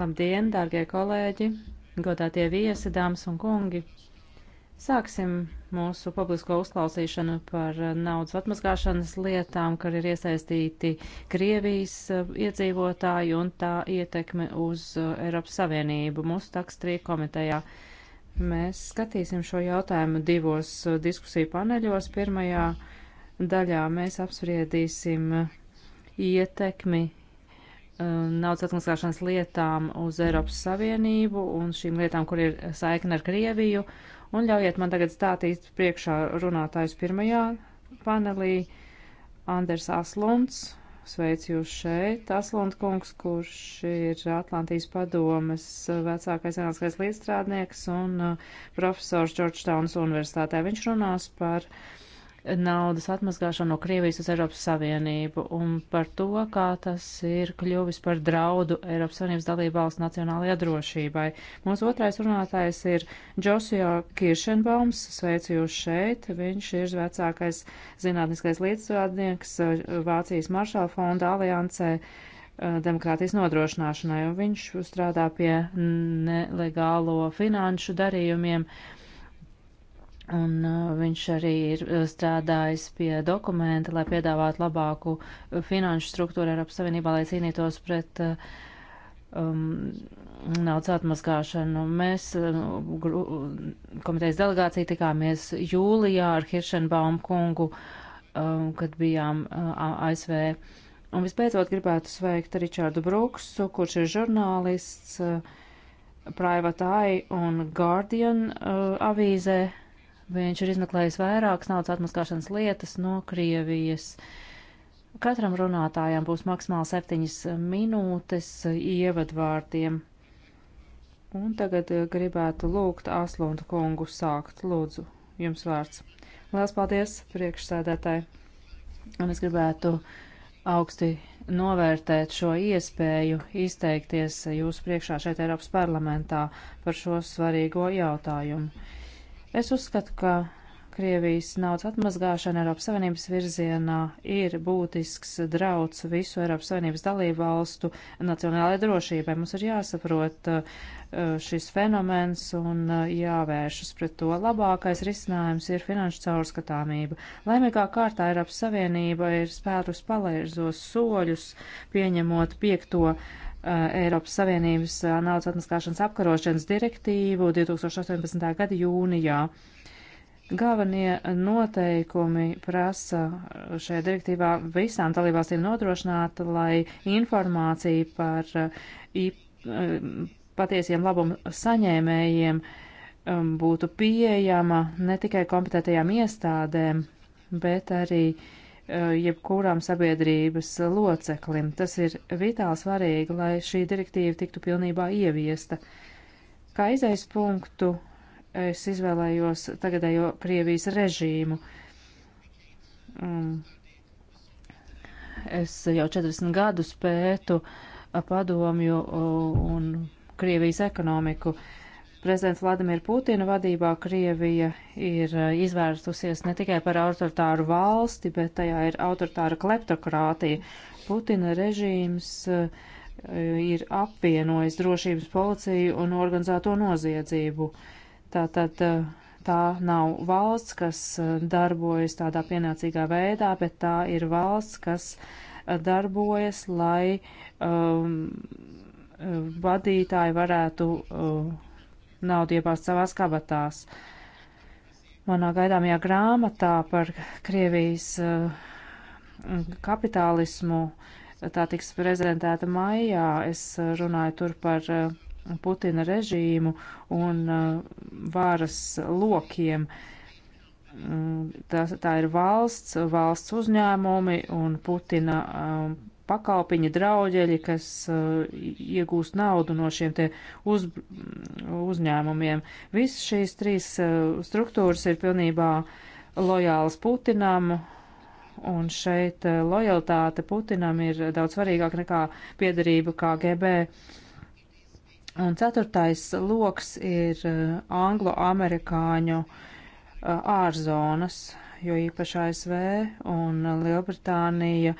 Labdien, dārgie kolēģi, godātie viesi, dāmas un kungi! Sāksim mūsu publisko uzklausīšanu par naudas atmazgāšanas lietām, kur ir iesaistīti Krievijas uh, iedzīvotāji un tā ietekme uz uh, Eiropas Savienību mūsu takstrīja komitejā. Mēs skatīsim šo jautājumu divos uh, diskusiju paneļos. Pirmajā daļā mēs apspriedīsim ietekmi Um, naudas atmaskāšanas lietām uz Eiropas Savienību un šīm lietām, kur ir saikne ar Krieviju. Un ļaujiet man tagad stātīt priekšā runātājus pirmajā panelī. Anders Aslunds, sveicu jūs šeit. Aslund kungs, kurš ir Atlantijas padomes vecākais zinātniskais līdzstrādnieks un uh, profesors Georgetownas universitātē. Viņš runās par uh, naudas atmazgāšanu no Krievijas uz Eiropas Savienību un par to, kā tas ir kļuvis par draudu Eiropas Savienības dalību valsts nacionālajā drošībai. Mūsu otrais runātājs ir Josio Kiršenbaums, sveicu jūs šeit. Viņš ir vecākais zinātniskais līdzstrādnieks Vācijas Maršala fonda aliansē eh, demokrātijas nodrošināšanai, un viņš strādā pie nelegālo finanšu darījumiem. Uh, Un uh, viņš arī ir uh, strādājis pie dokumenta, lai piedāvātu labāku uh, finanšu struktūru Eiropas Savienībā, lai cīnītos pret uh, um, naudas atmaskāšanu. Mēs uh, gru, komitejas delegācija tikāmies jūlijā ar Hiršenbaumu kungu, um, kad bijām uh, ASV. Un visbeidzot gribētu sveikt Ričārdu Bruksu, kurš ir žurnālists uh, Private Eye un Guardian uh, avīzē Viņš ir izmeklējis vairākas naudas atmaskāšanas lietas no Krievijas. Katram runātājam būs maksimāli septiņas minūtes ievadvārdiem. Un tagad eh, gribētu lūgt Aslundu kungu sākt. Lūdzu, jums vārds. Lielas paldies priekšsēdētāji. Un es gribētu augsti novērtēt šo iespēju izteikties jūsu priekšā šeit Eiropas parlamentā par šo svarīgo jautājumu. Es uzskatu, ka Krievijas naudas atmazgāšana Eiropas Savienības virzienā ir būtisks drauds visu Eiropas Savienības dalību valstu nacionālajai drošībai. Mums ir jāsaprot uh, uh, šis fenomens un uh, jāvēršas pret to. Labākais risinājums ir finanšu caurskatāmība. Laimīgā kārtā Eiropas Savienība ir spērus palērzos soļus, pieņemot piekto Uh, Eiropas Savienības uh, naudas atmaskāšanas apkarošanas direktīvu 2018. gada jūnijā. Galvenie noteikumi prasa šajā direktīvā visām dalībvalstīm nodrošināt, lai informācija par uh, patiesiem labumu saņēmējiem um, būtu pieejama ne tikai kompetentajām iestādēm, bet arī uh, Eh, jebkuram sabiedrības loceklim. Tas ir vitāli svarīgi, lai šī direktīva tiktu pilnībā ieviesta. Kā izaisa punktu es izvēlējos tagadējo Krievijas režīmu. Mm. Es jau 40 gadus pētu padomju eh, un Krievijas ekonomiku. Uh, prezidenta Vladimira Putina vadībā Krievija ir eh, izvērstusies ne tikai par autoritāru valsti, bet tajā ir autoritāra kleptokrātija. Putina režīms eh, ir apvienojis drošības policiju un organizēto noziedzību. Tātad eh, tā nav valsts, kas darbojas tādā pienācīgā veidā, bet tā ir valsts, kas darbojas, lai um, vadītāji varētu uh, naudu iebāzt savās kabatās. Manā gaidāmajā grāmatā par Krievijas eh, kapitālismu tā tiks prezentēta maijā. Es eh, runāju tur par eh, Putina režīmu un varas lokiem. Mm, tā, tā ir valsts, valsts uzņēmumi un Putina pakalpiņa drauģeļi, kas uh, iegūst naudu no šiem te uz, uzņēmumiem. Visas šīs trīs uh, struktūras ir pilnībā lojālas Putinam, un šeit uh, lojalitāte Putinam ir daudz svarīgāka nekā piedarība KGB. Un ceturtais loks ir uh, anglo-amerikāņu uh, ārzonas. Uh, jo īpaši ASV un Lielbritānija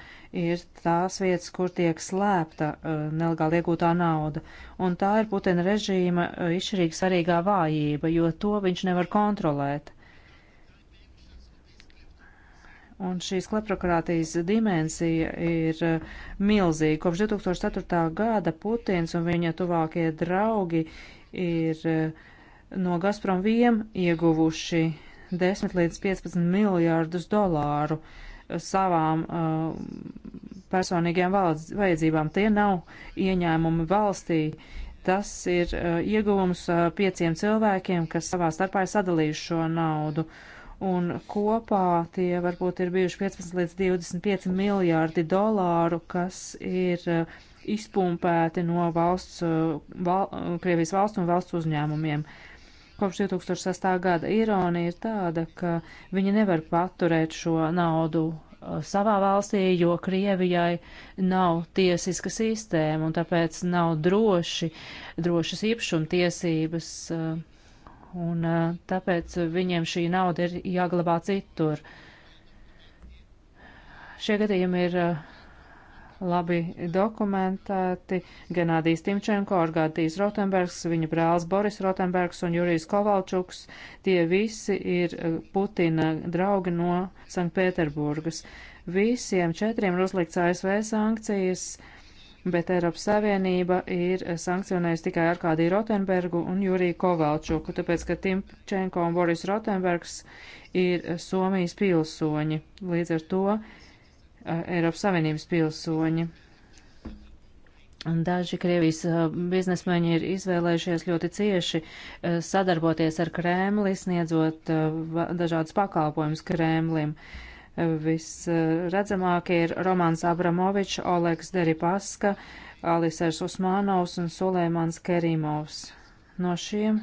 ir tās vietas, kur tiek slēpta uh, nelegāli iegūtā nauda. Un tā ir Putina režīma uh, izšķirīga svarīgā vājība, jo to viņš nevar kontrolēt. Un šīs kleprokrātijas dimensija ir uh, milzīga. Kopš 2004. gada Putins un viņa tuvākie draugi ir no Gazprom viem ieguvuši 10 līdz 15 miljārdus dolāru savām uh, personīgajām vajadzībām. Tie nav ieņēmumi valstī. Tas ir uh, ieguvums uh, pieciem cilvēkiem, kas savā starpā ir sadalījuši šo naudu. Un kopā tie varbūt ir bijuši 15 līdz 25 miljārdi dolāru, kas ir uh, izpumpēti no valsts, uh, val, Krievijas valsts un valsts uzņēmumiem. Uh, kopš 2006. gada. Ironija ir tāda, ka viņi nevar paturēt šo naudu uh, savā valstī, jo Krievijai nav tiesiska sistēma un tāpēc nav droši, drošas īpašuma tiesības. Uh, un uh, tāpēc viņiem šī nauda ir jāglabā citur. Šie gadījumi ir uh, labi dokumentēti. Genādijs Timčenko, Orgādijs Rotenbergs, viņa brālis Boris Rotenbergs un Jurijs Kovalčuks, tie visi ir eh, Putina draugi no Sanktpēterburgas. Visiem četriem ir uzlikts ASV sankcijas, bet Eiropas Savienība ir sankcionējusi tikai Arkādiju Rotenbergu un Juriju Kovalčuku, tāpēc, ka Timčenko un Boris Rotenbergs ir eh, Somijas pilsoņi. Līdz ar to Eiropas Savienības pilsoņi. Daži Krievijas biznesmeņi ir izvēlējušies ļoti cieši sadarboties ar Kremli, sniedzot dažādus pakalpojumus Kremlim. Visredzamākie ir Romans Abramovičs, Oleks Deripaska, Alisers Usmanovs un Sulēmans Kerimovs. No šiem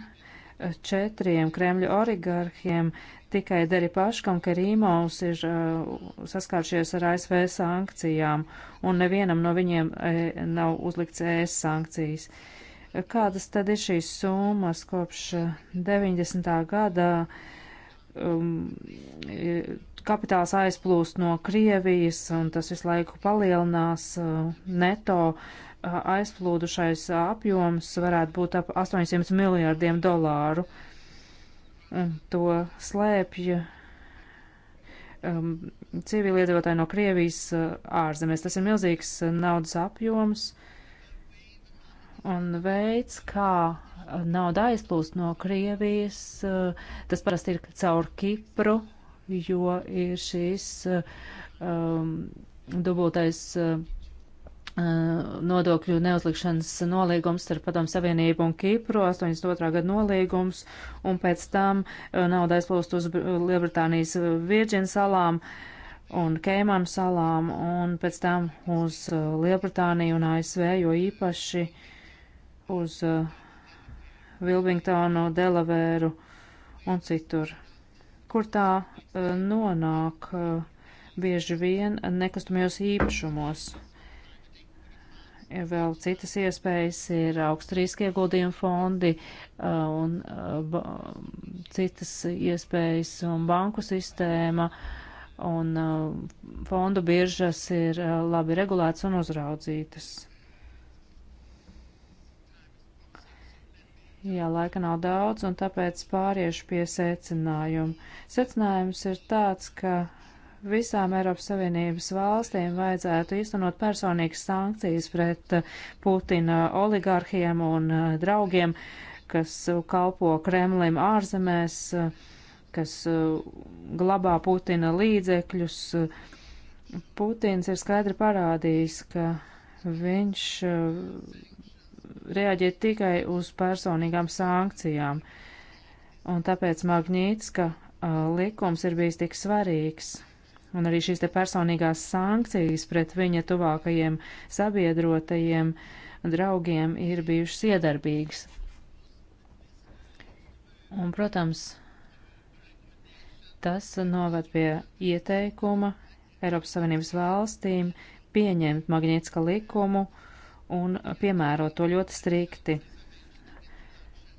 četriem Kremļa oligarhiem Tikai Deripaška un Kerīmaus ir uh, saskāršies ar ASV sankcijām, un nevienam no viņiem uh, nav uzlikts ES sankcijas. Kādas tad ir šīs summas kopš 90. Uh, gada? Um, kapitāls aizplūst no Krievijas, un tas visu laiku palielinās uh, neto. Uh, aizplūdušais apjoms varētu būt ap 800 miljārdiem dolāru. Uh, Um, to slēpj um, civiliedzīvotāji no Krievijas uh, ārzemēs. Tas ir milzīgs uh, naudas apjoms un veids, kā uh, nauda aizplūst no Krievijas. Tas parasti ir caur Kipru, jo ir šīs um, dubultais. Uh, Eh, nodokļu neuzlikšanas nolīgums starp Padomu Savienību un Kipru, 82. gada nolīgums, un pēc tam eh, nauda aizplūst uz Lielbritānijas eh, Virģina salām un Keimanu salām, un pēc tam uz Lielbritāniju un ASV, jo īpaši uz Vilvingtonu, Delavēru un citur. Kur tā nonāk bieži vien nekustamajos īpašumos? Vēl citas iespējas ir augstrīski ieguldījumi fondi uh, un uh, citas iespējas un banku sistēma un uh, fondu biržas ir labi regulētas un uzraudzītas. Jā, laika nav daudz, un tāpēc pāriešu pie secinājuma. Secinājums ir tāds, ka visām Eiropas Savienības valstīm vajadzētu īstenot personīgas sankcijas pret uh, Putina oligarhiem un uh, draugiem, kas uh, kalpo Kremlim ārzemēs, kas glabā Putina līdzekļus. Putins ir skaidri parādījis, ka viņš reaģē tikai uz personīgām sankcijām. Un tāpēc Magnītska likums ir bijis tik svarīgs un arī šīs te personīgās sankcijas pret viņa tuvākajiem sabiedrotajiem draugiem ir bijušas iedarbīgas. Un, protams, tas novad pie ieteikuma Eiropas Savienības valstīm pieņemt Magnitska likumu un piemērot to ļoti strikti.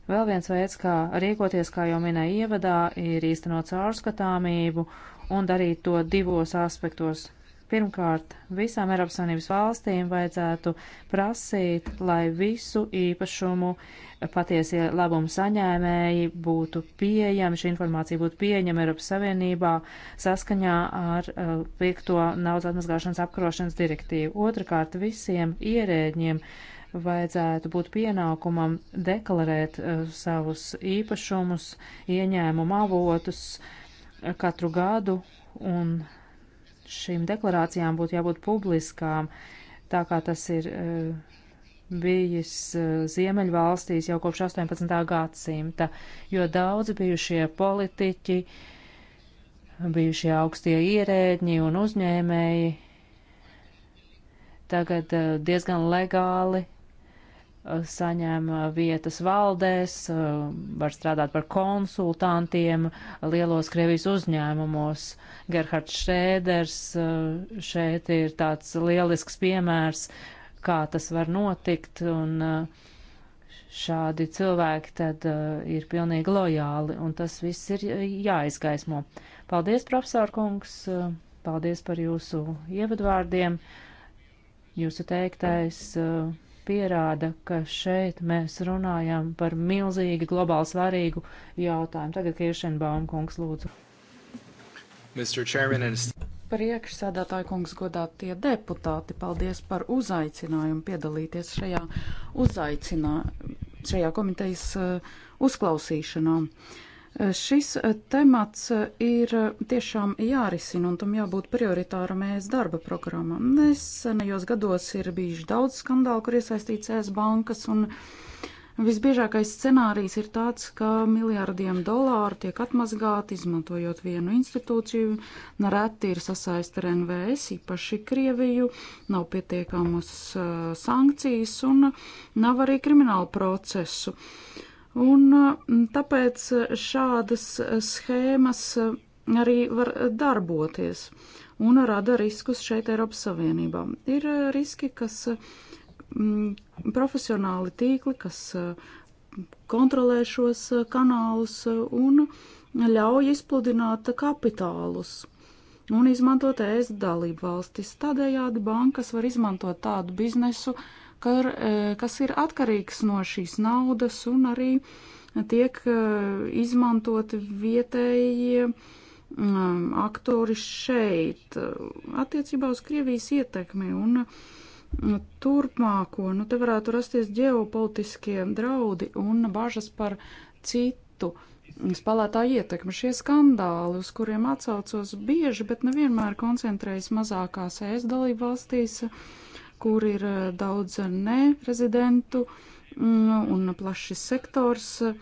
Vēl viens veids, kā rīkoties, kā jau minēja ievadā, ir īstenot caurskatāmību un darīt to divos aspektos. Pirmkārt, visām Eiropas Savienības valstīm vajadzētu prasīt, lai visu īpašumu patiesie labumu saņēmēji būtu pieejami, šī informācija būtu pieejama Eiropas Savienībā saskaņā ar uh, piekto naudas atmazgāšanas apkarošanas direktīvu. Otrakārt, visiem ierēģiem vajadzētu būt pienākumam deklarēt uh, savus īpašumus, ieņēmumu avotus, uh, katru gadu, un šīm deklarācijām būtu jābūt publiskām, tā kā tas ir eh, bijis eh, Ziemeļvalstīs jau kopš 18. gadsimta, jo daudzi bijušie politiķi, bijušie augstie ierēģi un uzņēmēji tagad eh, diezgan legāli saņem uh, vietas valdēs, uh, var strādāt par konsultantiem lielos Krievijas uzņēmumos. Gerhards Šēders uh, šeit ir tāds lielisks piemērs, kā tas var notikt, un šādi cilvēki tad ir pilnīgi lojāli, un tas viss ir jāizgaismo. Paldies, profesor kungs, paldies par jūsu ievadvārdiem, jūsu teiktais. Uh, pierāda, ka šeit mēs runājam par milzīgi globāli svarīgu jautājumu. Tagad Kiršenbaum kungs lūdzu. And... Priekšsēdētāji kungs godātie deputāti, paldies par uzaicinājumu piedalīties šajā uzaicinā, šajā komitejas uh, uzklausīšanā. Uh, Šis eh, temats eh, ir tiešām jārisina un tam jābūt prioritāra mēs e darba programmā. Nesenajos gados ir bijuši daudz skandālu, kur iesaistīts ES bankas un visbiežākais scenārijs ir tāds, ka miljārdiem dolāru tiek atmazgāti, izmantojot vienu institūciju, nereti ir sasaist ar NVS, īpaši Krieviju, nav pietiekamas uh, sankcijas un nav arī kriminālu procesu. Uh, Un mm, tāpēc eh, šādas eh, schēmas eh, arī var darboties un rada riskus šeit Eiropas Savienībā. Ir riski, kas mm, profesionāli tīkli, kas kontrolē šos kanālus un ļauj izpludināt kapitālus un izmantot ēst dalību valstis. Tādējādi bankas var izmantot tādu biznesu, uh, kar, e, kas ir atkarīgs no šīs naudas un arī tiek e, izmantoti vietējie aktori šeit e, attiecībā uz Krievijas ietekmi un turpmāko. Nu, te varētu rasties ģeopolitiskie draudi un bažas par citu spēlētāju ietekmi. Šie skandāli, uz kuriem atsaucos bieži, bet nevienmēr koncentrējas mazākās ES dalību valstīs, uh, kur ir eh, daudz nerezidentu mm, un plašs sektors. Eh,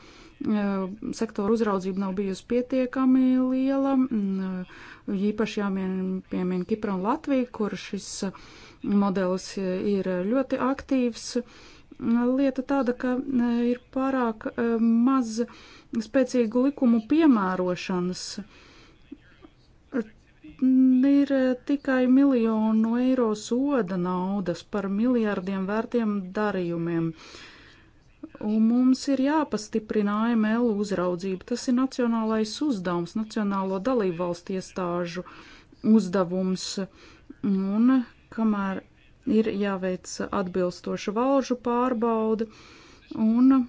sektora uzraudzība nav bijusi pietiekami liela. Mm, īpaši jāpiemina Kipra un Latvija, kur šis modelis ir ļoti aktīvs. Lieta tāda, ka eh, ir pārāk maz spēcīgu likumu piemērošanas. Uh, ir eh, tikai miljonu eiro soda naudas par miljardiem vērtiem darījumiem. Un mums ir jāpastiprina AML uzraudzība. Tas ir nacionālais uzdevums, nacionālo dalību valstu iestāžu uzdevums. Un kamēr ir jāveic atbilstoša valžu pārbauda un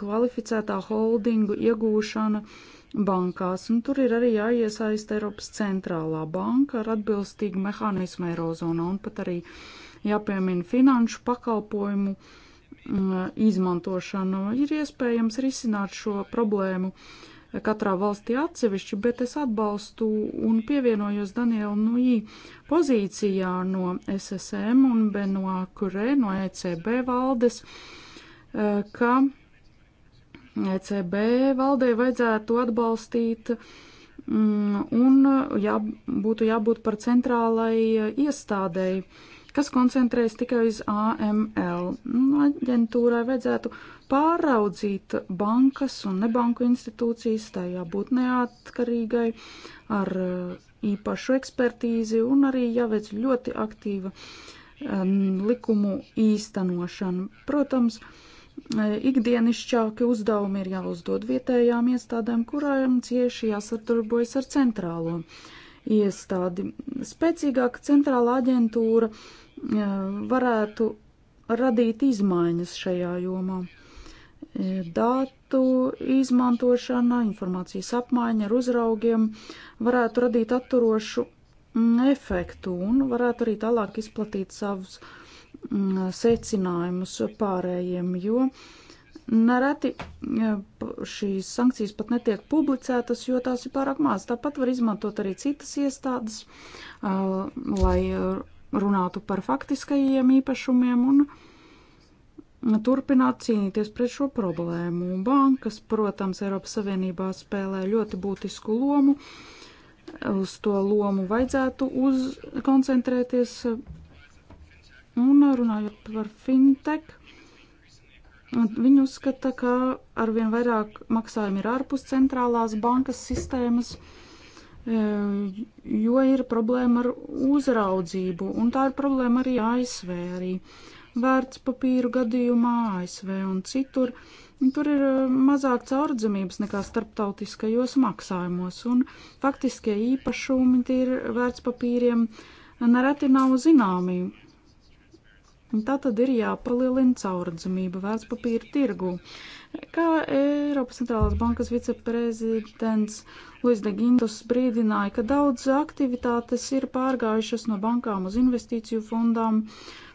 kvalificētā holdingu iegūšana, uh, bankās, un tur ir arī jāiesaista Eiropas centrālā banka ar atbilstīgu mehānismu Eirozonā, un pat arī jāpiemina finanšu pakalpojumu mm, izmantošana. Ir iespējams risināt šo problēmu katrā valstī atsevišķi, bet es atbalstu un pievienojos Danielu Nui pozīcijā no SSM un Benoā Kurē no ECB valdes, eh, ka ECB valdē vajadzētu atbalstīt mm, un uh, jā, būtu jābūt par centrālai uh, iestādēji, kas koncentrējas tikai uz AML. Nu, aģentūrai vajadzētu pāraudzīt bankas un nebanku institūcijas, tā jābūt neatkarīgai ar uh, īpašu ekspertīzi un arī jāveic ļoti aktīva um, likumu īstenošana. Protams, uh, ikdienišķāki uzdevumi ir jāuzdod vietējām iestādēm, kurām cieši jāsatarbojas ar centrālo iestādi. Spēcīgāka centrāla aģentūra e, varētu radīt izmaiņas šajā jomā. E, datu izmantošana, informācijas apmaiņa ar uzraugiem varētu radīt atturošu efektu un varētu arī tālāk izplatīt savus uh, Mm, secinājumus pārējiem, jo nereti šīs sankcijas pat netiek publicētas, jo tās ir pārāk maz. Tāpat var izmantot arī citas iestādes, lai runātu par faktiskajiem īpašumiem un turpināt cīnīties pret šo problēmu. Bankas, protams, Eiropas Savienībā spēlē ļoti būtisku lomu. Uz to lomu vajadzētu uz koncentrēties Un runājot par fintech, viņi uzskata, ka arvien vairāk maksājumi ir ārpus centrālās bankas sistēmas, e, jo ir problēma ar uzraudzību, un tā ir problēma arī ASV, arī vērtspapīru gadījumā ASV un citur. Un tur ir e, mazāk caurdzamības nekā starptautiskajos maksājumos, un faktiskie īpašumi ir vērtspapīriem nereti nav zināmi Un tā tad ir jāpalielina caurdzamība vērtspapīra tirgū. Kā Eiropas centrālās bankas viceprezidents Luis de Gindus brīdināja, ka daudz aktivitātes ir pārgājušas no bankām uz investīciju fondām,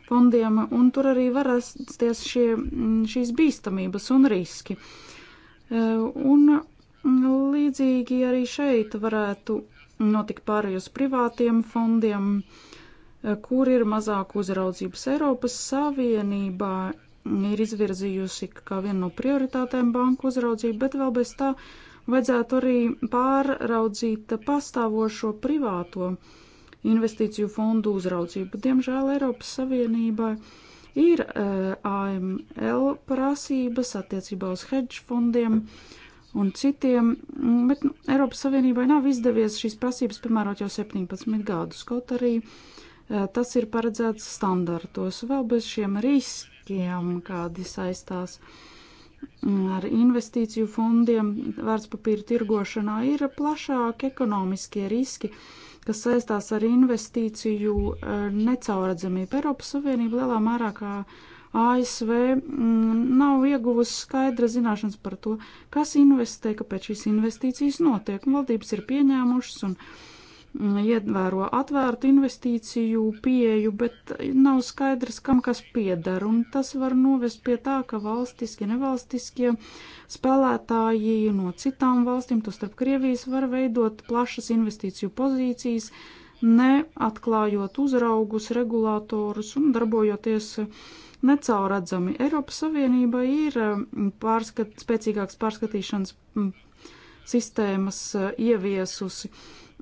fondiem, un tur arī var rasties šie, šīs bīstamības un riski. Un līdzīgi arī šeit varētu notikt pārējus privātiem fondiem. Uh, kur ir mazāk uzraudzības. Eiropas Savienībā ir izvirzījusi kā vienu no prioritātēm banku uzraudzību, bet vēl bez tā vajadzētu arī pārraudzīt pastāvošo privāto investīciju fondu uzraudzību. Diemžēl Eiropas Savienībā ir e, AML prasības attiecībā uz hedge fondiem un citiem, bet nu, Eiropas Savienībai nav izdevies šīs prasības piemērot jau 17 gadus, kaut arī uh, Eh, tas ir paredzēts standartos, vēl bez šiem riskiem, kādi saistās mm, ar investīciju fondiem. Vērtspapīra tirgošanā ir plašāk ekonomiskie riski, kas saistās ar investīciju eh, necauradzamību. Eiropas Savienība lielā mērā kā ASV mm, nav ieguvusi skaidra zināšanas par to, kas investē, kāpēc šīs investīcijas notiek. Valdības ir pieņēmušas un pieņēmušas ievēro atvērtu investīciju pieeju, bet nav skaidrs, kam kas piedara, un tas var novest pie tā, ka valstiskie, nevalstiskie spēlētāji no citām valstīm, to starp Krievijas, var veidot plašas investīciju pozīcijas, neatklājot uzraugus, regulātorus un darbojoties necauradzami. Eiropas Savienība ir mm, pārskat, spēcīgāks pārskatīšanas mm, sistēmas mm, ieviesusi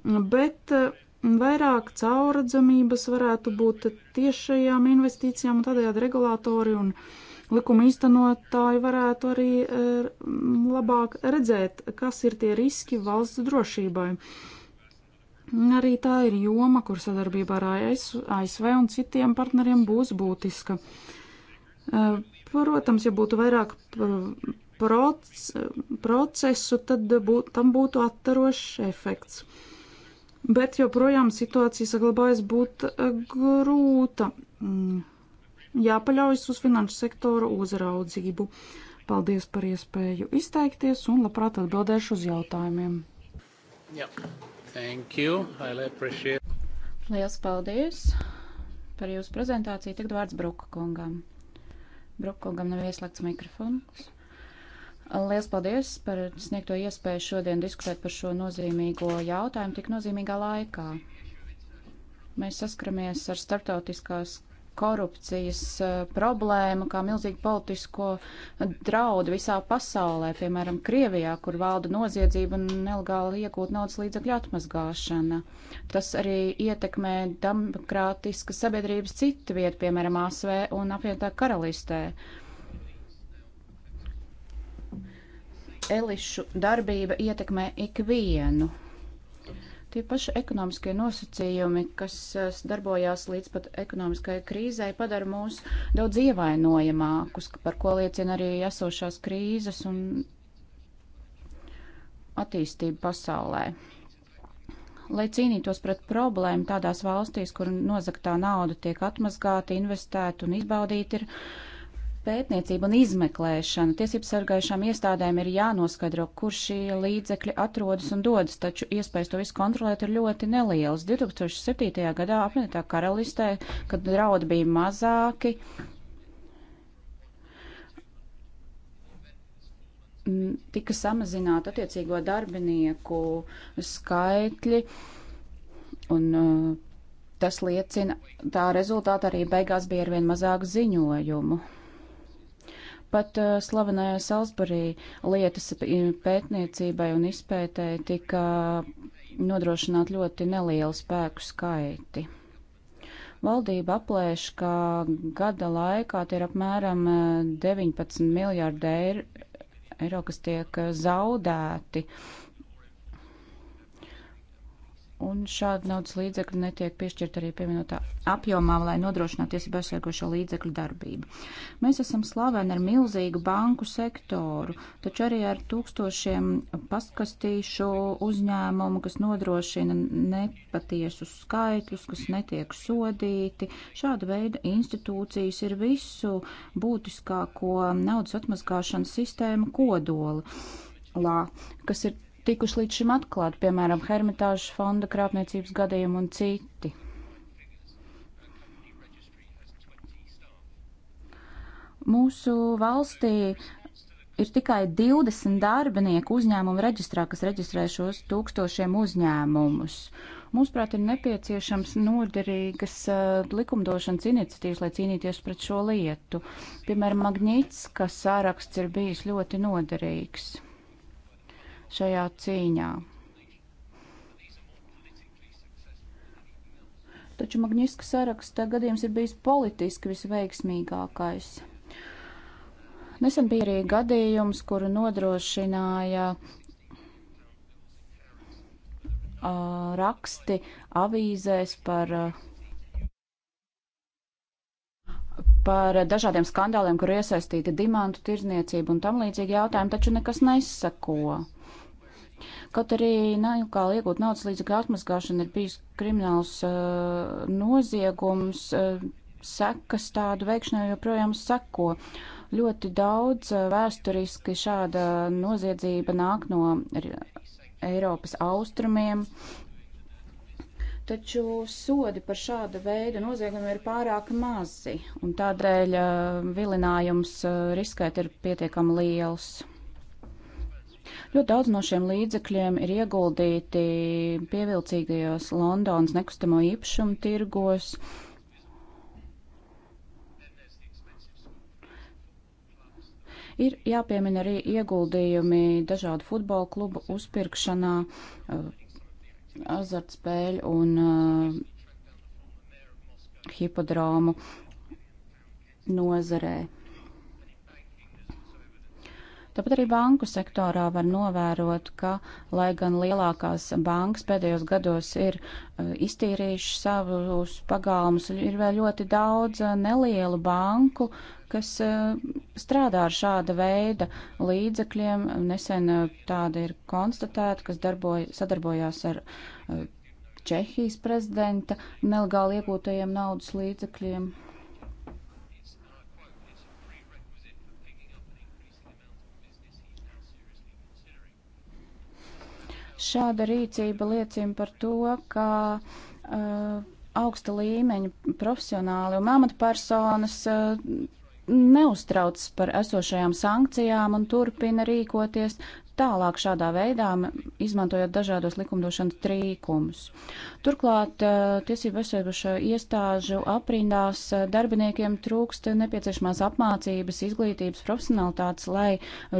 bet eh, vairāk caurredzamības varētu būt tiešajām investīcijām, un tādējādi regulātori un likuma īstenotāji varētu arī eh, labāk redzēt, kas ir tie riski valsts drošībai. Arī tā ir joma, kur sadarbībā ar ASV un citiem partneriem būs būtiska. Eh, protams, ja būtu vairāk procesu, tad būt, tam būtu attarošs efekts bet joprojām situācija saglabājas būt eh, grūta. Mm. Jāpaļaujas uz finanšu sektora uzraudzību. Paldies par iespēju izteikties un labprāt atbildēšu uz jautājumiem. Yeah. Thank you. I'll appreciate. Liels paldies par jūsu prezentāciju. Tagad vārds Bruka kungam. Bruka kungam nav ieslēgts mikrofons. Liels paldies par sniegto iespēju šodien diskutēt par šo nozīmīgo jautājumu tik nozīmīgā laikā. Mēs saskaramies ar starptautiskās korupcijas eh, problēmu, kā milzīgu politisko draudu visā pasaulē, piemēram, Krievijā, kur valda noziedzība un nelegāli iegūt naudas līdzakļu atmazgāšana. Tas arī ietekmē demokrātiskas sabiedrības citu vietu, piemēram, ASV un apvienotā karalistē. Uh, elišu darbība ietekmē ikvienu. Tie paši ekonomiskie nosacījumi, kas eh, darbojās līdz pat ekonomiskai krīzai, padara mūs daudz ievainojamākus, par ko liecina arī esošās krīzes un attīstība pasaulē. Lai cīnītos pret problēmu tādās valstīs, kur nozagtā nauda tiek atmazgāta, investēta un izbaudīta, ir pētniecība un izmeklēšana. Tiesību sargājušām iestādēm ir jānoskaidro, kur šie līdzekļi atrodas un dodas, taču iespējas to visu kontrolēt ir ļoti nelielas. 2007. gadā apvienotā karalistē, kad draudi bija mazāki, tika samazināta attiecīgo darbinieku skaitļi un uh, Tas liecina, tā rezultātā arī beigās bija arvien mazāk ziņojumu. Pat uh, slavenajā Salisburī lietas uh, pētniecībai un izpētēji tika uh, nodrošināt ļoti nelielu spēku skaiti. Valdība aplēš, ka gada laikā tie ir apmēram 19 uh, miljārdi eiro, eiro kas tiek zaudēti un šādi naudas līdzekļi netiek piešķirt arī pievienotā apjomā, lai nodrošinātu tiesību aizsargošo līdzekļu darbību. Mēs esam slaveni ar milzīgu banku sektoru, taču arī ar tūkstošiem paskastīšu uzņēmumu, kas nodrošina nepatiesus skaitļus, kas netiek sodīti. Šāda veida institūcijas ir visu būtiskāko naudas atmazgāšanas sistēmu kodoli. Lā, kas ir tikuši līdz šim atklāti, piemēram, Hermitāžas fonda krāpniecības gadījumi un citi. Mūsu valstī ir tikai 20 darbinieku uzņēmumu reģistrā, kas reģistrē šos tūkstošiem uzņēmumus. Mūsuprāt, ir nepieciešams noderīgas uh, likumdošanas iniciatīvas, lai cīnīties pret šo lietu. Piemēram, Magnīts, kas sāraksts ir bijis ļoti noderīgs šajā cīņā. Taču Magnīska saraksta gadījums ir bijis politiski visveiksmīgākais. Nesen bija arī gadījums, kuru nodrošināja uh, raksti avīzēs par uh, par dažādiem skandāliem, kur iesaistīta dimantu tirzniecība un tam līdzīgi jautājumi, taču nekas nesako. Kaut arī nelegāli iegūt naudas līdzekļu atmazgāšana ir bijis krimināls uh, noziegums, uh, sekas tādu veikšanai joprojām seko. Ļoti daudz uh, vēsturiski šāda noziedzība nāk no er, Eiropas austrumiem, taču sodi par šādu veidu noziegumiem ir pārāk mazi, un tādēļ uh, vilinājums uh, riskēt ir pietiekami liels. Ļoti daudz no šiem līdzekļiem ir ieguldīti pievilcīgajos Londonas nekustamo īpašumu tirgos. Ir jāpiemina arī ieguldījumi dažādu futbola klubu uzpirkšanā, eh, azartspēļu un uh, eh, hipodrāmu nozarē. Tāpat arī banku sektorā var novērot, ka, lai gan lielākās bankas pēdējos gados ir e, iztīrījuši savus pagalmus, ir vēl ļoti daudz e, nelielu banku, kas e, strādā ar šāda veida līdzekļiem. Nesen tāda ir konstatēta, kas darboja, sadarbojās ar Čehijas prezidenta nelegāli iegūtajiem naudas līdzekļiem. Šāda rīcība liecina par to, ka uh, augsta līmeņa profesionāli un amatpersonas uh, neuztrauc par esošajām sankcijām un turpina rīkoties tālāk šādā veidā, izmantojot dažādos likumdošanas trīkumus. Turklāt tiesību aizsardzību iestāžu aprindās darbiniekiem trūkst nepieciešamās apmācības, izglītības, profesionalitātes, lai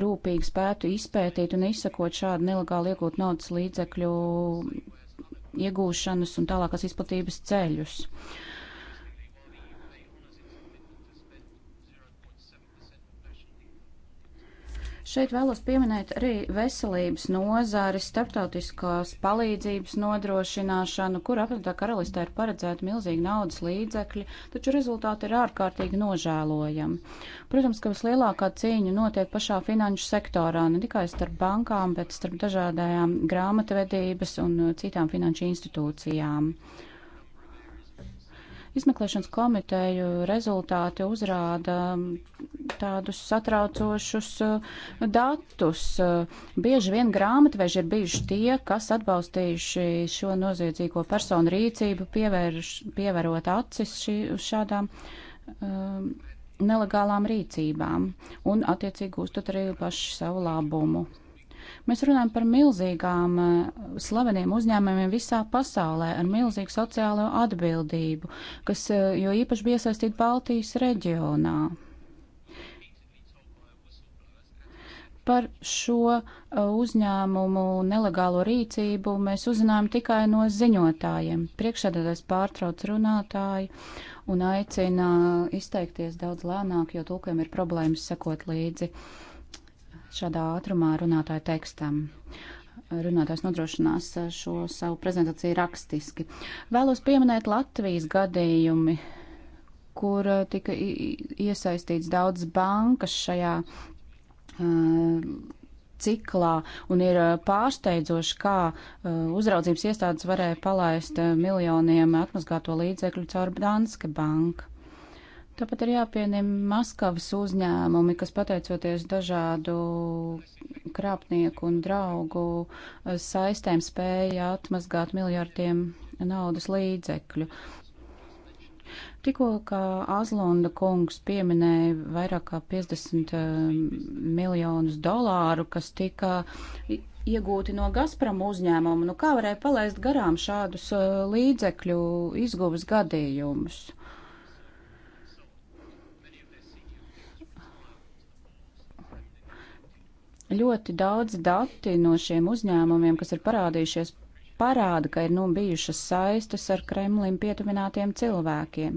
rūpīgi spētu izpētīt un izsakot šādu nelegāli iegūt naudas līdzekļu iegūšanas un tālākās izplatības ceļus. Uh, Šeit vēlos pieminēt arī veselības nozāri, starptautiskās palīdzības nodrošināšanu, kur apvienotā karalistē ir paredzēta milzīga naudas līdzekļi, taču rezultāti ir ārkārtīgi nožēlojami. Protams, ka vislielākā cīņa notiek pašā finanšu sektorā, ne tikai starp bankām, bet starp dažādajām grāmatvedības un citām finanšu institūcijām. Uh, Izmeklēšanas komiteju rezultāti uzrāda tādus satraucošus uh, datus. Uh, bieži vien grāmatveži ir bijuši tie, kas atbalstījuši šo noziedzīgo personu rīcību, pievērš, pievērot acis šī, uz šādām. Um, nelegālām rīcībām un, attiecīgi, gūstot arī paši savu labumu. Mēs runājam par milzīgām eh, slaveniem uzņēmumiem visā pasaulē ar milzīgu sociālo atbildību, kas eh, jo īpaši bija iesaistīti Baltijas reģionā. Par šo eh, uzņēmumu nelegālo rīcību mēs uzzinājām tikai no ziņotājiem. Priekšsēdētājs pārtrauc runātāju un aicina izteikties daudz lēnāk, jo tulkiem ir problēmas sekot līdzi. Uh, šādā ātrumā runātāju tekstam. Runātājs nodrošinās šo savu prezentāciju rakstiski. Vēlos pieminēt Latvijas gadījumi, kur tika iesaistīts daudz bankas šajā uh, ciklā, un ir pārsteidzoši, kā uh, uzraudzības iestādes varēja palaist miljoniem atmazgāto līdzekļu caur Danske banku. Tāpat ir jāpieņem Maskavas uzņēmumi, kas pateicoties dažādu krāpnieku un draugu eh, saistēm spēja atmazgāt miljardiem naudas līdzekļu. Tikko kā Azlonda kungs pieminēja vairāk kā 50 eh, miljonus dolāru, kas tika iegūti no Gazprom uzņēmuma, nu kā varēja palaist garām šādus eh, līdzekļu izguvas gadījumus? Ļoti daudz dati no šiem uzņēmumiem, kas ir parādījušies, parāda, ka ir nu bijušas saistas ar Kremlim pietuvinātiem cilvēkiem.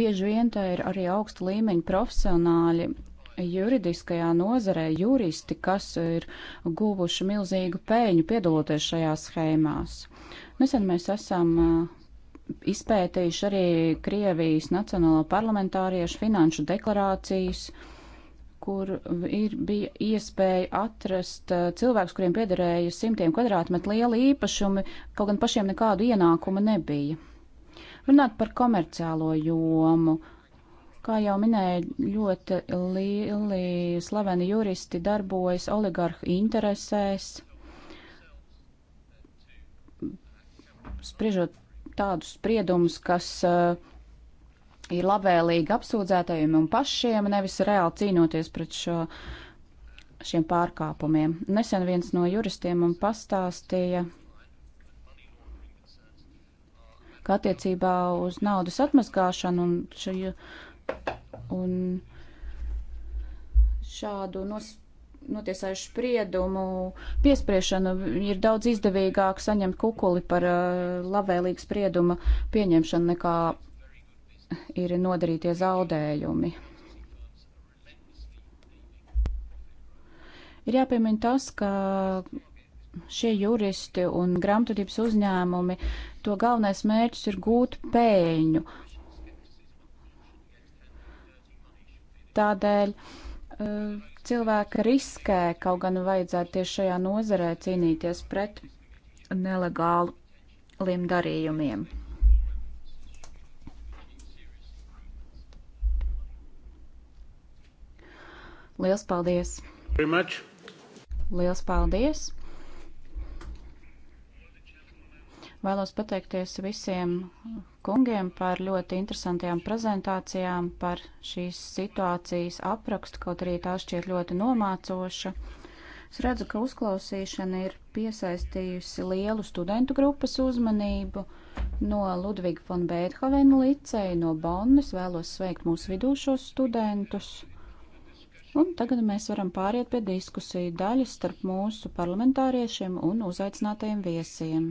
Bieži vien tā ir arī augsta līmeņa profesionāļi juridiskajā nozarē, juristi, kas ir guvuši milzīgu pēļņu piedaloties šajās schēmās. Nesen mēs esam uh, izpētījuši arī Krievijas Nacionālo parlamentāriešu finanšu deklarācijas kur ir, bija iespēja atrast uh, cilvēkus, kuriem piederēja simtiem kvadrātmetru liela īpašumi, kaut gan pašiem nekādu ienākumu nebija. Runāt par komerciālo jomu. Kā jau minēja, ļoti lieli slaveni juristi darbojas oligarhu interesēs. Spriežot tādus spriedumus, kas uh, ir labvēlīgi apsūdzētajiem un pašiem, nevis reāli cīnoties pret šo, šiem pārkāpumiem. Nesen viens no juristiem man pastāstīja, ka attiecībā uz naudas atmazgāšanu un, šī, un šādu nospēju notiesājuši spriedumu piespriešanu, ir daudz izdevīgāk saņemt kukuli par uh, labvēlīgu sprieduma pieņemšanu nekā ir nodarītie zaudējumi. Ir jāpiemina tas, ka šie juristi un grāmatvedības uzņēmumi, to galvenais mērķis ir gūt pēļņu. Tādēļ eh, cilvēki riskē, kaut gan vajadzētu tieši šajā nozarē cīnīties pret nelegāliem darījumiem. Liels paldies! Liels paldies! Vēlos pateikties visiem kungiem par ļoti interesantajām prezentācijām, par šīs situācijas aprakstu, kaut arī tā šķiet ļoti nomācoša. Es redzu, ka uzklausīšana ir piesaistījusi lielu studentu grupas uzmanību no Ludviga von Beethovena liceja no Bonnes. Vēlos sveikt mūsu vidūšos studentus. Un tagad mēs varam pāriet pie diskusiju daļas starp mūsu parlamentāriešiem un uzaicinātajiem viesiem.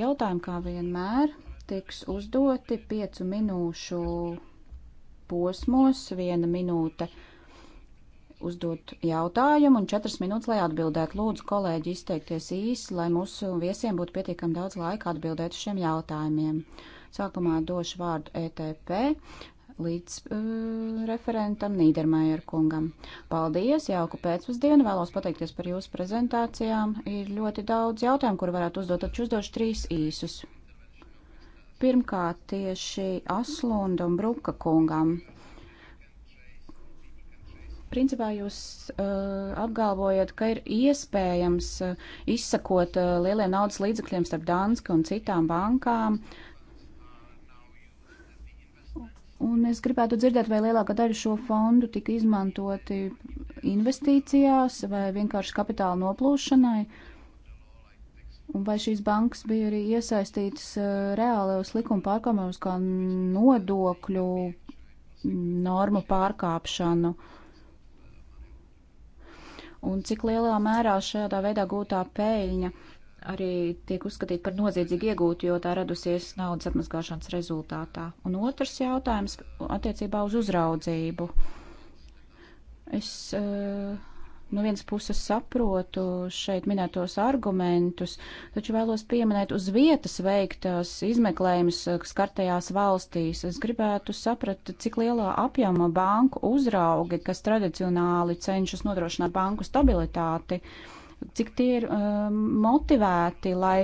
Jautājumi, kā vienmēr, tiks uzdoti piecu minūšu posmos, viena minūte uzdot jautājumu un četras minūtes, lai atbildētu. Lūdzu, kolēģi, izteikties īsi, lai mūsu viesiem būtu pietiekami daudz laika atbildēt uz šiem jautājumiem. Sākumā došu vārdu ETP līdz uh, referentam Nīdermājer kungam. Paldies, jauku pēcpusdienu, vēlos pateikties par jūsu prezentācijām. Ir ļoti daudz jautājumu, kur varētu uzdot, taču uzdošu trīs īsus. Pirmkārt, tieši Aslunda un Bruka kungam. Principā jūs uh, apgalvojat, ka ir iespējams uh, izsakot uh, lieliem naudas līdzekļiem starp Danska un citām bankām. Uh, Un es gribētu dzirdēt, vai lielākā daļa šo fondu tika izmantoti investīcijās vai vienkārši kapitāla noplūšanai, un vai šīs bankas bija arī iesaistītas eh, reālajos likuma pārkāpumos, kā nodokļu normu pārkāpšanu. Un cik lielā mērā šādā veidā gūtā peļņa arī tiek uzskatīta par noziedzīgi iegūtu, jo tā radusies naudas atmazgāšanas rezultātā. Un otrs jautājums attiecībā uz uzraudzību. Es eh, no vienas puses saprotu šeit minētos argumentus, taču vēlos pieminēt uz vietas veiktās izmeklējumus eh, skartajās valstīs. Es gribētu saprat, cik lielā apjoma banku uzraugi, kas tradicionāli cenšas nodrošināt banku stabilitāti, uh, cik tie ir um, motivēti, lai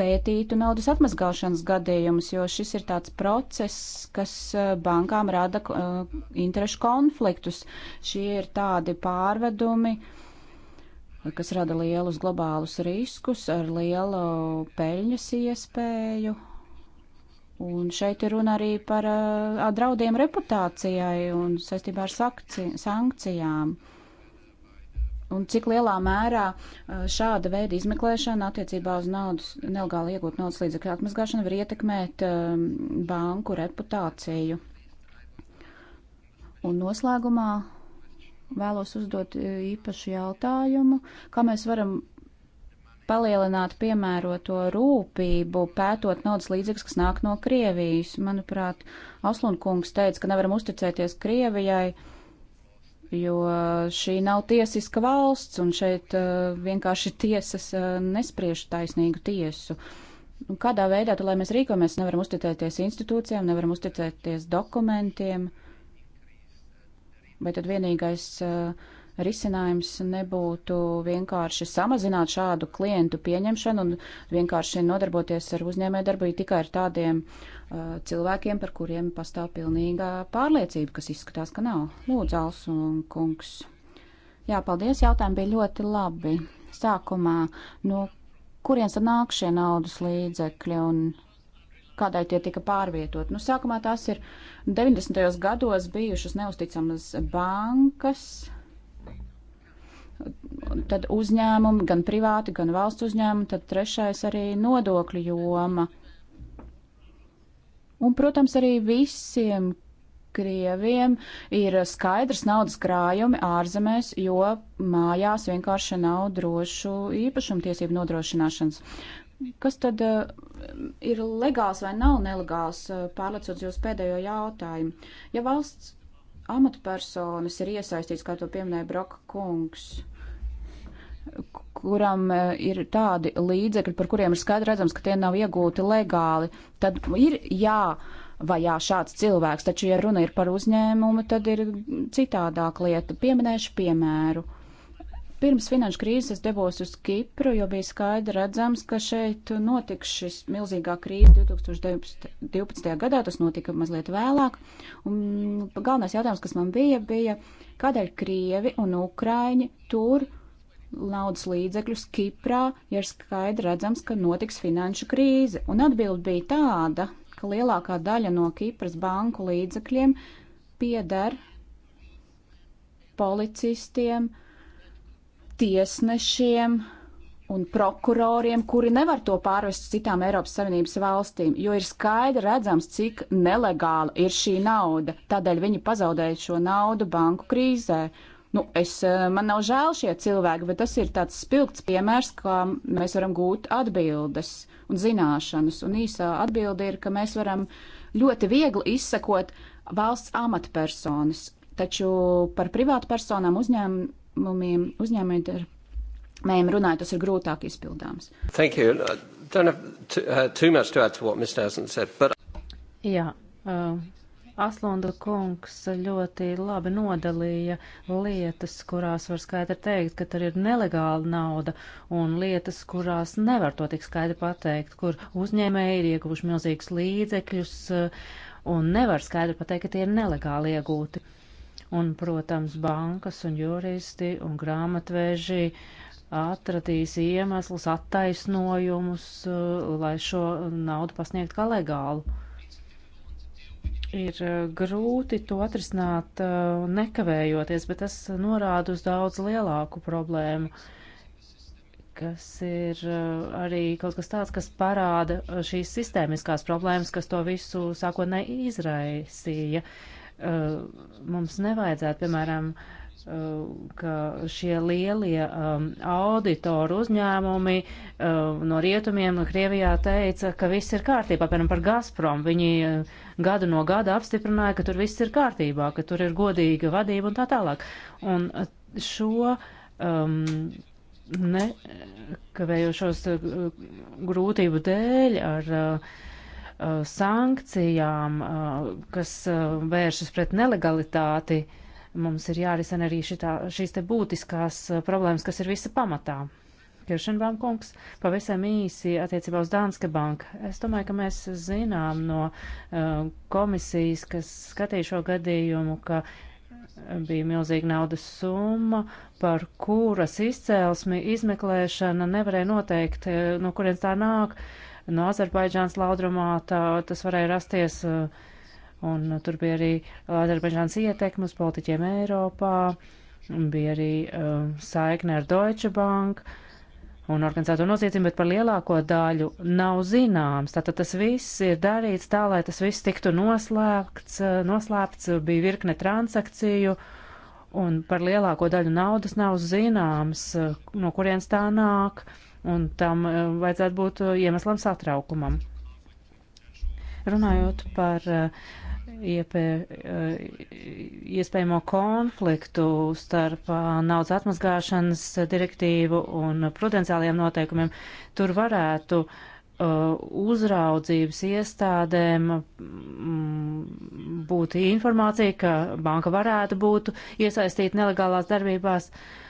pētītu naudas atmazgāšanas gadījumus, jo šis ir tāds process, kas uh, bankām rada uh, interešu konfliktus. Šie ir tādi pārvedumi, kas rada lielus globālus riskus ar lielu peļņas iespēju. Un šeit ir runa arī par uh, draudiem reputācijai un saistībā ar sankci, sankcijām. Uh, un cik lielā mērā uh, šāda veida izmeklēšana attiecībā uz naudas, nelegāli iegūt naudas līdzekļu atmazgāšanu var ietekmēt um, banku reputāciju. Un noslēgumā vēlos uzdot uh, īpašu jautājumu, kā mēs varam palielināt piemēroto rūpību, pētot naudas līdzekļus, kas nāk no Krievijas. Manuprāt, Aslunkungs teica, ka nevaram uzticēties Krievijai. Uh, jo šī nav tiesiska valsts, un šeit uh, vienkārši tiesas uh, nespriež taisnīgu tiesu. Un nu, kādā veidā, tad, lai mēs rīkojamies, nevaram uzticēties institūcijām, nevaram uzticēties dokumentiem, vai tad vienīgais uh, risinājums nebūtu vienkārši samazināt šādu klientu pieņemšanu un vienkārši nodarboties ar uzņēmējdarbību tikai ar tādiem uh, cilvēkiem, par kuriem pastāv pilnīga pārliecība, kas izskatās, ka nav. Lūdzu, Alsu un kungs. Jā, paldies, jautājumi bija ļoti labi. Sākumā, no kurienes tad nāk šie naudas līdzekļi un kādai tie tika pārvietot. Nu, sākumā tās ir 90. gados bijušas neusticamas bankas, tad uzņēmumi, gan privāti, gan valsts uzņēmumi, tad trešais arī nodokļu joma. Un, protams, arī visiem krieviem ir skaidrs naudas krājumi ārzemēs, jo mājās vienkārši nav drošu īpašumtiesību nodrošināšanas. Kas tad uh, ir legāls vai nav nelegāls, uh, pārlecot uz pēdējo jautājumu? Ja valsts amatpersonas ir iesaistīts, kā to pieminēja Broka kungs, kuram e, ir tādi līdzekļi, par kuriem ir skaidri redzams, ka tie nav iegūti legāli, tad ir jā. Vai jā, šāds cilvēks, taču, ja runa ir par uzņēmumu, tad ir citādāk lieta. Pieminēšu piemēru. Uh, Pirms finanšu krīzes devos uz Kipru, jo bija skaidri redzams, ka šeit notiks šis milzīgā krīze 2012. gadā, tas notika mazliet vēlāk. Un galvenais jautājums, kas man bija, bija, kādēļ Krievi un Ukraiņi tur naudas līdzekļus Kiprā, ja ir skaidri redzams, ka notiks finanšu krīze. Un atbild bija tāda, ka lielākā daļa no Kipras banku līdzekļiem pieder policistiem, uh, tiesnešiem un prokuroriem, kuri nevar to pārvest uz citām Eiropas Savienības valstīm, jo ir skaidri redzams, cik nelegāla ir šī nauda. Tādēļ viņi pazaudēja šo naudu banku krīzē. Nu, es, eh, man nav žēl šie cilvēki, bet tas ir tāds spilgts piemērs, kā mēs varam gūt atbildes un zināšanas. Un īsā atbilde ir, ka mēs varam ļoti viegli izsekot valsts amatpersonas, taču par privātu personām uzņēmumu uzņēmumiem, uzņēmēji dar. Mējiem runājot, tas ir grūtāk izpildāms. Thank you. I don't have too, uh, too much to add to what Mr. Asland said, but... Jā, uh, Aslunda kungs ļoti labi nodalīja lietas, kurās var skaidri teikt, ka tur ir nelegāla nauda, un lietas, kurās nevar to tik skaidri pateikt, kur uzņēmēji ir ieguvuši milzīgus līdzekļus uh, un nevar skaidri pateikt, ka tie ir nelegāli iegūti. Uh, Un, protams, bankas un juristi un grāmatvēži atradīs iemeslus, attaisnojumus, eh, lai šo naudu pasniegt kā legālu. Ir eh, grūti to atrisināt eh, nekavējoties, bet tas norāda uz daudz lielāku problēmu kas ir arī kaut kas tāds, kas parāda šīs sistēmiskās problēmas, kas to visu sākotnēji izraisīja. Uh, Uh, mums nevajadzētu, piemēram, uh, ka šie lielie um, auditoru uzņēmumi um, no rietumiem Krievijā teica, ka viss ir kārtībā, piemēram, par Gazprom. Viņi uh, gadu no gada apstiprināja, ka tur viss ir kārtībā, ka tur ir godīga vadība un tā tālāk. Un šo um, nekavējošos grūtību dēļ ar uh, Uh, sankcijām, uh, kas uh, vēršas pret nelegalitāti, mums ir jārisina arī šitā, šīs te būtiskās problēmas, kas ir visa pamatā. Kiršenbaum kungs, pavisam īsi attiecībā uz Danske banku. Es domāju, ka mēs zinām no uh, komisijas, kas skatīja šo gadījumu, ka bija milzīga naudas summa, par kuras izcēlesmi izmeklēšana nevarēja noteikt, no kurienes tā nāk. Uh, no Azerbaidžānas laudrumā, tā, tas varēja rasties, uh, un tur bija arī Azerbaidžānas ietekmes politiķiem Eiropā, bija arī uh, saikne ar Deutsche Bank un organizēto noziedzību, bet par lielāko daļu nav zināms. Tātad tas viss ir darīts tā, lai tas viss tiktu noslēpts, uh, noslēpts bija virkne transakciju, un par lielāko daļu naudas nav zināms, uh, no kurienes tā nāk. Uh, un tam eh, vajadzētu būt eh, iemeslam satraukumam. Runājot par eh, iepē, iespējamo konfliktu starp naudas atmazgāšanas direktīvu un prudenciāliem noteikumiem, tur varētu uzraudzības iestādēm mm, būtu informācija, ka banka varētu būt iesaistīta nelegālās darbībās. Uh,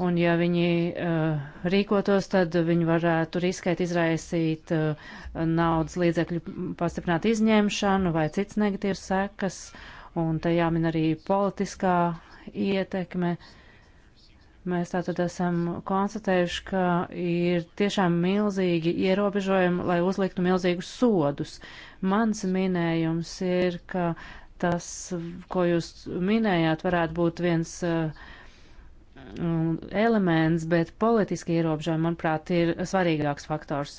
Un ja viņi uh, rīkotos, tad viņi varētu riskēt izraisīt uh, naudas līdzekļu pastiprināt izņemšanu vai cits negatīvs sekas. Un te jāmin arī politiskā ietekme. Mēs tātad esam konstatējuši, ka ir tiešām milzīgi ierobežojumi, lai uzliktu milzīgus sodus. Mans minējums ir, ka tas, ko jūs minējāt, varētu būt viens. Uh, Um, elements, bet politiski ierobežojumi, manuprāt, ir svarīgāks faktors.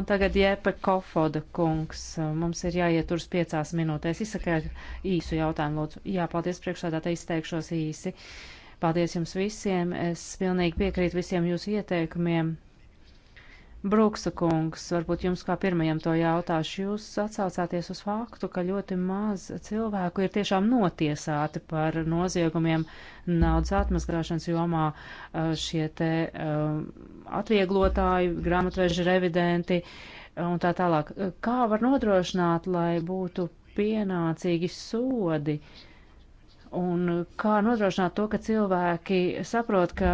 Un tagad Jēpe Kofoda kungs. Uh, mums ir jāiet uz piecās minūtēs. Izsakiet īsu jautājumu, lūdzu. Jā, paldies priekšādā, te izteikšos īsi. Paldies jums visiem. Es pilnīgi piekrītu visiem jūsu ieteikumiem. Bruksa kungs, varbūt jums kā pirmajam to jautāšu. Jūs atsaucāties uz faktu, ka ļoti maz cilvēku ir tiešām notiesāti par noziegumiem naudas atmazgāšanas jomā. Eh, šie te eh, atvieglotāji, grāmatveži, revidenti eh, un tā tālāk. Kā var nodrošināt, lai būtu pienācīgi sodi? Uh, Un kā nodrošināt to, ka cilvēki saprot, ka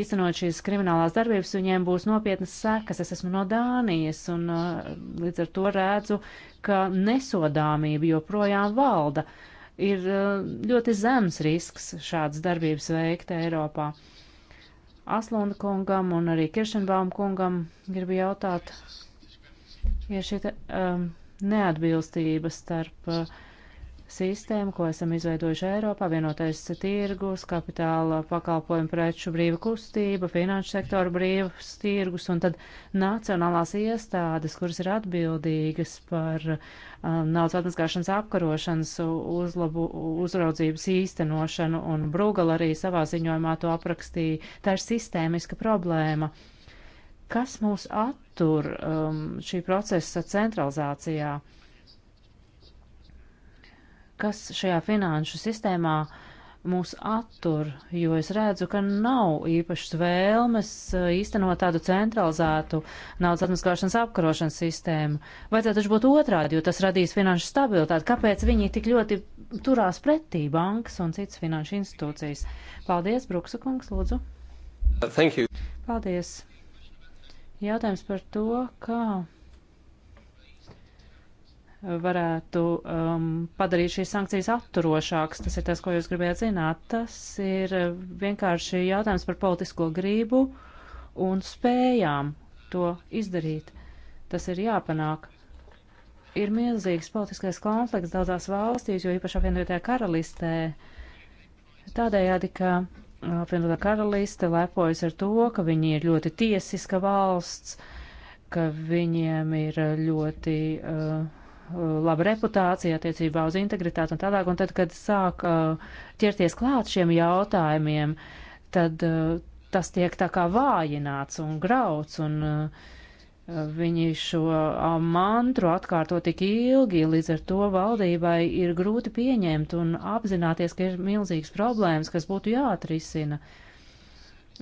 īstenot šīs kriminālās darbības viņiem būs nopietnas sekas. Es esmu no Dānijas un līdz ar to redzu, ka nesodāmība joprojām valda. Ir ļoti zems risks šādas darbības veikt Eiropā. Aslunda kungam un arī Kiršenbaum kungam gribu jautāt, ja šī um, neatbilstība starp uh, sistēmu, ko esam izveidojuši Eiropā, vienotais tirgus, kapitāla pakalpojumu preču brīva kustība, finanšu sektora brīvs tirgus un tad nacionālās iestādes, kuras ir atbildīgas par um, naudas atmaskāšanas apkarošanas uzlabu, uzraudzības īstenošanu un Brūgal arī savā ziņojumā to aprakstīja. Tā ir sistēmiska problēma. Kas mūs attur um, šī procesa centralizācijā? Uh, kas šajā finanšu sistēmā mūs attur, jo es redzu, ka nav īpašas vēlmes uh, īstenot tādu centralizētu naudas atmaskāšanas apkarošanas sistēmu. Vajadzētu taču būt otrādi, jo tas radīs finanšu stabilitāti. Kāpēc viņi tik ļoti turās pretī bankas un citas finanšu institūcijas? Paldies, Bruksa kungs, lūdzu. Thank you. Paldies. Jautājums par to, kā varētu um, padarīt šīs sankcijas atturošākas. Tas ir tas, ko jūs gribējāt zināt. Tas ir vienkārši jautājums par politisko gribu un spējām to izdarīt. Tas ir jāpanāk. Ir milzīgs politiskais konflikts daudzās valstīs, jo īpaši apvienotajā karalistē. Tādējādi, ka apvienotā karaliste lepojas ar to, ka viņi ir ļoti tiesiska valsts, ka viņiem ir ļoti. Uh, Uh, laba reputācija attiecībā uz integritāti un tālāk, un tad, kad sāk uh, ķerties klāt šiem jautājumiem, tad uh, tas tiek tā kā vājināts un grauts, un viņi šo mantru atkārto tik ilgi, līdz ar to valdībai ir grūti pieņemt un apzināties, ka ir milzīgas problēmas, kas būtu jāatrisina. Uh,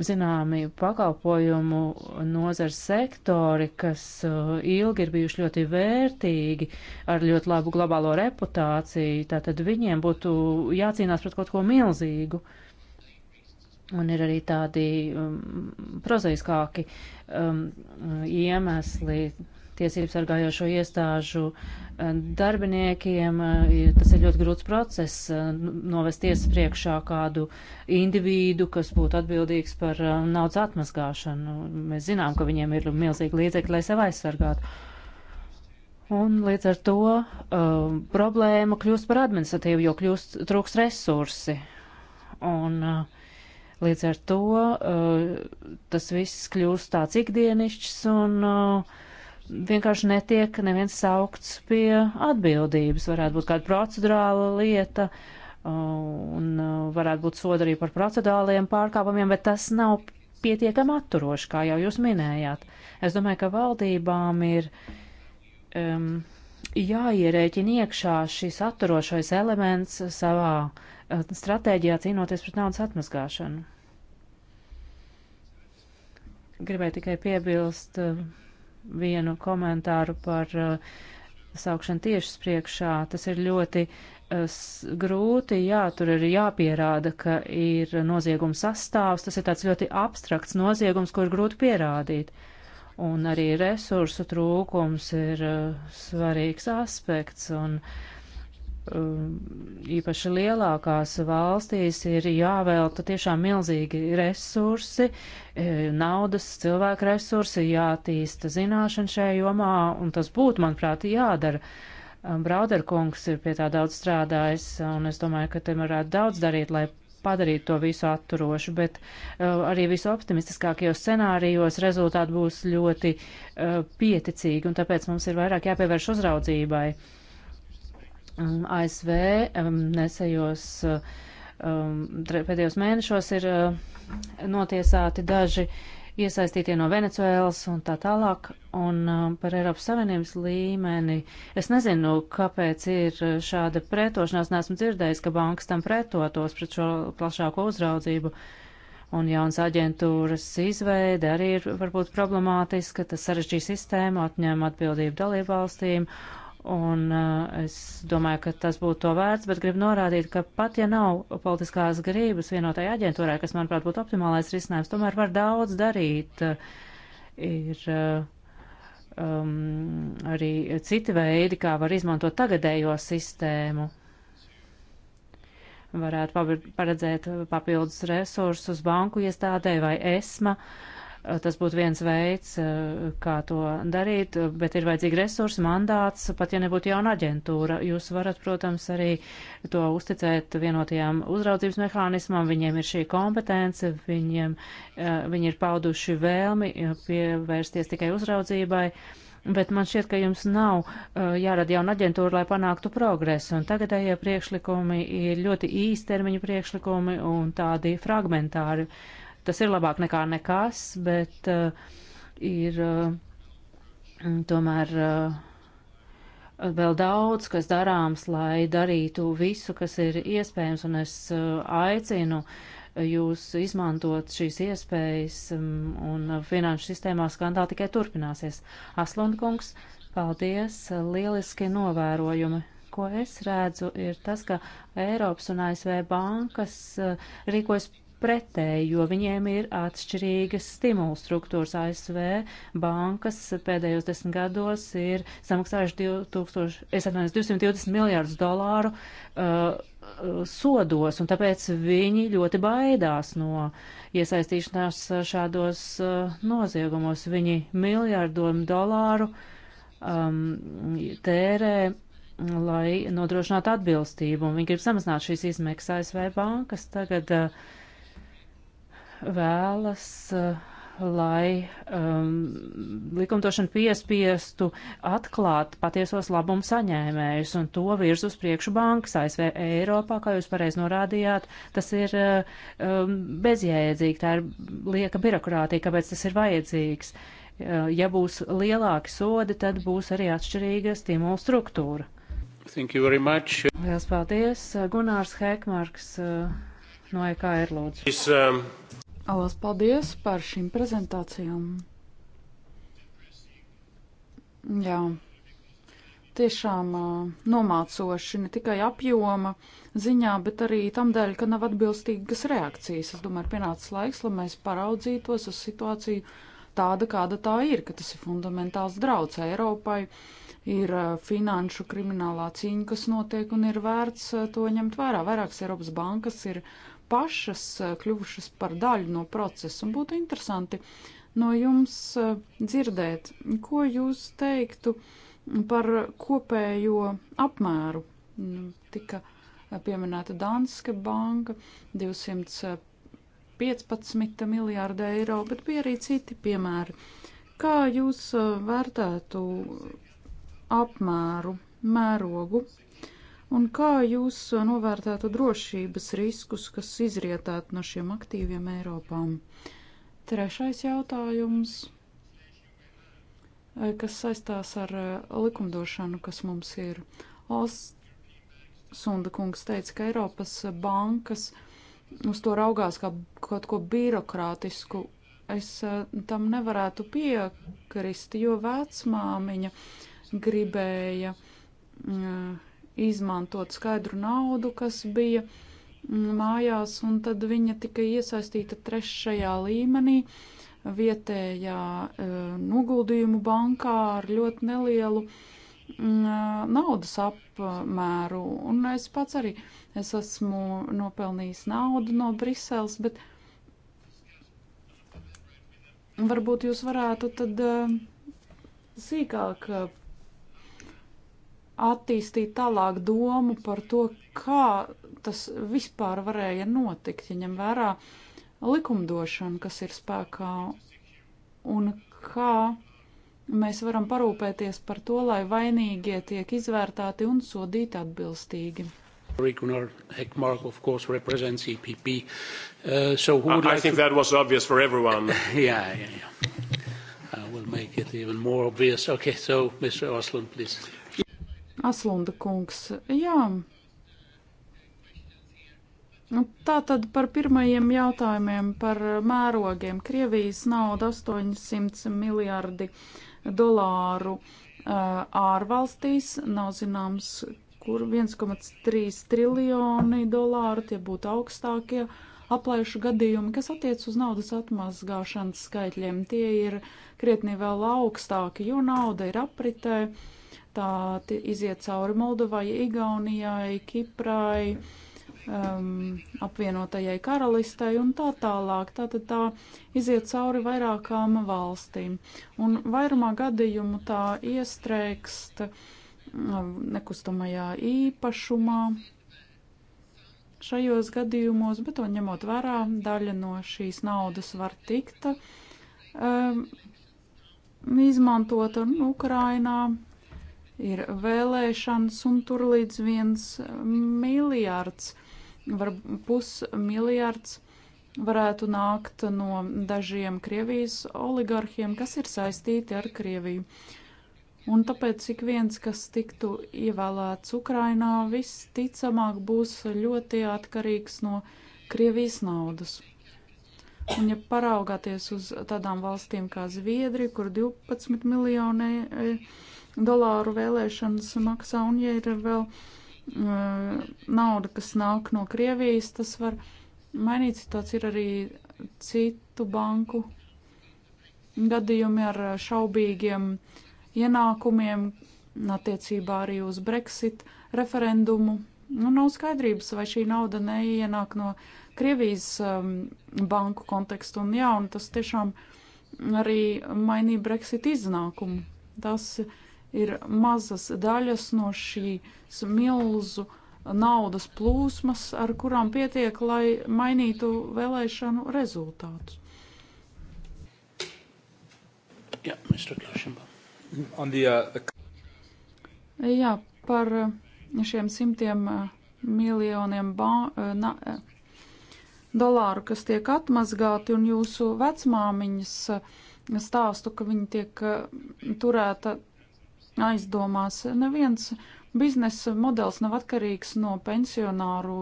zināmi pakalpojumu nozars sektori, kas uh, ilgi ir bijuši ļoti vērtīgi, ar ļoti labu globālo reputāciju, tātad viņiem būtu jācīnās pret kaut ko milzīgu. Un ir arī tādi um, prozaiskāki um, iemesli, tiesību sargājošo iestāžu eh, darbiniekiem. Eh, tas ir ļoti grūts process eh, novest tiesas priekšā kādu individu, kas būtu atbildīgs par naudas atmazgāšanu. Mēs zinām, ka viņiem ir milzīgi līdzekļi, lai sev aizsargātu. Un līdz ar to uh, problēma kļūst par administratīvu, jo kļūst trūks resursi. Un uh, līdz ar to uh, tas viss kļūst tāds ikdienišķs un uh, vienkārši netiek neviens saukts pie atbildības. Varētu būt kāda procedurāla lieta uh, un uh, varētu būt soda arī par procedurāliem pārkāpumiem, bet tas nav pietiekami atturoši, kā jau jūs minējāt. Es domāju, ka valdībām ir um, jāierēķina iekšā šis atturošais elements savā uh, stratēģijā cīnoties pret naudas atmazgāšanu. Gribēju tikai piebilst. Uh, vienu komentāru par uh, saukšanu tiešas priekšā. Tas ir ļoti uh, grūti, jā, tur ir jāpierāda, ka ir nozieguma sastāvs. Tas ir tāds ļoti abstrakts noziegums, ko ir grūti pierādīt. Un arī resursu trūkums ir uh, svarīgs aspekts. Un, uh, Um, īpaši lielākās valstīs ir jāvēlta tiešām milzīgi resursi, e, naudas, cilvēku resursi, jātīsta zināšana šajā jomā, un tas būtu, manuprāt, jādara. Um, Brauderkungs ir pie tā daudz strādājis, un es domāju, ka te varētu daudz darīt, lai padarītu to visu atturošu, bet uh, arī visu optimistiskākajos scenārijos rezultāti būs ļoti uh, pieticīgi, un tāpēc mums ir vairāk jāpievērš uzraudzībai. Uh, ASV um, nesējos um, pēdējos mēnešos ir uh, notiesāti daži iesaistītie no Venecuēlas un tā tālāk, un um, par Eiropas Savienības līmeni. Es nezinu, kāpēc ir uh, šāda pretošanās, neesmu dzirdējis, ka bankas tam pretotos pret šo plašāko uzraudzību, un jauns aģentūras izveide arī ir varbūt problemātiska, tas sarežģīja sistēmu, atņem atbildību dalībvalstīm, Un uh, es domāju, ka tas būtu to vērts, bet gribu norādīt, ka pat ja nav politiskās grības vienotai aģentūrai, kas, manuprāt, būtu optimālais risinājums, tomēr var daudz darīt. Ir uh, um, arī citi veidi, kā var izmantot tagadējo sistēmu. Varētu paredzēt papildus resursus banku iestādē vai ESMA. Uh, Eh, tas būtu viens veids, eh, kā to darīt, bet ir vajadzīgi resursi, mandāts, pat ja nebūtu jauna aģentūra. Jūs varat, protams, arī to uzticēt vienotajām uzraudzības mehānismam, viņiem ir šī kompetence, viņiem, eh, viņi ir pauduši vēlmi pievērsties tikai uzraudzībai. Bet man šķiet, ka jums nav uh, jārada jauna aģentūra, lai panāktu progresu. Un tagadējie priekšlikumi ir ļoti īstermiņu priekšlikumi un tādi fragmentāri. Uh, Tas ir labāk nekā nekas, bet uh, ir uh, mm, tomēr. Uh, vēl daudz, kas darāms, lai darītu visu, kas ir iespējams, un es uh, aicinu jūs izmantot šīs iespējas, um, un finanšu sistēmā skandāli tikai turpināsies. Aslundkungs, paldies, lieliski novērojumi. Ko es redzu, ir tas, ka Eiropas un ASV bankas uh, rīkojas pretēji, jo viņiem ir atšķirīgas stimulu struktūras. ASV bankas pēdējos desmit gados ir samaksājuši 2000, es atvainojos, 220 miljārdus dolāru uh, sodos, un tāpēc viņi ļoti baidās no iesaistīšanās šādos uh, noziegumos. Viņi miljārdiem dolāru um, tērē lai nodrošinātu atbilstību, un viņi grib samazināt šīs izmaksas. ASV bankas tagad uh, vēlas, lai um, likumdošana piespiestu atklāt patiesos labumu saņēmējus, un to virz uz priekšu bankas ASV Eiropā, kā jūs pareiz norādījāt, tas ir um, bezjēdzīgi, tā ir lieka birokrātija, kāpēc tas ir vajadzīgs. Uh, ja būs lielāki sodi, tad būs arī atšķirīga stimula struktūra. Thank you very much. Lielas paldies. Gunārs Hekmarks uh, no EKR lūdzu. Is, um... Alas, paldies par šīm prezentācijām. Jā, tiešām nomācoši ne tikai apjoma ziņā, bet arī tam dēļ, ka nav atbilstīgas reakcijas. Es domāju, ir pienācis laiks, lai mēs paraudzītos uz situāciju tāda, kāda tā ir, ka tas ir fundamentāls drauds Eiropai, ir finanšu kriminālā cīņa, kas notiek un ir vērts to ņemt vērā. Vairākas Eiropas bankas ir pašas eh, kļuvušas par daļu no procesa. Un būtu interesanti no jums eh, dzirdēt, ko jūs teiktu par kopējo apmēru. Nu, tika eh, pieminēta Danske banka 215 miljārdu eiro, bet bija arī citi piemēri. Kā jūs vērtētu apmēru, mērogu Un kā jūs novērtētu drošības riskus, kas izrietētu no šiem aktīviem Eiropām? Trešais jautājums, eh, kas saistās ar eh, likumdošanu, kas mums ir. Osunda kungs teica, ka Eiropas bankas uz to raugās kā kaut ko birokrātisku. Es eh, tam nevarētu piekrist, jo vecmāmiņa gribēja. Uh, izmantot skaidru naudu, kas bija mm, mājās, un tad viņa tika iesaistīta trešajā līmenī vietējā e, noguldījumu bankā ar ļoti nelielu mm, e, naudas apmēru. Un es pats arī es esmu nopelnījis naudu no Briseles, bet varbūt jūs varētu tad e, sīkāk attīstīt tālāk domu par to, kā tas vispār varēja notikt, ja ņem vērā likumdošanu, kas ir spēkā, un kā mēs varam parūpēties par to, lai vainīgie tiek izvērtāti un sodīti atbilstīgi. Gunnar Heckmark, of course, represents EPP. Uh, so who would I, like I think to... that was obvious for everyone. yeah, yeah, yeah. I will make it even more obvious. Okay, so Mr. Oslund, please. Aslunda kungs, jā. Nu, tā tad par pirmajiem jautājumiem par mērogiem. Krievijas nauda 800 miljardi dolāru ārvalstīs, nav zināms, kur 1,3 triljoni dolāru, tie būtu augstākie aplēšu gadījumi, kas attiec uz naudas atmazgāšanas skaitļiem. Tie ir krietni vēl augstāki, jo nauda ir apritē. Uh, Tā iziet cauri Moldovai, Igaunijai, Kiprai, um, apvienotajai karalistei un tā tālāk. Tātad tā iziet cauri vairākām valstīm. Un vairumā gadījumu tā iestrēgst um, nekustamajā īpašumā šajos gadījumos, bet to ņemot vērā, daļa no šīs naudas var tikt um, izmantota nu, Ukrainā, ir vēlēšanas, un tur līdz viens miljārds, var pusmiljārds varētu nākt no dažiem Krievijas oligarhiem, kas ir saistīti ar Krieviju. Un tāpēc ik viens, kas tiktu ievēlēts Ukrainā, visticamāk būs ļoti atkarīgs no Krievijas naudas. Un, ja paraugāties uz tādām valstīm kā Zviedrija, kur 12 miljoni eh, dolāru vēlēšanas maksā, un ja ir vēl uh, nauda, kas nāk no Krievijas, tas var mainīt situāciju. Ir arī citu banku gadījumi ar šaubīgiem ienākumiem attiecībā arī uz Brexit referendumu. Nu, nav skaidrības, vai šī nauda neienāk no Krievijas um, banku kontekstu, un jā, un tas tiešām arī mainīja Brexit iznākumu. Tas uh, ir mazas daļas no šīs milzu naudas plūsmas, ar kurām pietiek, lai mainītu vēlēšanu rezultātus. Jā, the, uh... Jā, par uh, šiem simtiem uh, miljoniem uh, na, dolāru, kas tiek atmazgāti, un jūsu vecmāmiņas stāstu, ka viņa tiek turēta aizdomās. Neviens biznesa modelis nav atkarīgs no pensionāru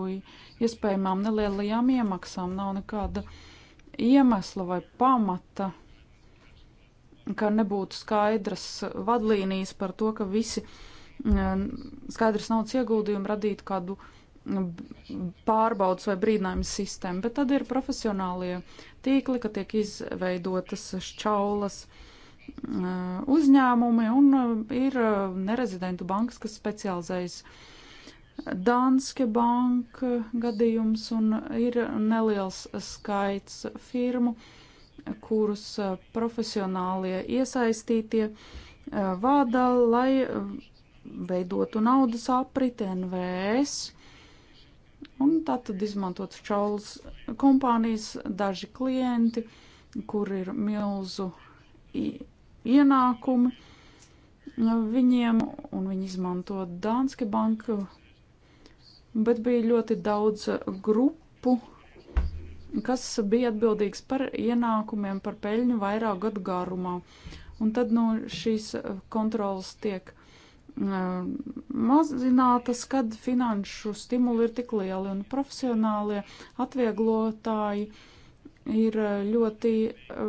iespējamām nelielajām iemaksām. Nav nekāda iemesla vai pamata, ka nebūtu skaidras vadlīnijas par to, ka visi mm, skaidrs naudas ieguldījumi radītu kādu pārbaudas vai brīdinājumu sistēmu, bet tad ir profesionālie tīkli, ka tiek izveidotas šķaulas, uh, Uh, uzņēmumi un uh, ir uh, nerezidentu bankas, kas specializējas Danske banka gadījums un ir neliels skaits firmu, kurus profesionālie iesaistītie vada, lai veidotu naudas apriti NVS. Un tā tad izmantot čaulas kompānijas, daži klienti, kur ir milzu ienākumi viņiem, un viņi izmanto Danske banku, bet bija ļoti daudz grupu, kas bija atbildīgs par ienākumiem, par peļņu vairāk gadu garumā. Un tad no nu, šīs kontrolas tiek uh, mazinātas, kad finanšu stimuli ir tik lieli un profesionālie atvieglotāji ir eh, ļoti eh,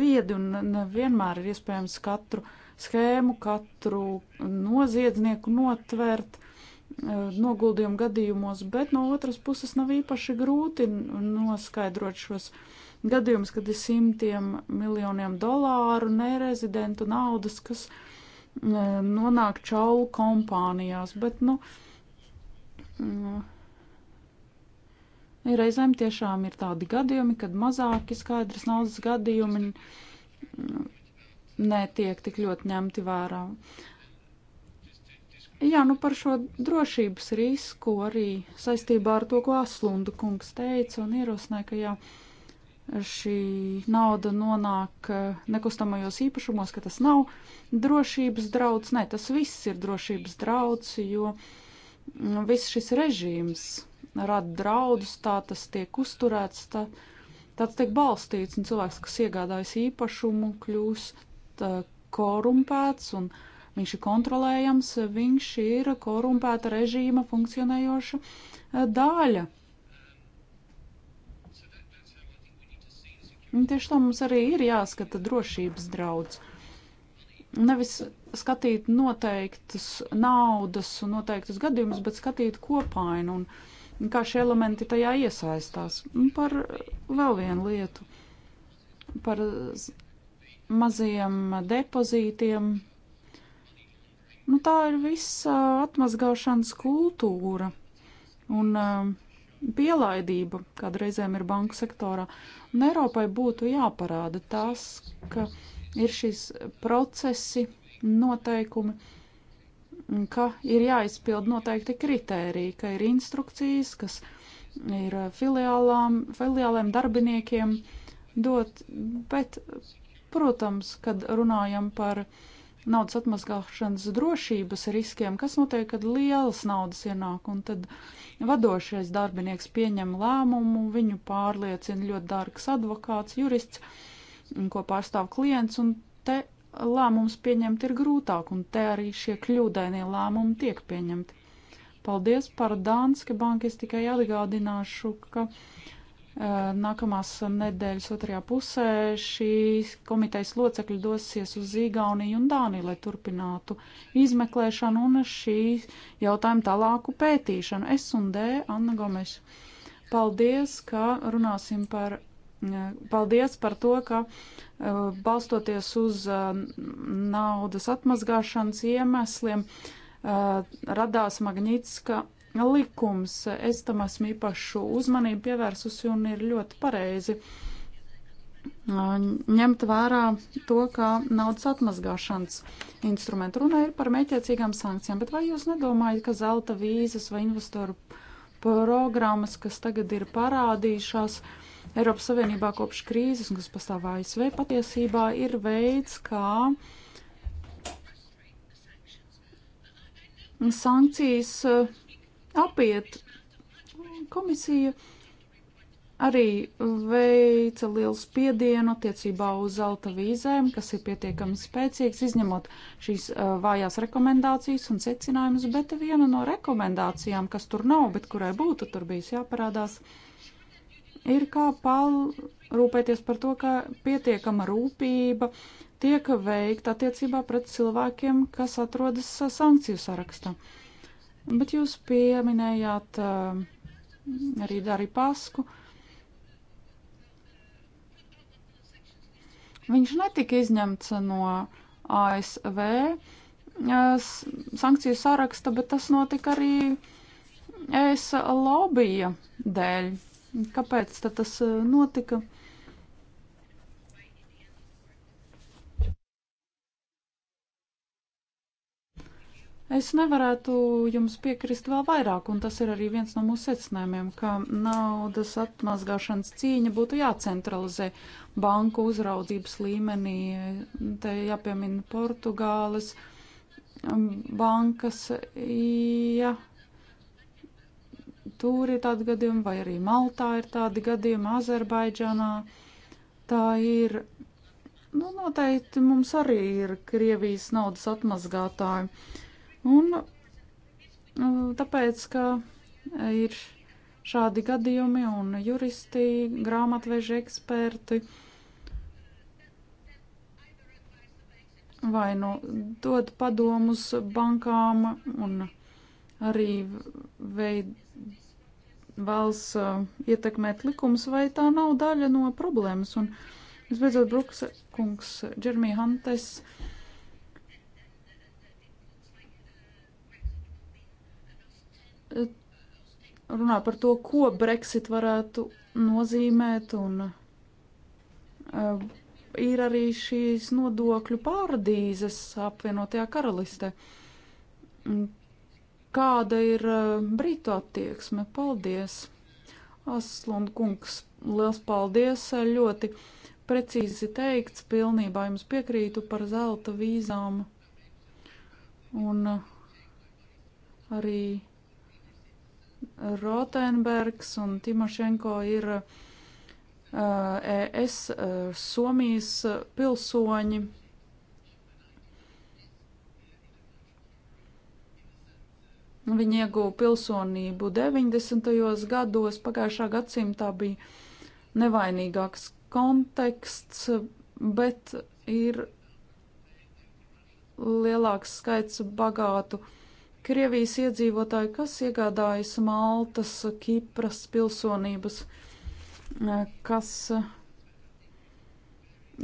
viedi un nevienmēr ir iespējams katru schēmu, katru noziedznieku notvērt eh, noguldījumu gadījumos, bet no otras puses nav īpaši grūti noskaidrot šos gadījumus, kad ir simtiem miljoniem dolāru nerezidentu naudas, kas nonāk čaulu kompānijās, bet, nu, mm, Reizēm tiešām ir tādi gadījumi, kad mazāki skaidrs naudas gadījumi netiek tik ļoti ņemti vērā. Jā, nu par šo drošības risku arī saistībā ar to, ko Aslunda kungs teica un ierosināja, ka jā, šī nauda nonāk eh, nekustamajos īpašumos, ka tas nav drošības drauds. Nē, tas viss ir drošības drauds, jo mm, viss šis režīms rada draudus, tā tas tiek uzturēts, tā, tāds tiek balstīts, un cilvēks, kas iegādājas īpašumu, kļūst korumpēts un viņš ir kontrolējams, viņš ir korumpēta režīma funkcionējoša eh, daļa. Un tieši tā mums arī ir jāskata drošības draudz. Nevis skatīt noteiktus naudas un noteiktus gadījumus, bet skatīt kopainu un uh, kā šie elementi tajā iesaistās. Par vēl vienu lietu, par maziem depozītiem. Nu, tā ir visa atmazgāšanas kultūra un um, pielaidība, kāda reizēm ir banku sektorā. Un Eiropai būtu jāparāda tas, ka ir šīs procesi, noteikumi ka ir jāizpild noteikti kritēriji, ka ir instrukcijas, kas ir filiālām, filiāliem darbiniekiem dot, bet, protams, kad runājam par naudas atmazgāšanas drošības riskiem, kas notiek, kad lielas naudas ienāk, un tad vadošais darbinieks pieņem lēmumu, viņu pārliecina ļoti dārgs advokāts, jurists, ko pārstāv klients, un te lēmums pieņemt ir grūtāk, un te arī šie kļūdainie lēmumi tiek pieņemti. Paldies par Dānske banku. Es tikai atgādināšu, ka eh, nākamās nedēļas otrajā pusē šīs komitejas locekļi dosies uz Igauniju un Dāniju, lai turpinātu izmeklēšanu un šī jautājuma tālāku pētīšanu. S un D, Anna Gomeša. Paldies, ka runāsim par Paldies par to, ka eh, balstoties uz eh, naudas atmazgāšanas iemesliem eh, radās Magnitska likums. Es tam esmu īpašu uzmanību pievērsusi un ir ļoti pareizi ņemt vērā to, kā naudas atmazgāšanas instrumentu runa ir par mēķiecīgām sankcijām, bet vai jūs nedomājat, ka zelta vīzas vai investoru programmas, kas tagad ir parādījušās, uh, Eiropas Savienībā kopš krīzes un kas pastāv ASV, patiesībā ir veids, kā sankcijas uh, apiet. Komisija arī veica lielu spiedienu attiecībā uz zelta vīzēm, kas ir pietiekami spēcīgs, izņemot šīs uh, vājās rekomendācijas un secinājumus, bet viena no rekomendācijām, kas tur nav, bet kurai būtu tur bijis jāparādās, uh, ir kā palrūpēties par to, ka pietiekama rūpība tiek veikta attiecībā pret cilvēkiem, kas atrodas sankciju sarakstā. Bet jūs pieminējāt eh, arī Dārī Pasku. Viņš netika izņemts no ASV eh, sankciju saraksta, bet tas notika arī es lobija dēļ. Kāpēc tad tas eh, notika? Es nevarētu jums piekrist vēl vairāk, un tas ir arī viens no mūsu secinājumiem, ka naudas atmazgāšanas cīņa būtu jācentralizē banku uzraudzības līmenī. Te jāpiemina Portugāles um, bankas, ja tur ir tādi gadījumi, vai arī Maltā ir tādi gadījumi, Azerbaidžanā. Tā ir, nu, noteikti mums arī ir Krievijas naudas atmazgātāji. Un nu, tāpēc, ka ir šādi gadījumi un juristi, grāmatveži eksperti vai nu dod padomus bankām un arī veid vēlas uh, ietekmēt likumus, vai tā nav daļa no problēmas. Un visbeidzot, Bruks kungs, Džermija Hantes. Runā par to, ko Brexit varētu nozīmēt, un uh, ir arī šīs nodokļu pārdīzes apvienotajā karalistē kāda ir eh, Britu attieksme. Paldies! Aslund kungs, liels paldies! Ļoti precīzi teikts, pilnībā jums piekrītu par zelta vīzām. Un eh, arī Rotenbergs un Timošenko ir ES eh, e Somijas pilsoņi Viņi ieguva pilsonību 90. gados, pagājušā gadsimtā bija nevainīgāks konteksts, bet ir lielāks skaits bagātu Krievijas iedzīvotāju, kas iegādājas Maltas, Kipras pilsonības, kas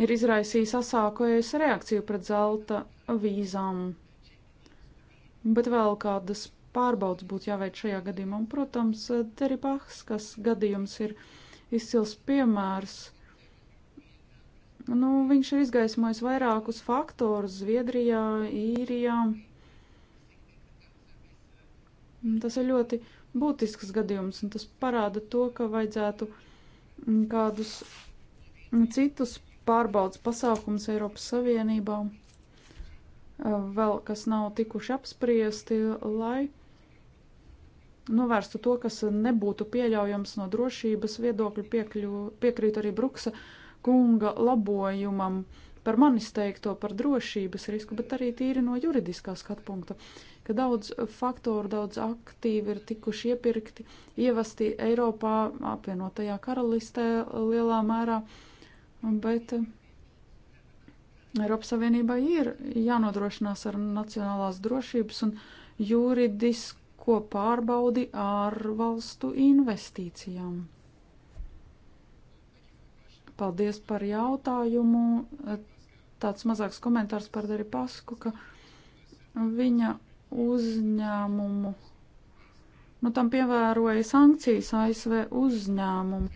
ir izraisījis asākojas reakciju pret zelta vīzām. Bet vēl kādas pārbaudas būtu jāveic šajā gadījumā. Un, protams, Teripahskas gadījums ir izcils piemērs. Nu, viņš ir izgaismojis vairākus faktorus Zviedrijā, Īrijā. Tas ir ļoti būtisks gadījums, un tas parāda to, ka vajadzētu kādus citus pārbaudas pasākumus Eiropas Savienībā, vēl kas nav tikuši apspriesti, lai novērstu to, kas nebūtu pieļaujams no drošības viedokļa, piekļu, piekrīt arī Bruksa kunga labojumam par manis teikto par drošības risku, bet arī tīri no juridiskā skatpunkta, ka daudz faktoru, daudz aktīvi ir tikuši iepirkti, ievesti Eiropā, apvienotajā karalistē lielā mērā, bet eh, Eiropas Savienībai ir jānodrošinās ar nacionālās drošības un juridisku ko pārbaudi ārvalstu investīcijām. Paldies par jautājumu. Tāds mazāks komentārs par Deri Pasku, ka viņa uzņēmumu, nu tam pievēroja sankcijas ASV uzņēmumu.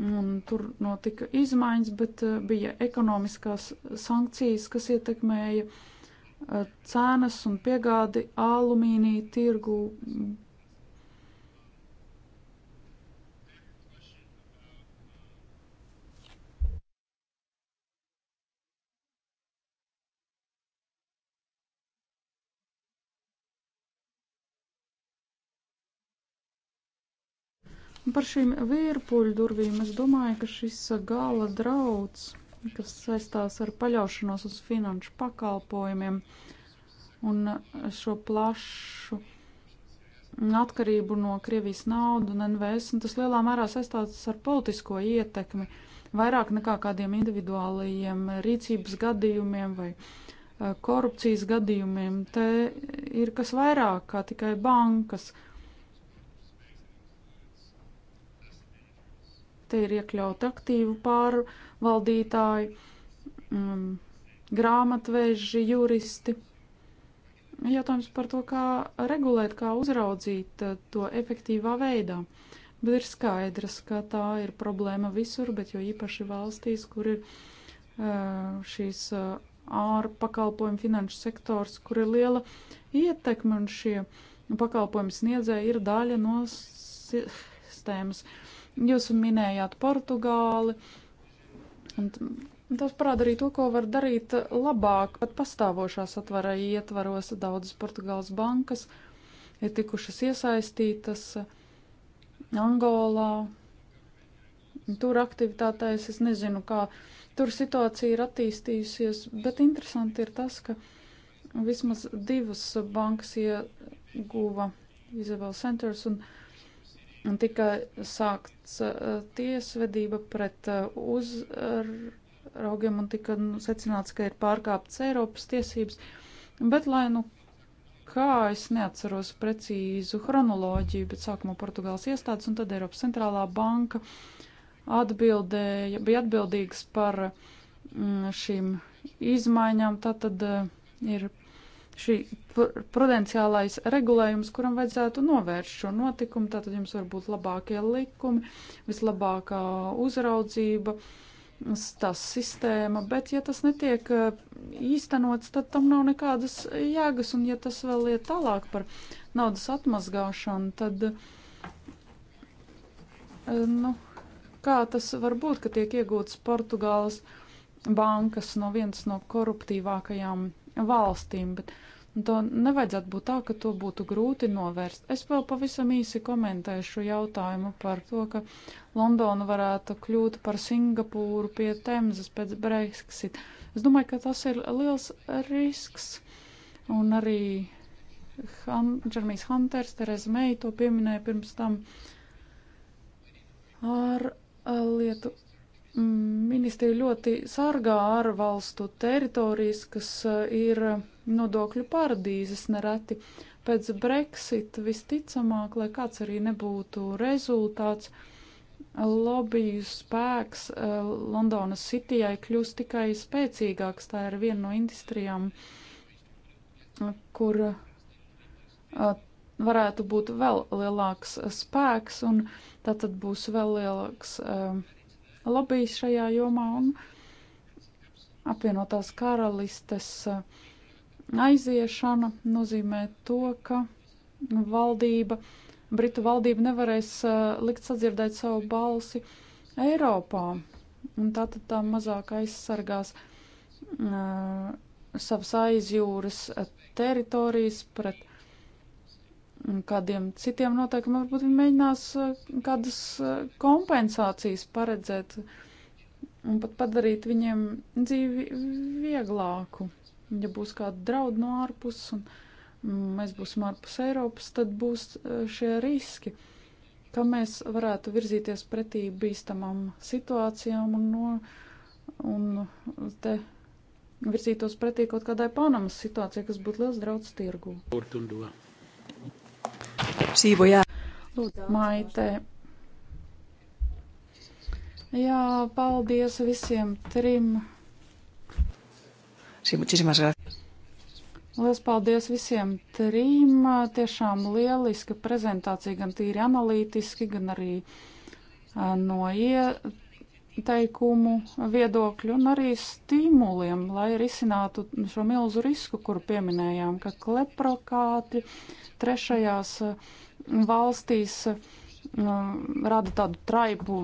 Un tur notika izmaiņas, bet eh, bija ekonomiskās sankcijas, kas ietekmēja uh, Eh, cenas un piegādi alumīnija tirgu. Par šīm vīrpuļu durvīm es domāju, ka šis gala drauds kas saistās ar paļaušanos uz finanšu pakalpojumiem un šo plašu atkarību no Krievijas naudas un NVS, un tas lielā mērā saistās ar politisko ietekmi, vairāk nekā kādiem individuālajiem rīcības gadījumiem vai eh, korupcijas gadījumiem. Te ir kas vairāk kā tikai bankas. Uh, te ir iekļaut aktīvu pārvaldītāju, um, grāmatveži, juristi. Jautājums par to, kā regulēt, kā uzraudzīt uh, to efektīvā veidā. Bet ir skaidrs, ka tā ir problēma visur, bet jo īpaši valstīs, kur ir uh, šīs uh, ārpakalpojumu finanšu sektors, kur ir liela ietekme un šie pakalpojumu sniedzēji ir daļa no sistēmas. Uh, Jūs minējāt Portugāli. Un tas parāda arī to, ko var darīt labāk. Pat pastāvošā satvara ietvaros daudzas Portugāles bankas ir tikušas iesaistītas Angolā. Tur aktivitātēs es nezinu, kā tur situācija ir attīstījusies, bet interesanti ir tas, ka vismaz divas bankas ieguva Izabela Centers un Banka Un tika sākts uh, tiesvedība pret uh, uzraugiem un tika nu, secināts, ka ir pārkāptas Eiropas tiesības. Bet, lai nu kā es neatceros precīzu chronoloģiju, bet sākumā Portugāles iestādes un tad Eiropas centrālā banka atbildēja, bija atbildīgs par mm, šīm izmaiņām. Tātad uh, ir šī prudenciālais regulējums, kuram vajadzētu novērst šo notikumu. Tātad jums var būt labākie likumi, vislabākā uzraudzība, tā sistēma, bet ja tas netiek eh, īstenots, tad tam nav nekādas jēgas, un ja tas vēl iet tālāk par naudas atmazgāšanu, tad, eh, nu, kā tas var būt, ka tiek iegūts Portugāles bankas no vienas no koruptīvākajām valstīm, bet uh, Un to nevajadzētu būt tā, ka to būtu grūti novērst. Es vēl pavisam īsi komentēšu jautājumu par to, ka Londona varētu kļūt par Singapūru pie Temzas pēc Brexit. Es domāju, ka tas ir liels risks. Un arī Han Džermijs Hunters, Tereza Meija to pieminēja pirms tam ar lietu ministriju ļoti sargā ārvalstu teritorijas, kas ir nodokļu paradīzes nereti. Pēc Brexit visticamāk, lai kāds arī nebūtu rezultāts, lobiju spēks eh, Londonas Citijai kļūst tikai spēcīgāks. Tā ir viena no industrijām, kur eh, varētu būt vēl lielāks spēks, un tā tad būs vēl lielāks eh, lobijs šajā jomā, un apvienotās karalistes uh, aiziešana nozīmē to, ka valdība, Britu valdība nevarēs uh, likt sadzirdēt savu balsi Eiropā. Un tātad tā mazāk aizsargās uh, savas aizjūras teritorijas pret kādiem citiem noteikumiem. Varbūt viņi mēģinās uh, kādas uh, kompensācijas paredzēt un pat padarīt viņiem dzīvi vieglāku ja būs kāda drauda no ārpus un mm, mēs būsim ārpus Eiropas, tad būs e, šie riski, ka mēs varētu virzīties pretī bīstamām situācijām un, no, un te virzītos pretī kaut kādai Panamas situācijai, kas būtu liels draudz tirgū. Sīvojā. Lūdzu, maitē. Jā, paldies visiem trim Sí, muchísimas gracias. Lielas paldies visiem trim. Tiešām lieliska prezentācija, gan tīri analītiski, gan arī no ieteikumu viedokļu un arī stimuliem, lai risinātu šo milzu risku, kuru pieminējām, ka kleprokāti trešajās valstīs uh, Um, rada tādu traipu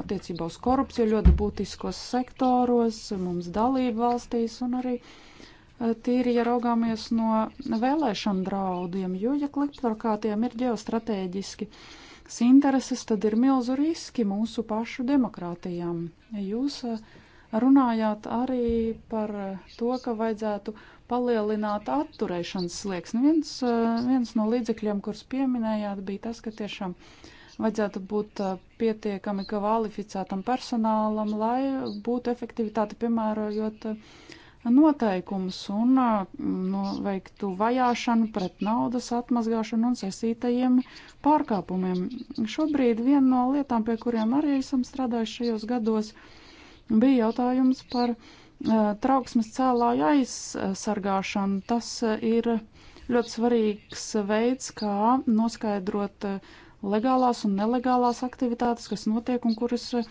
attiecībā uz korupciju ļoti būtiskos sektoros, mums dalību valstīs un arī uh, tīri, ja raugāmies no vēlēšanu draudiem, jo, ja klikptarkātiem ir ģeostrateģiski intereses, tad ir milzu riski mūsu pašu demokrātijām. Jūs uh, runājāt arī par uh, to, ka vajadzētu palielināt atturēšanas slieksni. Viens, viens no līdzekļiem, kurus pieminējāt, bija tas, ka tiešām uh, vajadzētu būt pietiekami kvalificētam personālam, lai būtu efektivitāte piemērojot noteikumus un noveiktu vajāšanu pret naudas atmazgāšanu un saistītajiem pārkāpumiem. Šobrīd viena no lietām, pie kuriem arī esam strādājuši šajos gados, bija jautājums par trauksmes cēlāju aizsargāšanu. Tas ir ļoti svarīgs veids, kā noskaidrot uh, legālās un nelegālās aktivitātes, kas notiek un kuras eh,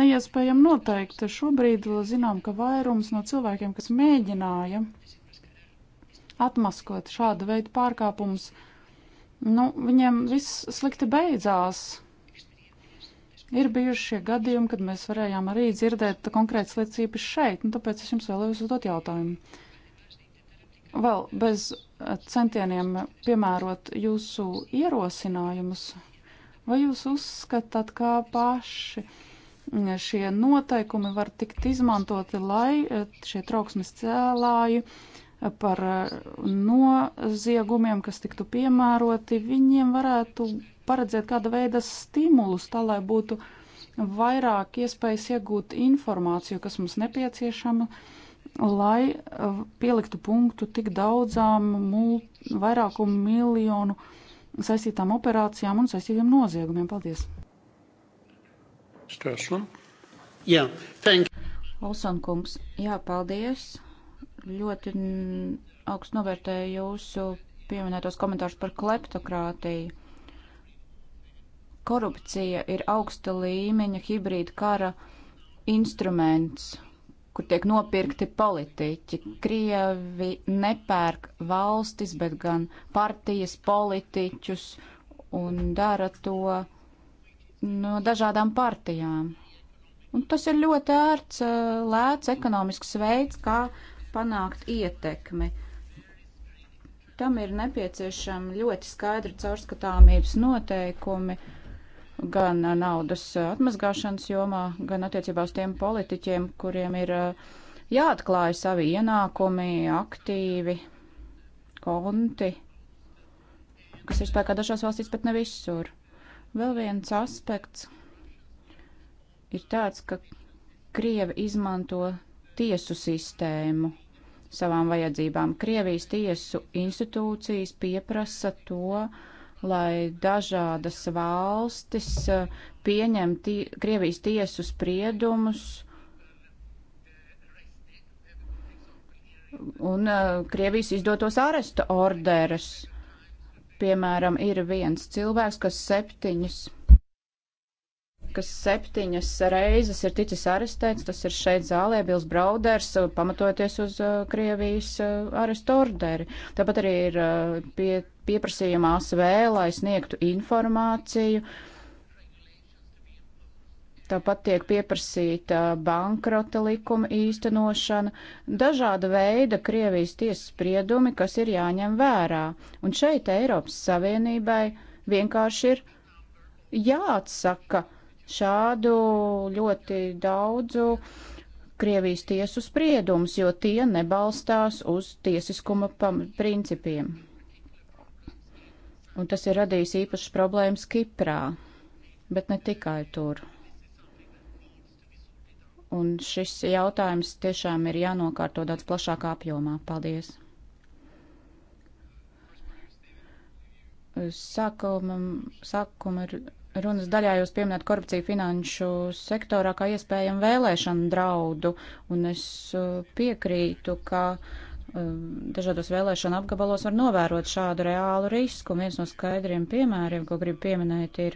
neiespējami noteikt. Šobrīd eh, zinām, ka vairums no cilvēkiem, kas mēģināja atmaskot šādu veidu pārkāpumus, nu, viņiem viss slikti beidzās. Ir bijuši šie gadījumi, kad mēs varējām arī dzirdēt konkrētas liecības šeit, un nu, tāpēc es jums vēlējos uzdot jautājumu. Vēl bez centieniem piemērot jūsu ierosinājumus Vai jūs uzskatāt, kā paši šie noteikumi var tikt izmantoti, lai eh, šie trauksmes cēlāji eh, par eh, noziegumiem, kas tiktu piemēroti, viņiem varētu paredzēt kāda veida stimulus, tā lai būtu vairāk iespējas iegūt informāciju, kas mums nepieciešama, lai pieliktu punktu tik daudzām mul, vairāku miljonu uh, saistītām operācijām un saistītiem noziegumiem. Paldies! Stēslam. Jā, thank you. Olsan kungs, jā, paldies. Ļoti augstu novērtēju jūsu pieminētos komentārus par kleptokrātiju. Korupcija ir augsta līmeņa hibrīda kara instruments kur tiek nopirkti politiķi. Krievi nepērk valstis, bet gan partijas politiķus un dara to no dažādām partijām. Un tas ir ļoti ērts, lēts ekonomisks veids, kā panākt ietekmi. Tam ir nepieciešami ļoti skaidri caurskatāmības noteikumi gan naudas atmazgāšanas jomā, gan attiecībā uz tiem politiķiem, kuriem ir eh, jāatklāja savi ienākumi, aktīvi, konti, kas ir spēkā dažās valstīs, bet ne visur. Vēl viens aspekts ir tāds, ka Krievi izmanto tiesu sistēmu savām vajadzībām. Krievijas tiesu institūcijas pieprasa to, uh, lai dažādas valstis eh, pieņem tie, Krievijas tiesu spriedumus un uh, Krievijas izdotos aresta orderus. Piemēram, ir viens cilvēks, kas septiņas kas septiņas reizes ir ticis arestēts, tas ir šeit zālē Bils Brauders, pamatoties uz uh, Krievijas uh, arestorderi. Tāpat arī ir uh, pie pieprasījuma ASV, lai sniegtu informāciju. Tāpat tiek pieprasīta bankrota likuma īstenošana, dažāda veida Krievijas tiesas spriedumi, kas ir jāņem vērā. Un šeit Eiropas Savienībai vienkārši ir jāatsaka šādu ļoti daudzu Krievijas tiesu spriedumus, jo tie nebalstās uz tiesiskuma principiem un tas ir radījis īpašas problēmas Kiprā, bet ne tikai tur. Un šis jautājums tiešām ir jānokārto daudz plašākā apjomā. Paldies! Sākumam, sākuma runas daļā jūs pieminat korupciju finanšu sektorā kā iespējamu vēlēšanu draudu, un es uh, piekrītu, ka uh, Um, dažādos vēlēšana apgabalos var novērot šādu reālu risku. Un viens no skaidriem piemēriem, ko gribu pieminēt, ir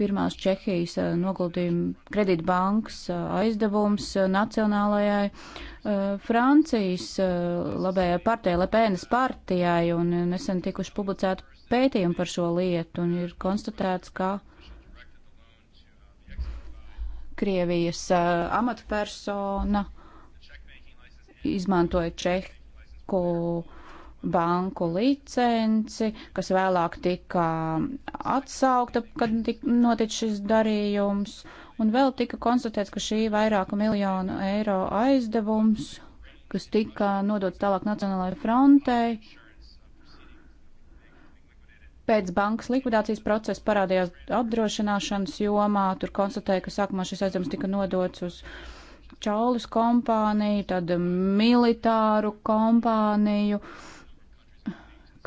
pirmās Čehijas uh, noguldījuma kredītbankas uh, aizdevums uh, Nacionālajai Francijas labējai partijai, Lepēnas partijai, un nesen tikuši publicēti pētījumi par šo lietu, un ir konstatēts, ka Krievijas amatpersona izmantoja Čehu banku licenci, kas vēlāk tika atsaukta, kad tika notic šis darījums, un vēl tika konstatēts, ka šī vairāku miljonu eiro aizdevums, kas tika nodots tālāk Nacionālajai frontei, pēc bankas likvidācijas procesa parādījās apdrošināšanas jomā, tur konstatēja, ka sākumā šis aizdevums tika nodots uz čaulis kompāniju, tad militāru kompāniju,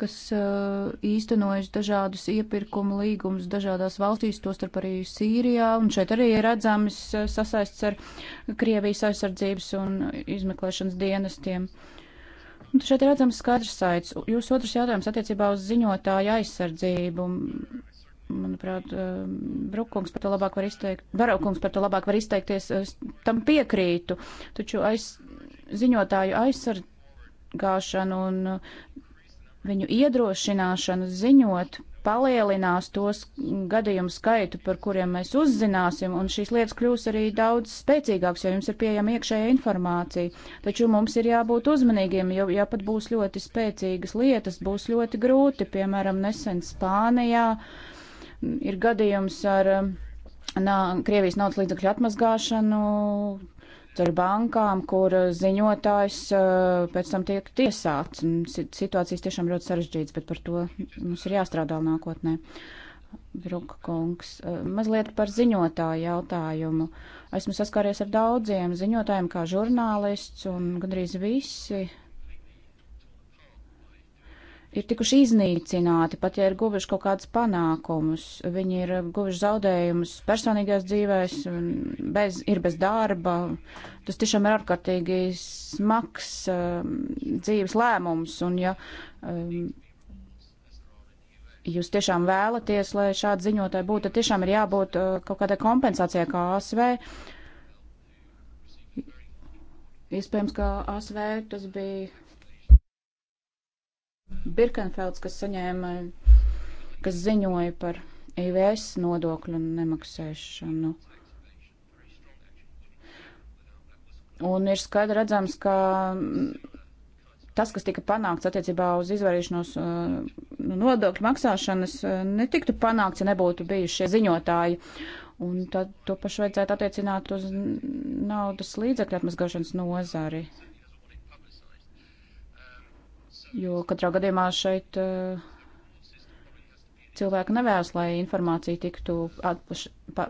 kas uh, īstenojas dažādus iepirkumu līgumus dažādās valstīs, tostarp arī Sīrijā, un šeit arī ir redzams uh, sasaists ar Krievijas aizsardzības un izmeklēšanas dienestiem. Un šeit ir redzams skaidrs saits. Jūsu otrs jautājums attiecībā uz ziņotāju aizsardzību manuprāt, eh, Braukungs par to labāk var izteikt, Baraukungs par to labāk var izteikties, es eh, tam piekrītu, taču aiz, ziņotāju aizsargāšanu un eh, viņu iedrošināšanu ziņot palielinās tos gadījumu skaitu, par kuriem mēs uzzināsim, un šīs lietas kļūs arī daudz spēcīgāks, jo jums ir pieejama iekšējā informācija. Taču mums ir jābūt uzmanīgiem, jo, ja pat būs ļoti spēcīgas lietas, būs ļoti grūti, piemēram, nesen Spānijā. Uh, ir gadījums ar um, nā, Krievijas naudas līdzakļu atmazgāšanu ar bankām, kur uh, ziņotājs uh, pēc tam tiek tiesāts. Situācijas tiešām ļoti sarežģītas, bet par to mums ir jāstrādā nākotnē. Bruka kungs, uh, mazliet par ziņotāju jautājumu. Esmu saskāries ar daudziem ziņotājiem kā žurnālists un gandrīz visi ir tikuši iznīcināti, pat ja ir guvuši kaut kādus panākumus. Viņi ir guvuši zaudējumus personīgās dzīvēs, bez, ir bez darba. Tas tiešām ir ārkārtīgi smags um, dzīves lēmums. Un, ja um, jūs tiešām vēlaties, lai šādi ziņotāji būtu, tad tiešām ir jābūt uh, kaut kādai kompensācijai kā ASV. Iespējams, ka ASV tas bija Birkenfelds, kas saņēma, kas ziņoja par IVS e nodokļu nemaksāšanu. Un ir skaidri redzams, ka tas, kas tika panākts attiecībā uz izvairīšanos uh, no nodokļu maksāšanas, uh, netiktu panākts, ja nebūtu bijušie ziņotāji. Un tad to pašu vajadzētu attiecināt uz naudas līdzekļu atmazgāšanas nozari. No jo katrā gadījumā šeit eh, cilvēki nevēlas, lai informācija tiktu atpuš, pa,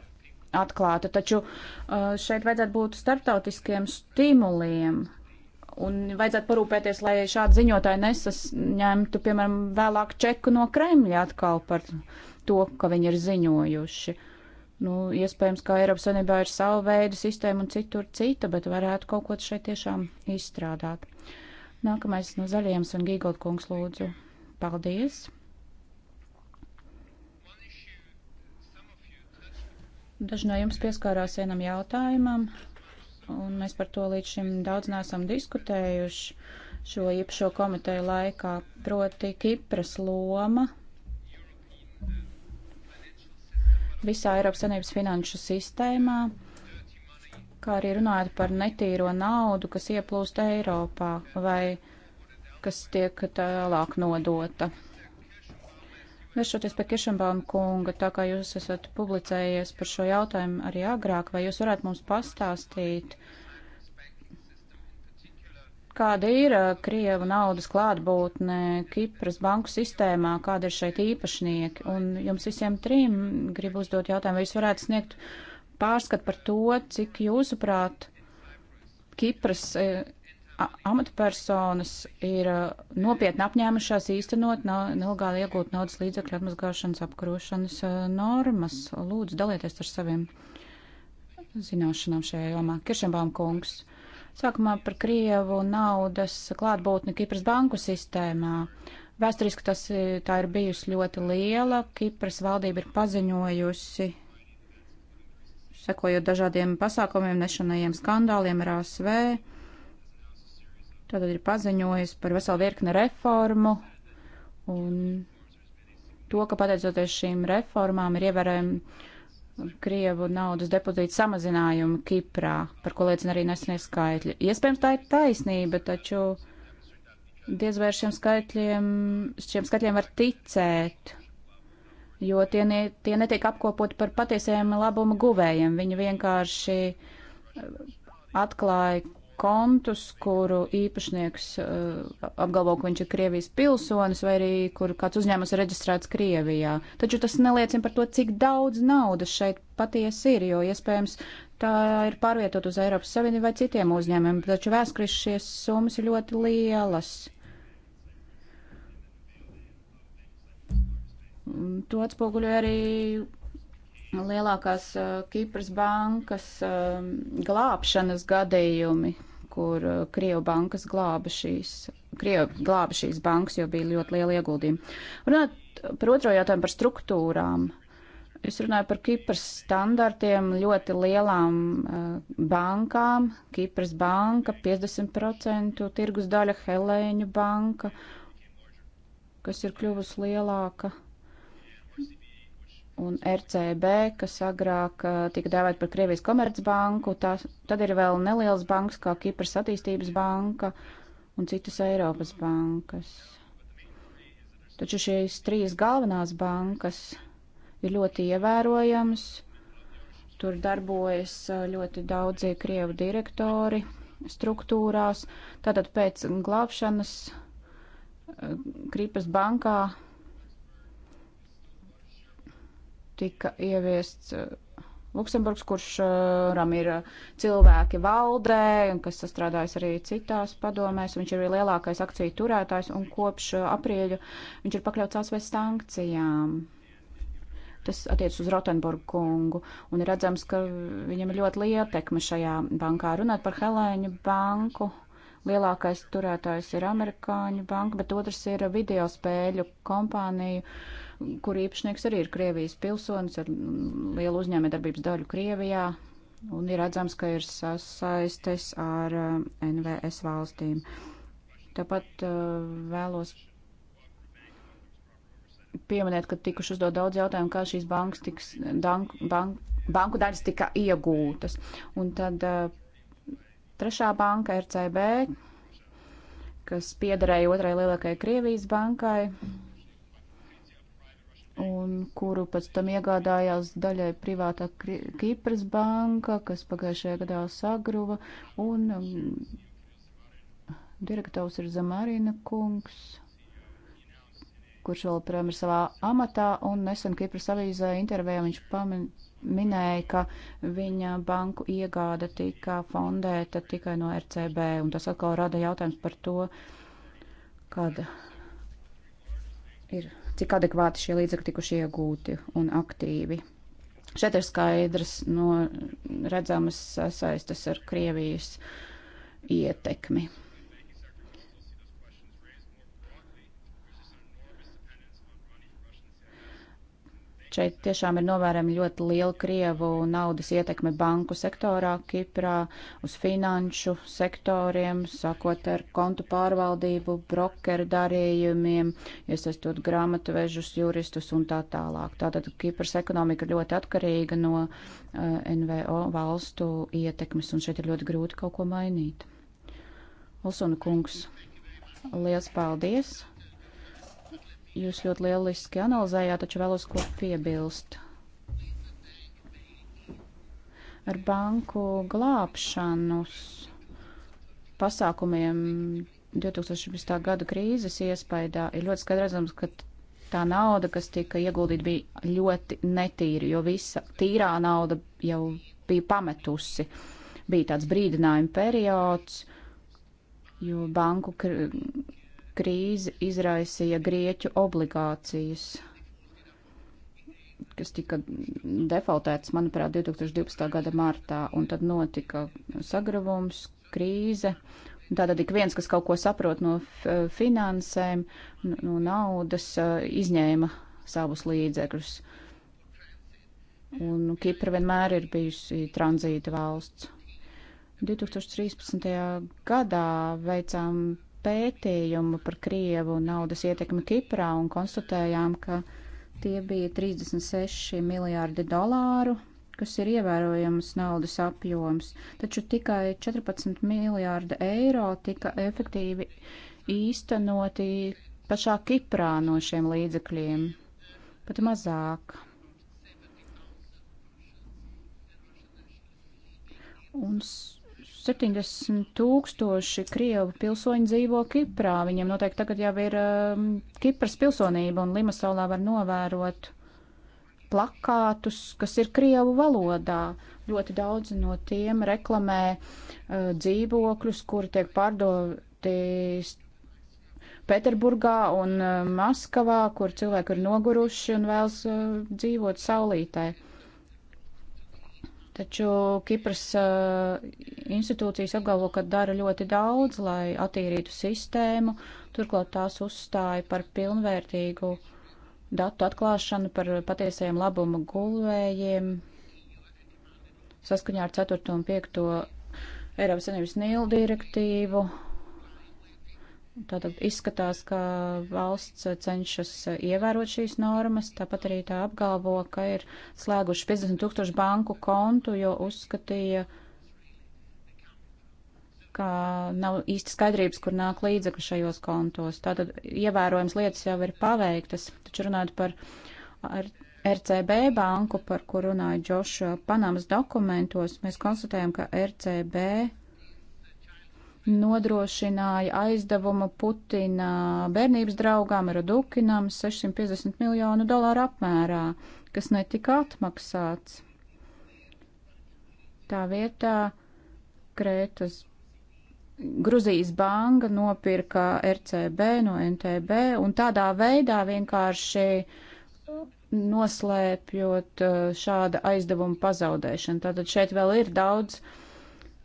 atklāta, taču eh, šeit vajadzētu būt starptautiskiem stimuliem. Un vajadzētu parūpēties, lai šādi ziņotāji nesasņemtu, piemēram, vēlāk čeku no Kremļa atkal par to, ka viņi ir ziņojuši. Nu, iespējams, ka Eiropas Savienībā ir sava veida sistēma un citur cita, bet varētu kaut ko šeit tiešām izstrādāt. Uh, Nākamais no zaļiem un Gīgold kungs lūdzu. Paldies! Daži no jums pieskārās vienam jautājumam, un mēs par to līdz šim daudz neesam diskutējuši šo īpašo komiteju laikā, proti Kipras loma visā Eiropas Savienības finanšu sistēmā kā arī runājot par netīro naudu, kas ieplūst Eiropā vai kas tiek tālāk nodota. Vēršoties pie Kišambauma kunga, tā kā jūs esat publicējies par šo jautājumu arī agrāk, vai jūs varētu mums pastāstīt, kāda ir uh, Krievu naudas klātbūtne Kipras banku sistēmā, kāda ir šeit īpašnieki? Un jums visiem trim gribu uzdot jautājumu, vai jūs varētu sniegt uh, pārskatu par to, cik jūsuprāt Kipras e, amatpersonas ir e, nopietni apņēmušās īstenot nelegāli iegūt naudas līdzekļu atmazgāšanas apkarošanas e, normas. Lūdzu, dalieties ar saviem zināšanām šajā jomā. Kiršenbaum kungs. Sākumā par Krievu naudas klātbūtni Kipras banku sistēmā. Vēsturiski tas tā ir bijusi ļoti liela. Kipras valdība ir paziņojusi sekojot dažādiem pasākumiem, nešanajiem skandāliem ar ASV. Tātad ir paziņojis par veselu virkni reformu un to, ka pateicoties šīm reformām ir ievērējami Krievu naudas depozītu samazinājumu Kiprā, par ko liecina arī nesenie skaitļi. Iespējams, tā ir taisnība, taču diez vai šiem skaitļiem, šiem skaitļiem var ticēt jo tie, ne, tie netiek apkopoti par patiesiem labuma guvējiem. Viņi vienkārši eh, atklāja kontus, kuru īpašnieks uh, apgalvo, ka viņš ir Krievijas pilsonis vai arī kur kāds uzņēmums ir reģistrēts Krievijā. Taču tas neliecina par to, cik daudz naudas šeit patiesi ir, jo iespējams tā ir pārvietot uz Eiropas Savienību vai citiem uzņēmumiem, taču vēsturiski šīs summas ir ļoti lielas. To atspoguļoja arī lielākās eh, Kipras bankas eh, glābšanas gadījumi, kur eh, Krievu bankas glāba šīs, Krievu glāba šīs bankas, jo bija ļoti liela ieguldījuma. Runāt par otro jautājumu par struktūrām. Es runāju par Kipras standartiem, ļoti lielām uh, bankām. Kipras banka, 50% tirgus daļa, Helēņu banka, kas ir kļuvusi lielāka un RCB, kas agrāk tika dēvēta par Krievijas komercbanku, tās, tad ir vēl nelielas bankas kā Kipras attīstības banka un citas Eiropas bankas. Taču šīs trīs galvenās bankas ir ļoti ievērojamas, tur darbojas ļoti daudzi Krievu direktori struktūrās, tātad pēc glābšanas Kripas bankā tika ieviests eh, Luksemburgs, kurš eh, ram ir eh, cilvēki valdē un kas sastrādājas arī citās padomēs. Viņš ir arī lielākais akciju turētājs un kopš aprieļa viņš ir pakļauts ASV sankcijām. Tas attiec uz Rotenburgu kungu un ir redzams, ka viņam ir ļoti liela tekme šajā bankā. Runāt par Helēņu banku. Lielākais turētājs ir amerikāņu banka, bet otrs ir video spēļu kompāniju. Uh, kur īpašnieks arī ir Krievijas pilsonis ar lielu uzņēmējdarbības daļu Krievijā, un ir redzams, ka ir sasaistes ar eh, NVS valstīm. Tāpat eh, vēlos pieminēt, ka tikuši uzdot daudz jautājumu, kā šīs bankas tiks, dank, bank, banku daļas tika iegūtas. Un tad eh, trešā banka RCB, kas piederēja otrai lielākajai Krievijas bankai, un kuru pēc tam iegādājās daļai privātā Kipras banka, kas pagājušajā gadā sagruva, un um, direktors ir Zamarina kungs, kurš vēl projām ir savā amatā, un nesen Kipras avīzē intervijā viņš minēja, ka viņa banku iegāda tika fondēta tikai no RCB, un tas atkal rada jautājums par to, kad ir cik adekvāti šie līdzekļi tikuši iegūti un aktīvi. Šeit ir skaidrs no redzamas sasaistas ar Krievijas ietekmi. Šeit tiešām ir novērami ļoti liela Krievu naudas ietekme banku sektorā, Kiprā, uz finanšu sektoriem, sākot ar kontu pārvaldību, brokeru darījumiem, iesaistot grāmatvežus, juristus un tā tālāk. Tātad Kipras ekonomika ir ļoti atkarīga no uh, eh, NVO valstu ietekmes, un šeit ir ļoti grūti kaut ko mainīt. Olsona kungs, liels paldies! Jūs ļoti lieliski analizējāt, taču vēlos ko piebilst. Ar banku glābšanas pasākumiem 2016. gada krīzes iespējā ir ļoti skaidrs, ka tā nauda, kas tika ieguldīta, bija ļoti netīra, jo visa tīrā nauda jau bija pametusi. Bija tāds brīdinājuma periods, jo banku kr krīzi izraisīja grieķu obligācijas, kas tika defaultētas, manuprāt, 2012. gada martā, un tad notika sagravums, krīze. Tātad ik viens, kas kaut ko saprot no eh, finansēm, no naudas, eh, izņēma savus līdzekļus. Un Kipra vienmēr ir bijusi tranzīta valsts. 2013. gadā veicām pētījumu par Krievu naudas ietekmi Kiprā un konstatējām, ka tie bija 36 miljārdi dolāru, kas ir ievērojams naudas apjoms, taču tikai 14 miljārdi eiro tika efektīvi īstenoti pašā Kiprā no šiem līdzekļiem, pat mazāk. Un 70 tūkstoši Krievu pilsoņi dzīvo Kiprā. Viņiem noteikti tagad jau ir um, Kipras pilsonība, un Limasolā var novērot plakātus, kas ir Krievu valodā. Ļoti daudz no tiem reklamē uh, dzīvokļus, kuri tiek pārdoti Pēterburgā un uh, Maskavā, kur cilvēki ir noguruši un vēlas uh, dzīvot saulītē. Taču Kipras uh, institūcijas apgalvo, ka dara ļoti daudz, lai attīrītu sistēmu. Turklāt tās uzstāja par pilnvērtīgu datu atklāšanu, par patiesajiem labumu gulvējiem. Saskaņā ar 4. un 5. Eiropas Savienības Nīlu direktīvu Tātad izskatās, ka valsts cenšas ievērot šīs normas, tāpat arī tā apgalvo, ka ir slēguši 50 tūkstošu banku kontu, jo uzskatīja, ka nav īsti skaidrības, kur nāk līdzekļi šajos kontos. Tātad ievērojams lietas jau ir paveiktas, taču runājot par RCB banku, par kur runāja Džoša Panamas dokumentos, mēs konstatējam, ka RCB nodrošināja aizdevumu Putina bērnības draugām Radukinam 650 miljonu dolāru apmērā, kas netika atmaksāts. Tā vietā Krētas Gruzijas banka nopirka RCB no NTB un tādā veidā vienkārši noslēpjot uh, šāda aizdevuma pazaudēšanu. Tātad šeit vēl ir daudz uh,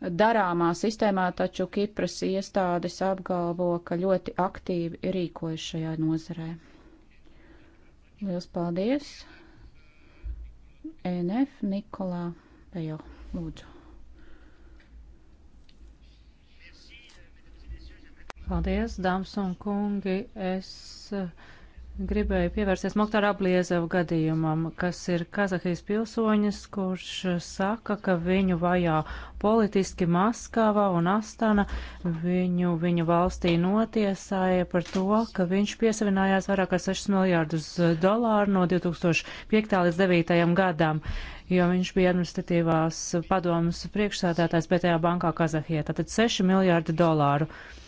darāmā sistēmā, taču Kipras iestādes apgalvo, ka ļoti aktīvi rīkojas šajā nozarē. Lielas paldies! E NF Nikolā Pejo, lūdzu. Paldies, dāmas un kungi! Es uh, Gribēju pievērsties Moktāra Abliezevu gadījumam, kas ir Kazahijas pilsoņis, kurš saka, ka viņu vajā politiski Maskavā un Astana. Viņu, viņu valstī notiesāja par to, ka viņš piesavinājās vairāk kā 6 miljārdus dolāru no 2005. līdz 2009. gadam jo viņš bija administratīvās padomas priekšsādātājs pēdējā bankā Kazahijā. Tātad 6 miljārdi dolāru. Uh,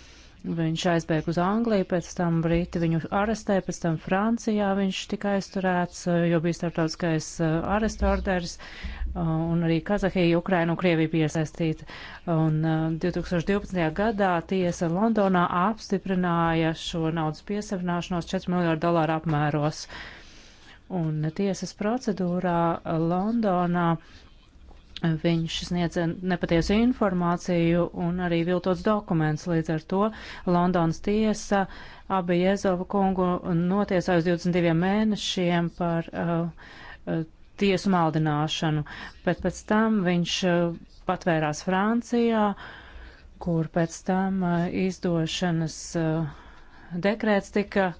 Viņš aizbēga uz Angliju, pēc tam Briti viņu arestēja, pēc tam Francijā viņš tika aizturēts, jo bija starptautiskais eh, arestu orders, eh, un arī Kazahija, Ukraina un Krievija bija iesaistīta. Un 2012. Eh, gadā tiesa Londonā apstiprināja šo naudas piesavināšanos 4 miljārdu dolāru apmēros. Un tiesas procedūrā Londonā Viņš sniedz nepatiesu informāciju un arī viltots dokuments. Līdz ar to Londonas tiesa abi Jezova kungu notiesāja uz 22 mēnešiem par uh, uh, tiesu maldināšanu, bet pēc tam viņš uh, patvērās Francijā, kur pēc tam uh, izdošanas uh, dekrēts tika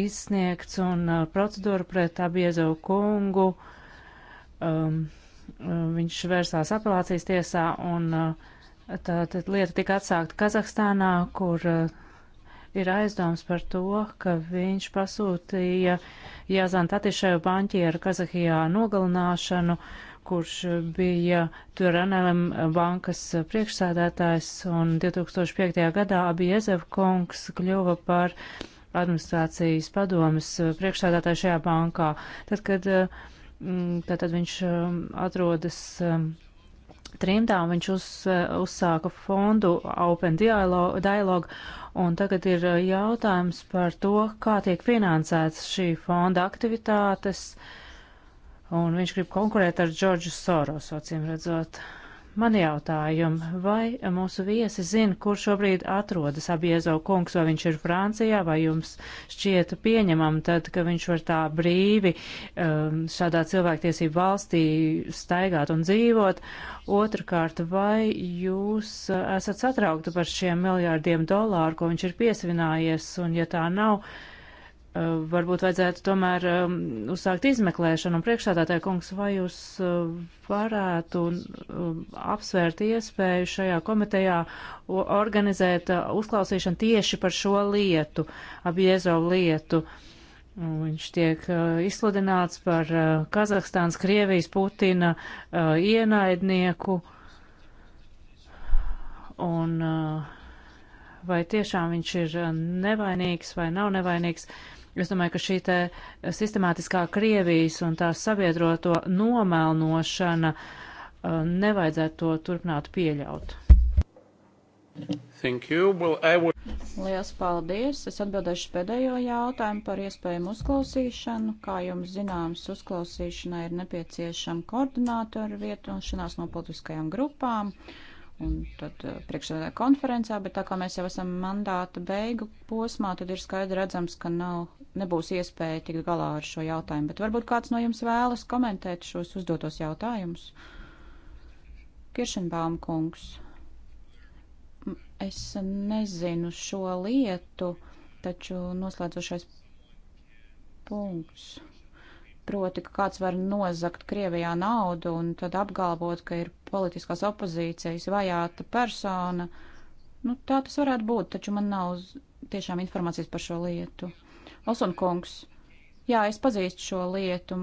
izsniegts un uh, procedūra pret abi Jezova kungu. Um, Uh, viņš vērsās apelācijas tiesā un uh, tā, tā lieta tika atsākta Kazahstānā, kur uh, ir aizdoms par to, ka viņš pasūtīja Jāzanta Atišēvu banķieru Kazahijā nogalināšanu, kurš bija Turanelem bankas priekšsēdētājs, un 2005. gadā abi Jezev kungs kļuva par administrācijas padomas priekšsēdētāju šajā bankā. Tad, kad uh, Mm, tātad viņš um, atrodas um, trimdā, un viņš uz, uh, uzsāka fondu Open Dialogue, Dialogue, un tagad ir uh, jautājums par to, kā tiek finansēts šī fonda aktivitātes, un viņš grib konkurēt ar Džordžu Sorosu, acīm redzot. Uh, Man jautājumi, vai mūsu viesi zina, kur šobrīd atrodas Abiezo kungs, vai viņš ir Francijā, vai jums šķiet pieņemam tad, ka viņš var tā brīvi um, šādā cilvēktiesību valstī staigāt un dzīvot? Otrakārt, vai jūs uh, esat satraukti par šiem miljārdiem dolāru, ko viņš ir piesvinājies, un ja tā nav, uh, Eh, varbūt vajadzētu tomēr um, uzsākt izmeklēšanu. Un priekšstādātāja kungs, vai jūs uh, varētu um, apsvērt iespēju šajā komitejā organizēt uh, uzklausīšanu tieši par šo lietu, apjēzovu lietu? Un viņš tiek uh, izsludināts par uh, Kazahstānas, Krievijas, Putina uh, ienaidnieku. Un uh, vai tiešām viņš ir nevainīgs vai nav nevainīgs. Uh, Es domāju, ka šī te sistemātiskā Krievijas un tās sabiedroto nomēlnošana uh, nevajadzētu to turpināt pieļaut. Thank you. Well, I would... Lielas paldies! Es atbildēšu pēdējo jautājumu par iespējumu uzklausīšanu. Kā jums zināms, uzklausīšanai ir nepieciešama koordinātori vietošanās no politiskajām grupām. Uh, un tad eh, priekšsēdētāja konferencē, bet tā kā mēs jau esam mandāta beigu posmā, tad ir skaidri redzams, ka nav, nebūs iespēja tikt galā ar šo jautājumu. Bet varbūt kāds no jums vēlas komentēt šos uzdotos jautājumus? Kiršenbaum kungs, es nezinu šo lietu, taču noslēdzošais punkts. Proti, ka kāds var nozakt Krievijā naudu un tad apgalvot, ka ir politiskās opozīcijas vajāta persona. Nu, tā tas varētu būt, taču man nav tiešām informācijas par šo lietu. Osunkungs, jā, es pazīstu šo lietu,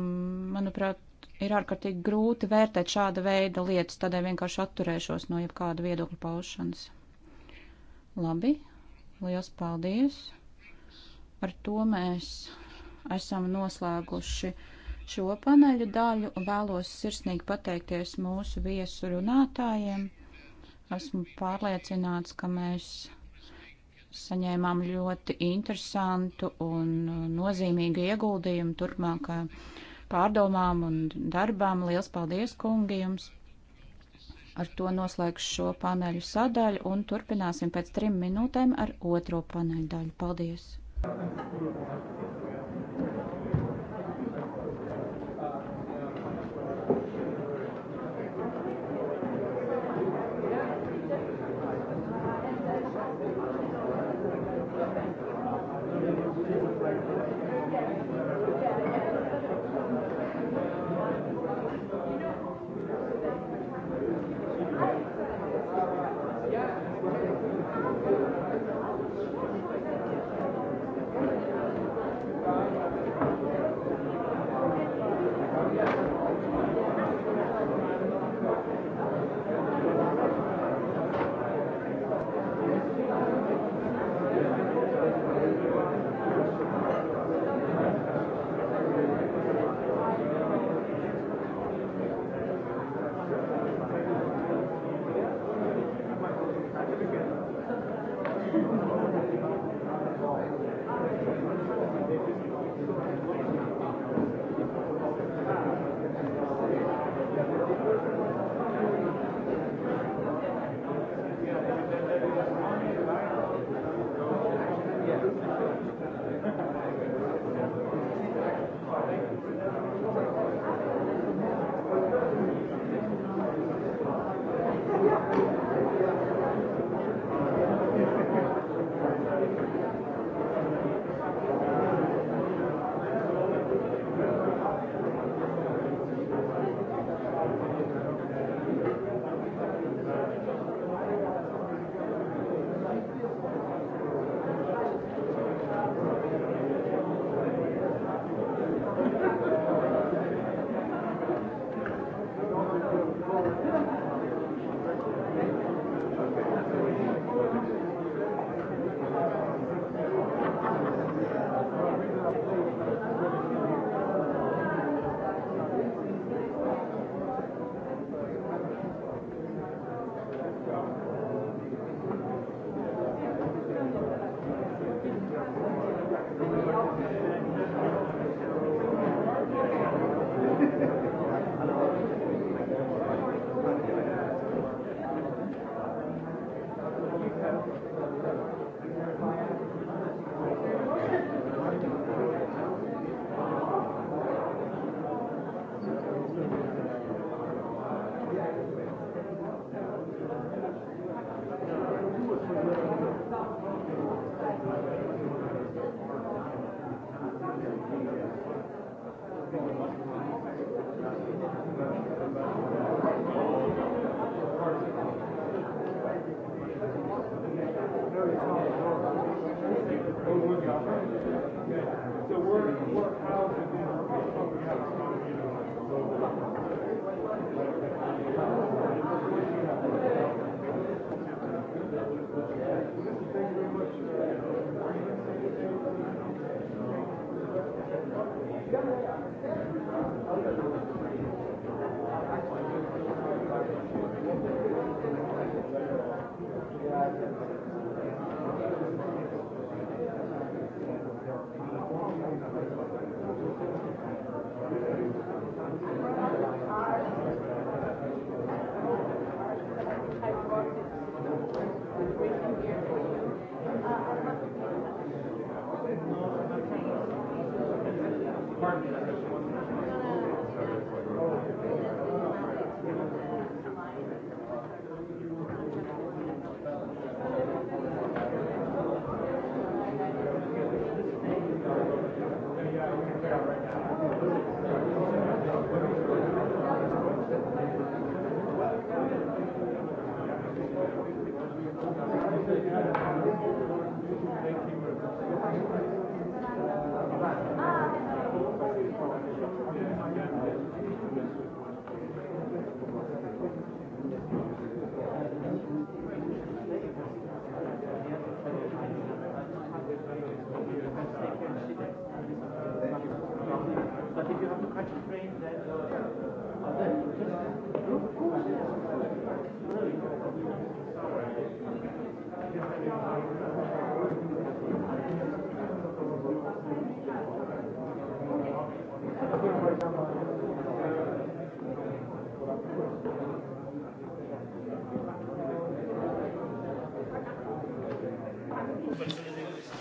manuprāt, ir ārkārtīgi grūti vērtēt šāda veida lietas, tādēļ vienkārši atturēšos no jebkāda viedokļa paušanas. Labi, liels paldies! Ar to mēs esam noslēguši šo paneļu daļu. Vēlos sirsnīgi pateikties mūsu viesu runātājiem. Esmu pārliecināts, ka mēs saņēmām ļoti interesantu un nozīmīgu ieguldījumu turpmākā pārdomām un darbām. Liels paldies, kungi, jums! Ar to noslēgšu šo paneļu sadaļu un turpināsim pēc trim minūtēm ar otro paneļu daļu. Paldies! Thank you.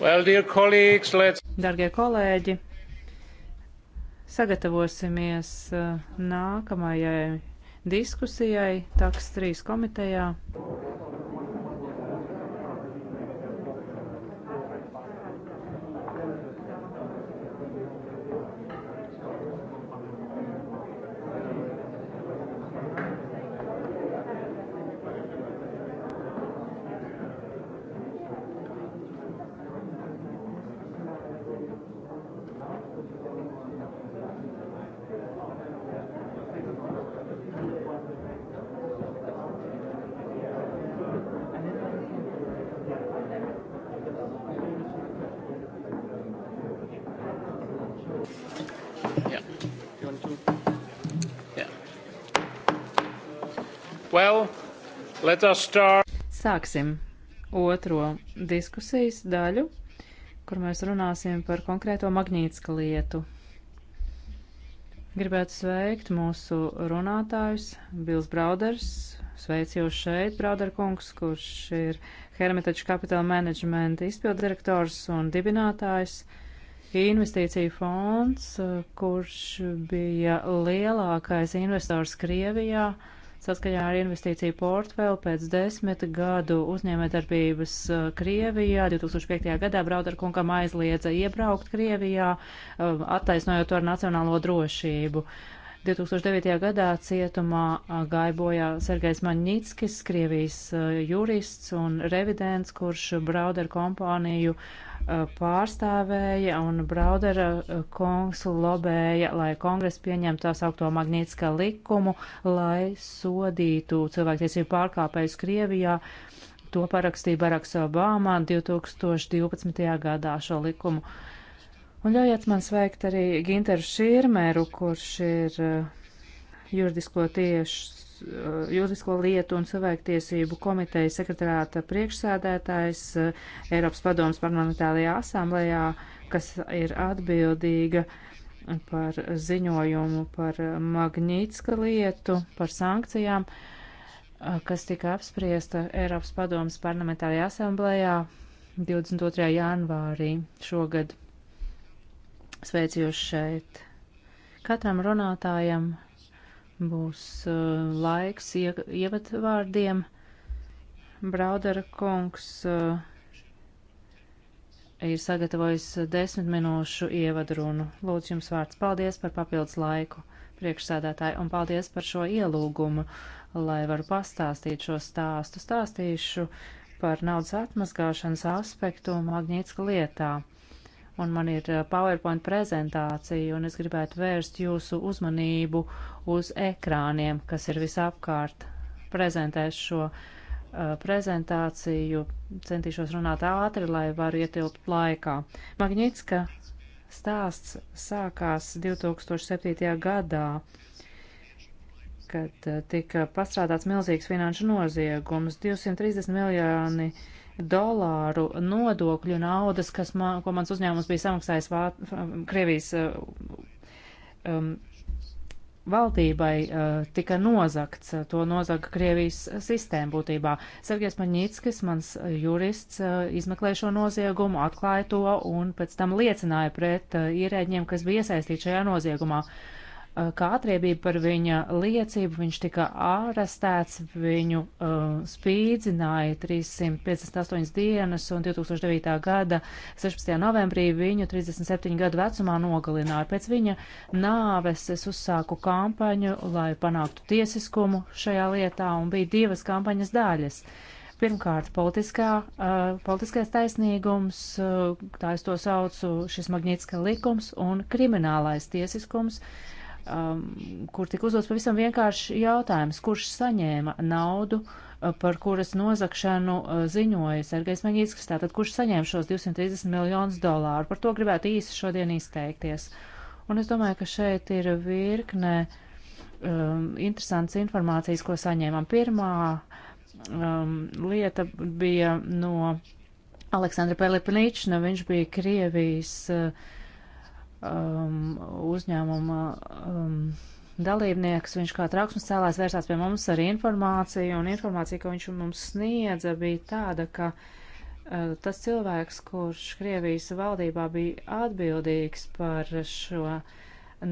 Well, Darbie kolēģi, sagatavosimies uh, nākamajai diskusijai TAX 3 komitejā. Sāksim otro diskusijas daļu, kur mēs runāsim par konkrēto magnītiska lietu. Gribētu sveikt mūsu runātājus, Bils Brauders, sveic jūs šeit, Brauderkungs, kurš ir Hermitage Capital Management izpildirektors un dibinātājs investīciju fonds, kurš bija lielākais investors Krievijā. Uh, Saskaņā ar investīciju portfeli pēc desmit gadu uzņēmētarbības uh, Krievijā 2005. gadā Brauderkungam aizliedza iebraukt Krievijā, uh, attaisnojot to ar nacionālo drošību. Uh, 2009. gadā cietumā gāja bojā Sergejs Maņitskis, Krievijas jurists un revidents, kurš Brauder kompāniju pārstāvēja un Braudera kungs lobēja, lai kongress pieņemtu tās augto Magnītiskā likumu, lai sodītu cilvēktiesību pārkāpējus Krievijā. To parakstīja Baraks Obama 2012. gadā šo likumu. Un ļaujiet man sveikt arī Ginteru Šīrmēru, kurš ir eh, juridisko tiešu eh, juridisko lietu un cilvēktiesību komitejas sekretārāta priekšsēdētājs eh, Eiropas padomas parlamentārajā asamblējā, kas ir atbildīga par ziņojumu par Magnītska lietu, par sankcijām, kas tika apspriesta Eiropas padomas parlamentārajā asamblējā 22. janvārī šogad. Sveicu jūs šeit. Katram runātājam būs uh, laiks ie, ievadvārdiem. Braudera kungs uh, ir sagatavojis desmit minūšu ievadrunu. Lūdzu jums vārds. Paldies par papildus laiku priekšsēdētāji, un paldies par šo ielūgumu, lai varu pastāstīt šo stāstu. Stāstīšu par naudas atmazgāšanas aspektu Magnītiska lietā un man ir eh, PowerPoint prezentācija, un es gribētu vērst jūsu uzmanību uz ekrāniem, kas ir visapkārt. Prezentēšu šo uh, prezentāciju, centīšos runāt ātri, lai varu ietilpt laikā. Magnitska stāsts sākās 2007. gadā kad eh, tika pastrādāts milzīgs finanšu noziegums, 230 miljoni dolāru nodokļu naudas, kas man, ko mans uzņēmums bija samaksājis Vāt, Krievijas eh, um, valdībai, uh, tika nozakts. To nozaga Krievijas sistēma būtībā. Sergejs Maņitskis, mans jurists, uh, izmeklēja šo noziegumu, atklāja to un pēc tam liecināja pret uh, ierēģiem, kas bija iesaistīti šajā noziegumā. Uh, Eh, kā atriebība par viņa liecību. Viņš tika ārestēts, viņu uh, spīdzināja 358 dienas un 2009. gada 16. novembrī viņu 37 gadu vecumā nogalināja. Pēc viņa nāves es uzsāku kampaņu, lai panāktu tiesiskumu šajā lietā un bija divas kampaņas daļas. Pirmkārt, politiskā, uh, politiskais taisnīgums, uh, tā es to saucu, šis magnītiskā likums un kriminālais tiesiskums, uh, um, kur tika uzdots pavisam vienkārši jautājums, kurš saņēma naudu, uh, par kuras nozakšanu uh, ziņoja Sergejs Maņīckis, tātad kurš saņēma šos 230 miljonus dolāru. Par to gribētu īsi šodien izteikties. Un es domāju, ka šeit ir virkne um, interesants informācijas, ko saņēmām. Pirmā um, lieta bija no Aleksandra Pelipnīčna, viņš bija Krievijas uh, um, uzņēmuma um, dalībnieks, viņš kā trauksmes cēlājs vērsās pie mums ar informāciju, un informācija, ko viņš mums sniedza, bija tāda, ka uh, tas cilvēks, kurš Krievijas valdībā bija atbildīgs par šo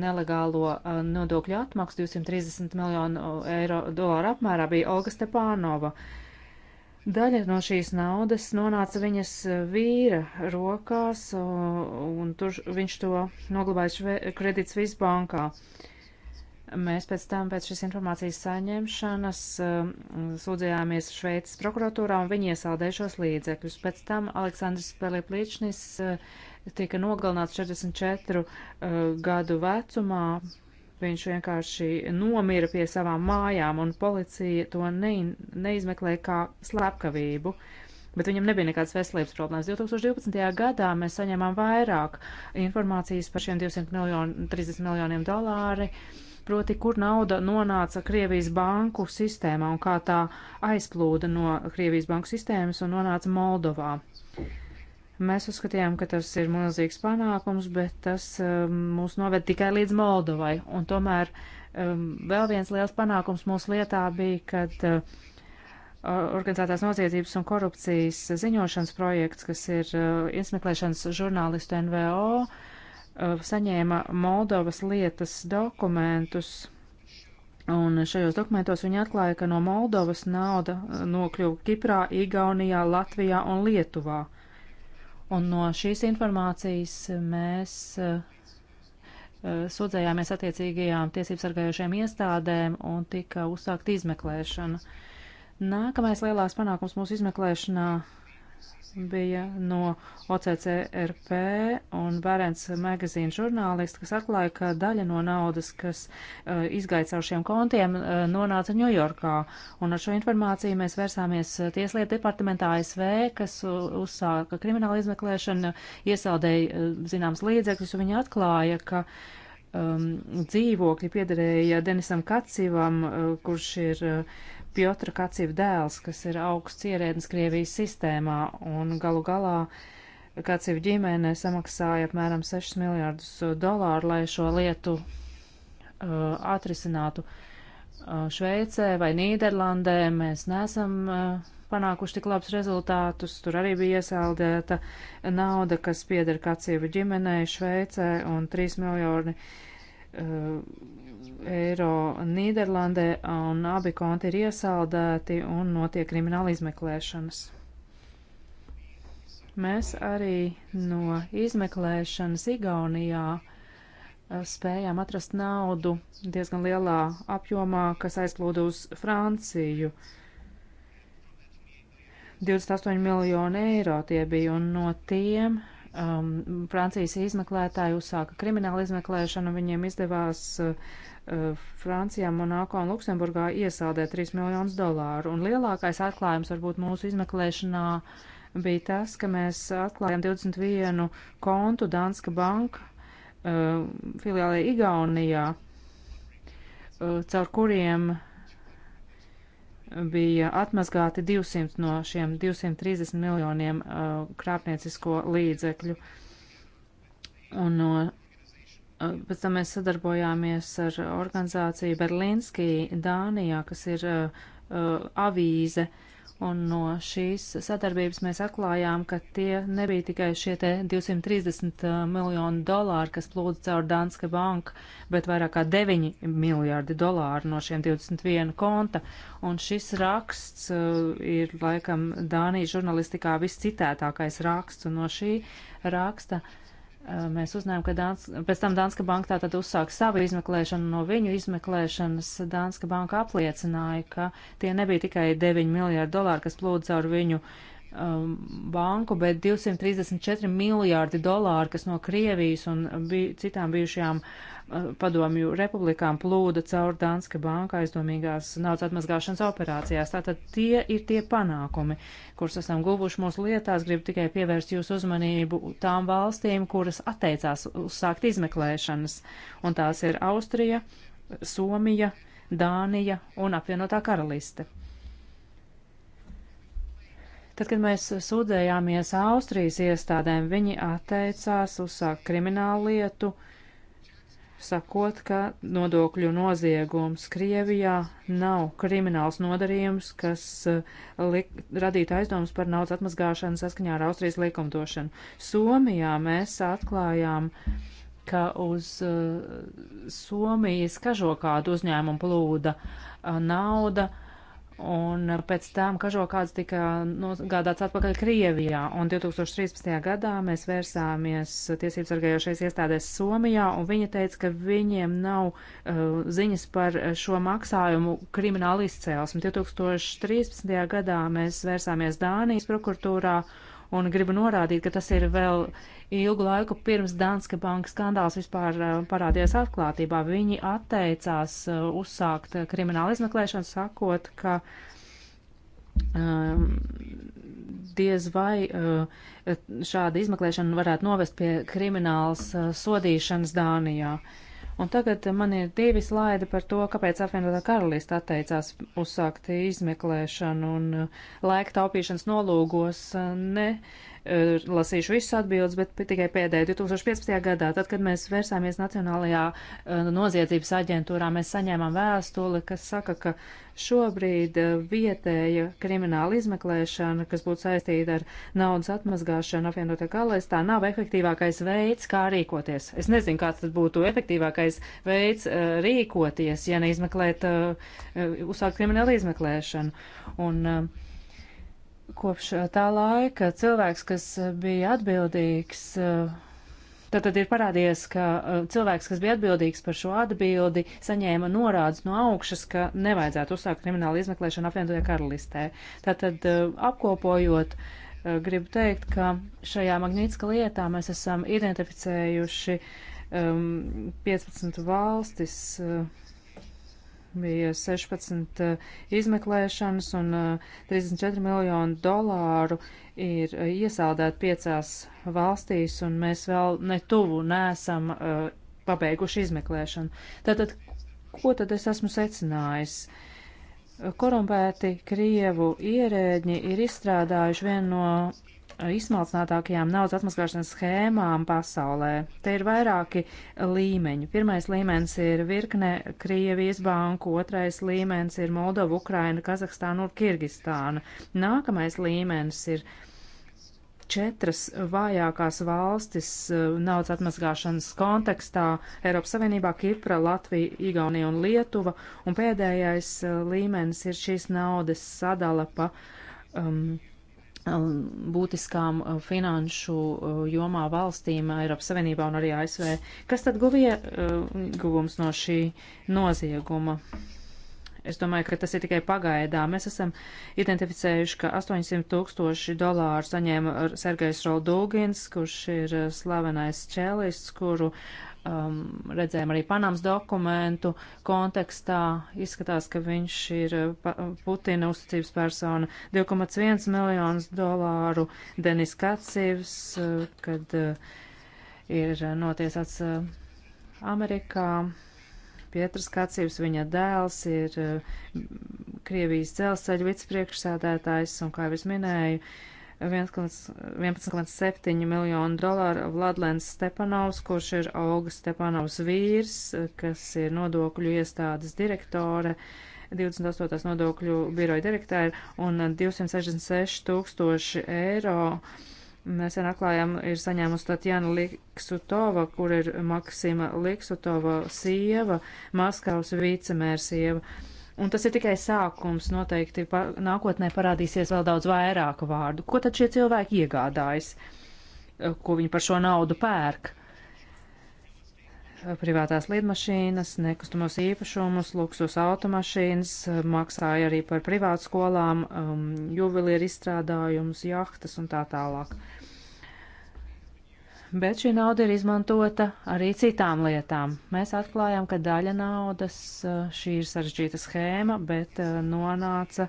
nelegālo uh, nodokļu atmaksu 230 miljonu eiro dolāru apmērā, bija Olga Stepānova. Uh, Daļa no šīs naudas nonāca viņas e, vīra rokās, un tur viņš to noglabāja kredītsvīs bankā. Mēs pēc tam, pēc šīs informācijas saņemšanas, e, sūdzējāmies Šveices prokuratūrā, un viņi iesaldēja šos līdzekļus. Pēc tam Aleksandrs Peleplīčnis e, tika nogalināts 44 gadu vecumā Viņš vienkārši nomira pie savām mājām, un policija to ne, neizmeklēja kā slepkavību. Bet viņam nebija nekādas veselības problēmas. 2012. gadā mēs saņēmām vairāk informācijas par šiem 200 miljonu, 30 miljoniem dolāri, proti, kur nauda nonāca Krievijas banku sistēmā un kā tā aizplūda no Krievijas banku sistēmas un nonāca Moldovā. Mēs uzskatījām, ka tas ir milzīgs panākums, bet tas um, mūs noved tikai līdz Moldovai. Un tomēr um, vēl viens liels panākums mūsu lietā bija, kad uh, organizētās noziedzības un korupcijas ziņošanas projekts, kas ir uh, izmeklēšanas žurnālistu NVO, uh, saņēma Moldovas lietas dokumentus. Un šajos dokumentos viņi atklāja, ka no Moldovas nauda uh, nokļuva Kiprā, Igaunijā, Latvijā un Lietuvā. Un no šīs informācijas mēs eh, sūdzējāmies attiecīgajām tiesību sargājošajām iestādēm un tika uzsākt izmeklēšana. Nākamais lielās panākums mūsu izmeklēšanā bija no OCCRP un Bērens magazīna žurnālisti, kas atklāja, ka daļa no naudas, kas uh, izgaita caur šiem kontiem, uh, nonāca Ņujorkā. Un ar šo informāciju mēs vērsāmies uh, Tieslietu departamentā ASV, kas uzsāka kriminālu izmeklēšanu, iesaldēja uh, zināms līdzekļus, un viņi atklāja, ka uh, um, dzīvokļi piederēja Denisam Kacivam, uh, kurš ir uh, Piotra Kaciva dēls, kas ir augsts ierēdnis Krievijas sistēmā, un galu galā Kaciva ģimene samaksāja apmēram 6 miljārdus uh, dolāru, lai šo lietu uh, atrisinātu. Uh, Šveicē vai Nīderlandē mēs nesam. Uh, panākuši tik labus rezultātus. Tur arī bija iesaldēta nauda, kas pieder Kacieva ģimenei Šveicē un 3 miljoni Uh, eiro Nīderlandē, un abi konti ir iesaldēti un notiek krimināla izmeklēšanas. Mēs arī no izmeklēšanas Igaunijā uh, spējām atrast naudu diezgan lielā apjomā, kas aizplūda uz Franciju. 28 miljoni eiro tie bija, un no tiem um, Francijas izmeklētāji uzsāka kriminālu izmeklēšanu, viņiem izdevās uh, uh Francijā, Monako un Luksemburgā iesaldēt 3 miljonus dolāru. Un lielākais atklājums varbūt mūsu izmeklēšanā bija tas, ka mēs atklājām 21 kontu Danska Banka uh, filiālē Igaunijā, uh, caur kuriem bija atmazgāti 200 no šiem 230 miljoniem uh, krāpniecisko līdzekļu. Un no, uh, pēc tam mēs sadarbojāmies ar organizāciju Berlīnskī Dānijā, kas ir uh, uh avīze, uh, Un no šīs sadarbības mēs atklājām, ka tie nebija tikai šie 230 uh, miljoni dolāri, kas plūda caur Danske banku, bet vairāk kā 9 miljardi dolāru no šiem 21 konta. Un šis raksts uh, ir laikam Dānijas žurnalistikā viscitētākais raksts, un no šī raksta uh, Mēs uzzinājām, ka Dans, pēc tam Danska banka tātad uzsāka savu izmeklēšanu. No viņu izmeklēšanas Danska banka apliecināja, ka tie nebija tikai 9 miljārdi dolāri, kas plūda caur viņu um, banku, bet 234 miljārdi dolāri, kas no Krievijas un bij, citām bijušajām uh, padomju republikām plūda caur Danske banka aizdomīgās naudas atmazgāšanas operācijās. Tātad tie ir tie panākumi, kurus esam guvuši mūsu lietās. Gribu tikai pievērst jūsu uzmanību tām valstīm, kuras atteicās uzsākt izmeklēšanas. Un tās ir Austrija, Somija, Dānija un apvienotā karaliste. Tad, kad mēs sūdzējāmies Austrijas iestādēm, viņi atteicās uzsākt kriminālu lietu uh, sakot, ka nodokļu noziegums Krievijā nav krimināls nodarījums, kas eh, lik, radītu aizdomas par naudas atmazgāšanu saskaņā ar Austrijas likumdošanu. Somijā mēs atklājām, ka uz uh, Somijas kažokādu uzņēmumu plūda uh, nauda. Uh, Un pēc tam kažokāds tika nogādāts atpakaļ Krievijā, un 2013. gadā mēs vērsāmies tiesības sargājošais iestādēs Somijā, un viņa teica, ka viņiem nav uh, ziņas par šo maksājumu kriminālu izcēlesmi. 2013. gadā mēs vērsāmies Dānijas prokuratūrā, uh, un gribu norādīt, ka tas ir vēl ilgu laiku pirms Danske banka skandāls vispār eh, parādījās atklātībā. Viņi atteicās eh, uzsākt kriminālu izmeklēšanu, sakot, ka um, diez vai uh, šāda izmeklēšana varētu novest pie kriminālas uh, sodīšanas Dānijā. Uh, Un tagad man ir divi slaidi par to, kāpēc apvienotā karalista atteicās uzsākt izmeklēšanu un laika taupīšanas nolūgos ne Eh, lasīšu visas atbildes, bet tikai pēdējā 2015. gadā, tad, kad mēs vērsāmies Nacionālajā eh, noziedzības aģentūrā, mēs saņēmām vēstuli, kas saka, ka šobrīd eh, vietēja krimināla izmeklēšana, kas būtu saistīta ar naudas atmazgāšanu apvienotā kalēstā, nav efektīvākais veids, kā rīkoties. Es nezinu, kāds tad būtu efektīvākais veids rīkoties, ja neizmeklēt, uzsākt kriminālu izmeklēšanu. Un, uh, Kopš eh, tā laika cilvēks, kas eh, bija atbildīgs, eh, tad ir parādījies, ka cilvēks, kas bija atbildīgs par šo atbildi, saņēma norādes no augšas, ka nevajadzētu uzsākt kriminālu izmeklēšanu apvienotajā karalistē. Tātad apkopojot, gribu teikt, ka šajā Magnītiska lietā mēs esam identificējuši um, ehm, 15 valstis. Uh, Bija 16 eh, izmeklēšanas un 34 eh, miljonu dolāru ir eh, iesaldēti piecās valstīs, un mēs vēl netuvu nesam pabeiguši izmeklēšanu. Tātad, ko tad es esmu secinājis? Korumpēti Krievu ierēģi ir izstrādājuši vienu no izsmalcinātākajām naudas atmaskāšanas schēmām pasaulē. Te ir vairāki līmeņi. Pirmais līmenis ir virkne Krievijas banku, otrais līmenis ir Moldova, Ukraina, Kazahstāna un Kirgistāna. Nākamais līmenis ir četras vājākās valstis uh, naudas atmazgāšanas kontekstā - Eiropas Savienībā - Kipra, Latvija, Igaunija un Lietuva, un pēdējais uh, līmenis ir šīs naudas sadala pa um, Um, būtiskām uh, finanšu uh, jomā valstīm uh, Eiropas Savienībā un arī ASV. Kas tad guvie guvums no šī nozieguma? Es domāju, ka tas ir tikai pagaidā. Mēs esam identificējuši, ka 800 tūkstoši dolāru saņēma Sergejs Roldūgins, kurš ir slavenais čēlists, kuru um, redzējām arī Panamas dokumentu kontekstā, izskatās, ka viņš ir uh, uh, Putina uzticības persona 2,1 miljonus dolāru, Denis Kacivs, uh, kad uh, ir notiesāts uh, Amerikā. Pietras Kacības, viņa dēls ir Krievijas dzelzceļa vicepriekšsēdētājs, un kā jau es minēju, uh, 11,7 miljonu dolāru Vladlens Stepanovs, kurš ir Olga Stepanovs vīrs, kas ir nodokļu iestādes direktore, 28. nodokļu biroja direktēra un 266 tūkstoši eiro. Mēs sen atklājām, ir saņēmusi Tatjana Liksutova, kur ir Maksima Liksutova sieva, Maskavas vicemērs sieva. Un tas ir tikai sākums. Noteikti pa, nākotnē parādīsies vēl daudz vairāk vārdu. Ko tad šie cilvēki iegādājas? Eh, ko viņi par šo naudu pērk? Eh, privātās lidmašīnas, nekustamos īpašumus, luksus automašīnas, eh, maksāja arī par privātskolām, um, juvelieru izstrādājumus, jahtas un tā tālāk. Uh, bet šī nauda ir izmantota arī citām lietām. Mēs atklājām, ka daļa naudas, šī ir sarežģīta schēma, bet nonāca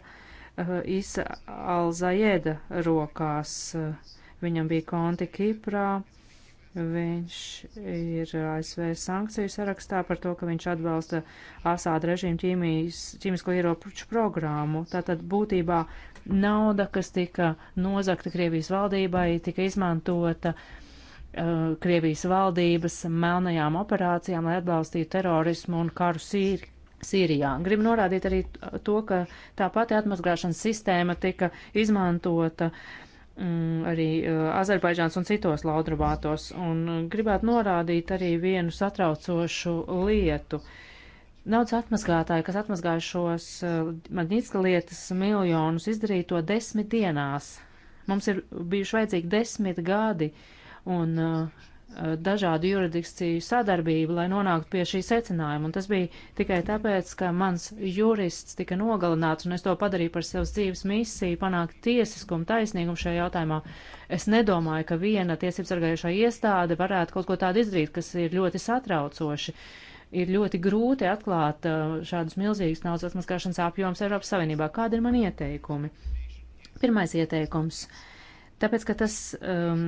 Isa Alzajeda rokās. Viņam bija konti Kiprā, viņš ir ASV sankciju sarakstā par to, ka viņš atbalsta Asāda režīmu ķīmijas, ķīmisko ieroču programmu. Tātad būtībā nauda, kas tika nozakta Krievijas valdībai, tika izmantota uh, uh, Krievijas valdības melnajām operācijām, lai atbalstītu terorismu un karu Sīri. Sīrijā. Gribu norādīt arī to, ka tā pati atmazgāšanas sistēma tika izmantota mm, arī uh, Azerbaidžāns un citos laudrabātos. Un uh, gribētu norādīt arī vienu satraucošu lietu. Uh, naudas atmazgātāji, kas atmazgāja šos uh, Magnitska lietas miljonus, izdarīja to desmit dienās. Mums ir bijuši vajadzīgi desmit gadi, uh, un uh, dažādu juridikciju sadarbību, lai nonāktu pie šī secinājuma. Un tas bija tikai tāpēc, ka mans jurists tika nogalināts, un es to padarīju par savas dzīves misiju, panākt tiesiskumu, taisnīgumu šajā jautājumā. Es nedomāju, ka viena tiesības sargājušā iestāde varētu kaut ko tādu izdarīt, kas ir ļoti satraucoši. Ir ļoti grūti atklāt uh, šādus milzīgus naudas atmaskāšanas apjomus Eiropas Savienībā. Kādi ir mani ieteikumi? Pirmais ieteikums. Uh, Tāpēc, ka tas um,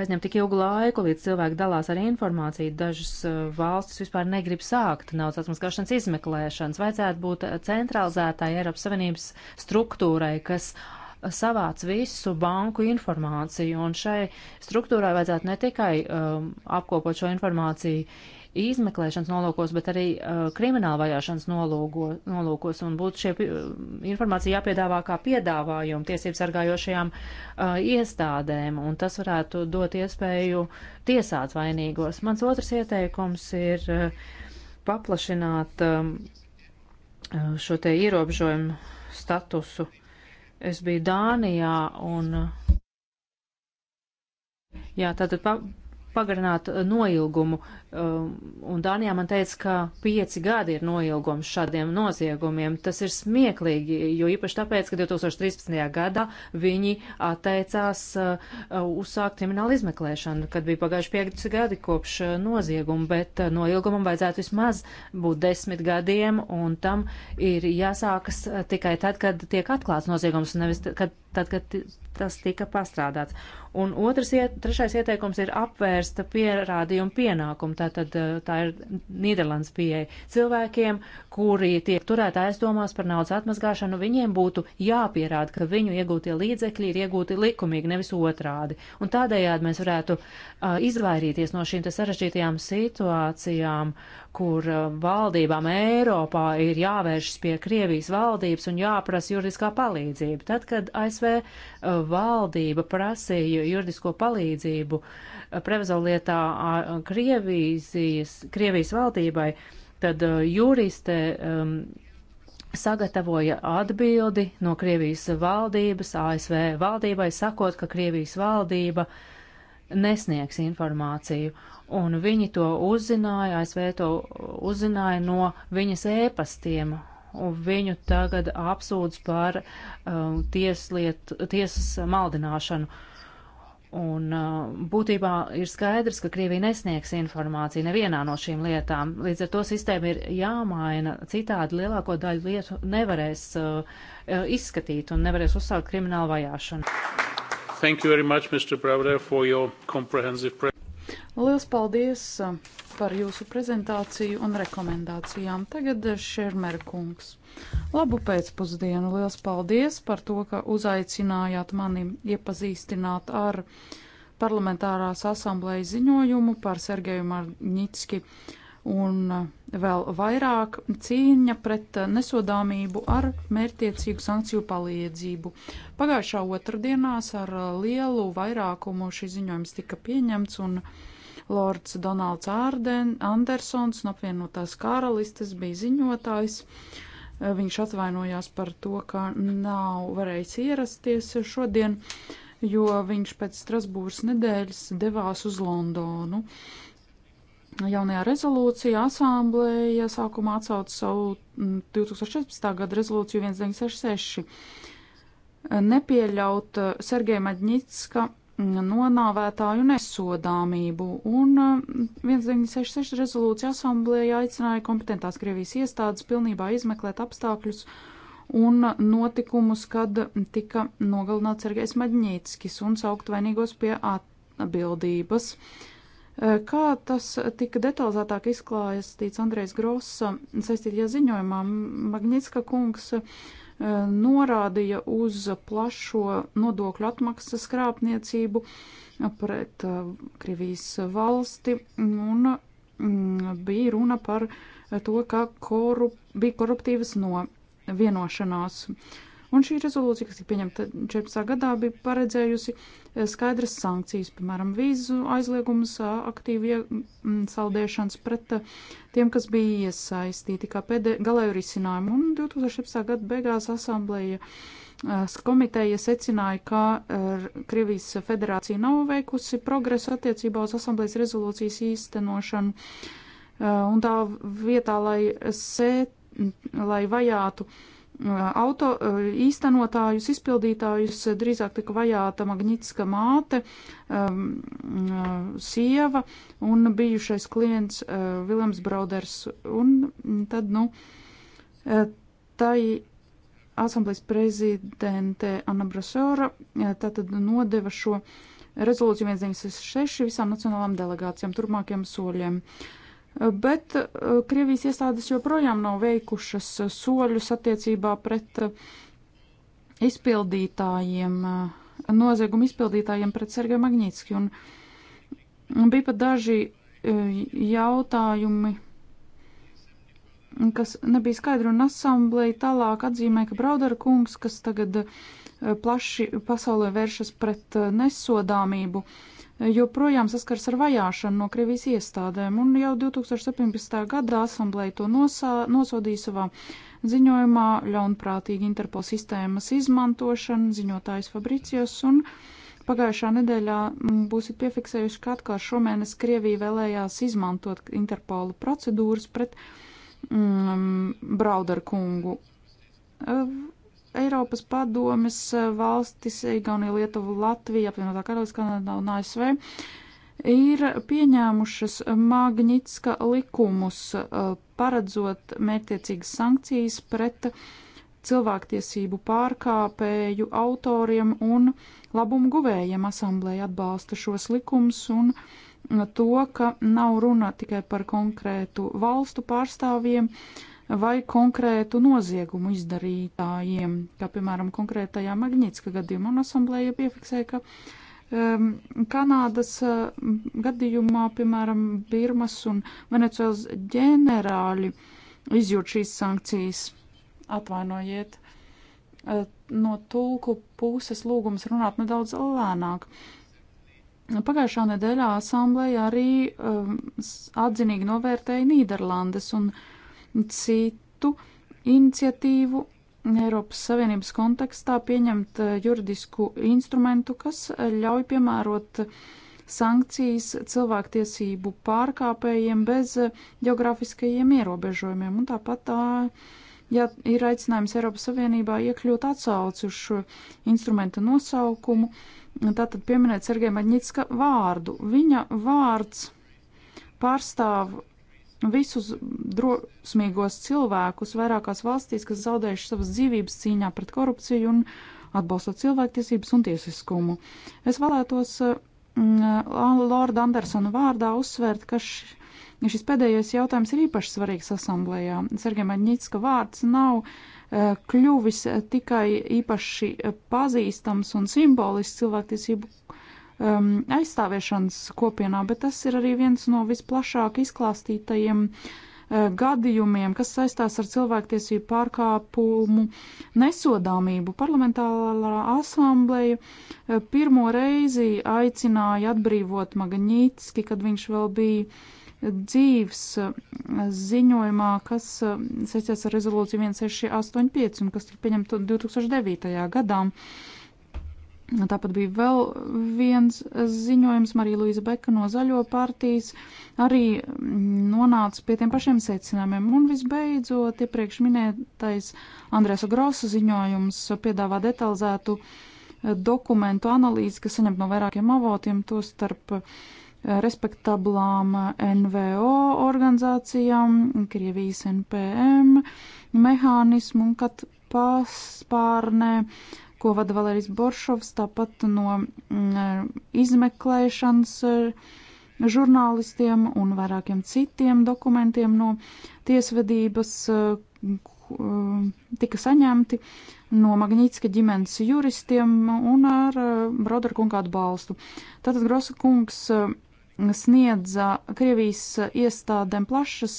aizņem tik ilgu laiku, līdz cilvēki dalās ar informāciju, dažas uh, valstis vispār negrib sākt naudas atmaskāšanas izmeklēšanas. Vajadzētu būt centralizētai Eiropas Savienības struktūrai, kas savāc visu banku informāciju, un šai struktūrai vajadzētu ne tikai um, apkopot šo informāciju, uh, izmeklēšanas nolūkos, bet arī uh, krimināla vajāšanas nolūgo, nolūkos, un būtu šie uh, informācija jāpiedāvā kā piedāvājumu tiesību sargājošajām uh, iestādēm, un tas varētu dot iespēju tiesāt vainīgos. Mans otrs ieteikums ir uh, paplašināt um, uh, šo te ierobežojumu statusu. Es biju Dānijā un. Uh, jā, tātad pa, pagarināt uh, noilgumu Um, un Dānijā man teica, ka pieci gadi ir noilgums šādiem noziegumiem. Tas ir smieklīgi, jo īpaši tāpēc, ka 2013. gadā viņi atteicās uh, uh, uzsākt kriminālu izmeklēšanu, kad bija pagājuši pieci gadi kopš uh, nozieguma, bet noilgumam vajadzētu vismaz būt desmit gadiem, un tam ir jāsākas tikai tad, kad tiek atklāts noziegums, nevis kad, tad, kad tas tika pastrādāts. Un otrs, iet, trešais ieteikums ir apvērsta pierādījuma pienākumu tātad eh, tā ir Nīderlandes pieeja. Cilvēkiem, kuri tiek turēti aizdomās par naudas atmazgāšanu, viņiem būtu jāpierāda, ka viņu iegūtie līdzekļi ir iegūti likumīgi, nevis otrādi. Un tādējādi mēs varētu uh, izvairīties no šīm te sarežģītajām situācijām kur eh, valdībām Eiropā ir jāvēršas pie Krievijas valdības un jāprasa juridiskā palīdzība. Tad, kad ASV eh, valdība prasīja juridisko palīdzību eh, prevazolietā Krievijas, Krievijas valdībai, tad juriste um, sagatavoja atbildi no Krievijas valdības, ASV valdībai, sakot, ka Krievijas valdība uh, nesniegs informāciju, un viņi to uzzināja, ASV to uzzināja no viņas ēpastiem, un viņu tagad apsūdz par uh, tiesliet, tiesas maldināšanu. Un uh, būtībā ir skaidrs, ka Krievija nesniegs informāciju nevienā no šīm lietām. Līdz ar to sistēma ir jāmaina. Citādi lielāko daļu lietu nevarēs uh, uh izskatīt un nevarēs uzsākt kriminālu vajāšanu. Thank you very much, Mr. Pravda, for your comprehensive presentation. Lielas paldies uh, par jūsu prezentāciju un rekomendācijām. Tagad uh, Šermer kungs. Labu pēcpusdienu, liels paldies par to, ka uzaicinājāt mani iepazīstināt ar parlamentārās asamblējas ziņojumu par Sergeju Marņitski un eh, vēl vairāk cīņa pret eh, nesodāmību ar mērtiecīgu sankciju palīdzību. Pagājušā otrdienās ar eh, lielu vairākumu šis ziņojums tika pieņemts un Lords Donalds Ārden, Andersons no apvienotās karalistes bija ziņotājs. Viņš atvainojās par to, ka nav varējis ierasties šodien, jo viņš pēc Strasbūras nedēļas devās uz Londonu. Uh, jaunajā rezolūcijā asamblēja sākumā atsauca savu 2014. Mm, gada rezolūciju 1966. Nepieļaut eh, Sergeja Maģņitska mm, nonāvētāju nesodāmību, un 1966 mm, rezolūcija asamblēja aicināja kompetentās Krievijas iestādes pilnībā izmeklēt apstākļus un notikumus, kad tika nogalināts Sergejs Maģņītskis un saukt vainīgos pie atbildības. Uh, Kā tas tika detalizētāk izklāstīts Andrejs Grossa saistītajā ziņojumā, Magnitska kungs norādīja uz plašo nodokļu atmaksas krāpniecību pret Krievijas valsti un bija runa par to, ka korup bija koruptīvas no vienošanās. Un šī rezolūcija, kas tika pieņemta 14. gadā, bija paredzējusi uh, skaidras sankcijas, piemēram, vīzu aizliegums, aktīvu saldēšanas pret tiem, kas bija iesaistīti kā pēdē, galēju risinājumu. Un 2017. gada beigās asamblēja komiteja secināja, ka Krievijas federācija nav veikusi progresu attiecībā uz asamblējas rezolūcijas īstenošanu. Un tā vietā, lai, sēt, lai vajātu uh, auto īstenotājus, izpildītājus drīzāk tika vajāta Magnitska māte, um, sieva un bijušais klients uh, Viljams Brauders. Un tad, nu, tai asamblēs prezidente Anna Brasora tātad nodeva šo rezolūciju 196 visām nacionālām delegācijām turpmākiem soļiem. Uh, bet eh, Krievijas iestādes joprojām nav veikušas eh, soļus attiecībā pret eh, izpildītājiem, noziegumu izpildītājiem pret Sergeju Magnītski. Un bija pat daži jautājumi, kas nebija skaidri, un asambleja tālāk atzīmē, ka Braudara kungs, kas tagad plaši pasaulē vēršas pret nesodāmību, uh, joprojām saskars ar vajāšanu no Krievijas iestādēm, un jau 2017. gadā asamblēja to nosā, nosodīja savā ziņojumā ļaunprātīgi Interpol sistēmas izmantošanu, ziņotājs Fabricijos, un pagājušā nedēļā būsiet piefiksējuši, ka atkal šomēnes Krievija vēlējās izmantot Interpolu procedūras pret mm, Brauder kungu. Eiropas padomes eh, valstis Igaunija, Lietuva, Latvija, apvienotā karaliskā Kanādā un ASV ir pieņēmušas Magnitska likumus, eh, paredzot mērķtiecīgas sankcijas pret cilvēktiesību pārkāpēju autoriem un labumu guvējiem asamblēja atbalsta šos likumus un eh, to, ka nav runa tikai par konkrētu valstu pārstāvjiem, uh, vai konkrētu noziegumu izdarītājiem, kā piemēram konkrētajā Magnitska gadījumā, un asamblēja piefiksēja, ka um, Kanādas uh, gadījumā, piemēram, Birmas un Venecuēlas ģenerāļi izjūt šīs sankcijas. Atvainojiet, uh, no tulku puses lūgums runāt nedaudz lēnāk. Pagājušā nedēļā asamblēja arī um, atzinīgi novērtēja Nīderlandes un uh, citu iniciatīvu Eiropas Savienības kontekstā pieņemt eh, juridisku instrumentu, kas eh, ļauj piemērot eh, sankcijas cilvēktiesību pārkāpējiem bez geogrāfiskajiem ierobežojumiem. Un tāpat tā ja ir aicinājums Eiropas Savienībā iekļūt atsauci uz šo instrumenta nosaukumu, tātad pieminēt Sergeja Maģņitska vārdu. Viņa vārds pārstāv visus drosmīgos cilvēkus vairākās valstīs, kas zaudējuši savas dzīvības cīņā pret korupciju un atbalstot cilvēktiesības un tiesiskumu. Es vēlētos mm, Lorda Andersona vārdā uzsvērt, ka š, šis pēdējais jautājums ir īpaši svarīgs asamblējā. Sergejam Aņģitska vārds nav e, kļuvis tikai īpaši e, pazīstams un simbolisks cilvēktiesību um, aizstāvēšanas kopienā, bet tas ir arī viens no visplašāk izklāstītajiem uh, gadījumiem, kas saistās ar cilvēktiesību pārkāpumu nesodāmību. Parlamentārā asambleja uh, pirmo reizi aicināja atbrīvot Magaņītiski, kad viņš vēl bija dzīves uh, ziņojumā, kas uh, saistās ar rezolūciju 1685 un kas tika pieņemta 2009. gadā. Tāpat bija vēl viens ziņojums, Marija Luīza Beka no Zaļo partijas arī nonāca pie tiem pašiem secinājumiem. Un visbeidzot, iepriekš minētais Andrēsa Grosa ziņojums piedāvā detalizētu eh, dokumentu analīzi, kas saņemt no vairākiem avotiem, to starp eh, respektablām eh, NVO organizācijām, Krievijas NPM mehānismu un kad paspārnē. Uh, ko vada Valērijas Boršovs, tāpat no mm, izmeklēšanas eh, žurnālistiem un vairākiem citiem dokumentiem no tiesvedības eh, eh, tika saņemti no Magnītiska ģimenes juristiem un ar Broderkunga atbalstu. Tātad Grosa kungs sniedza Krievijas iestādēm plašas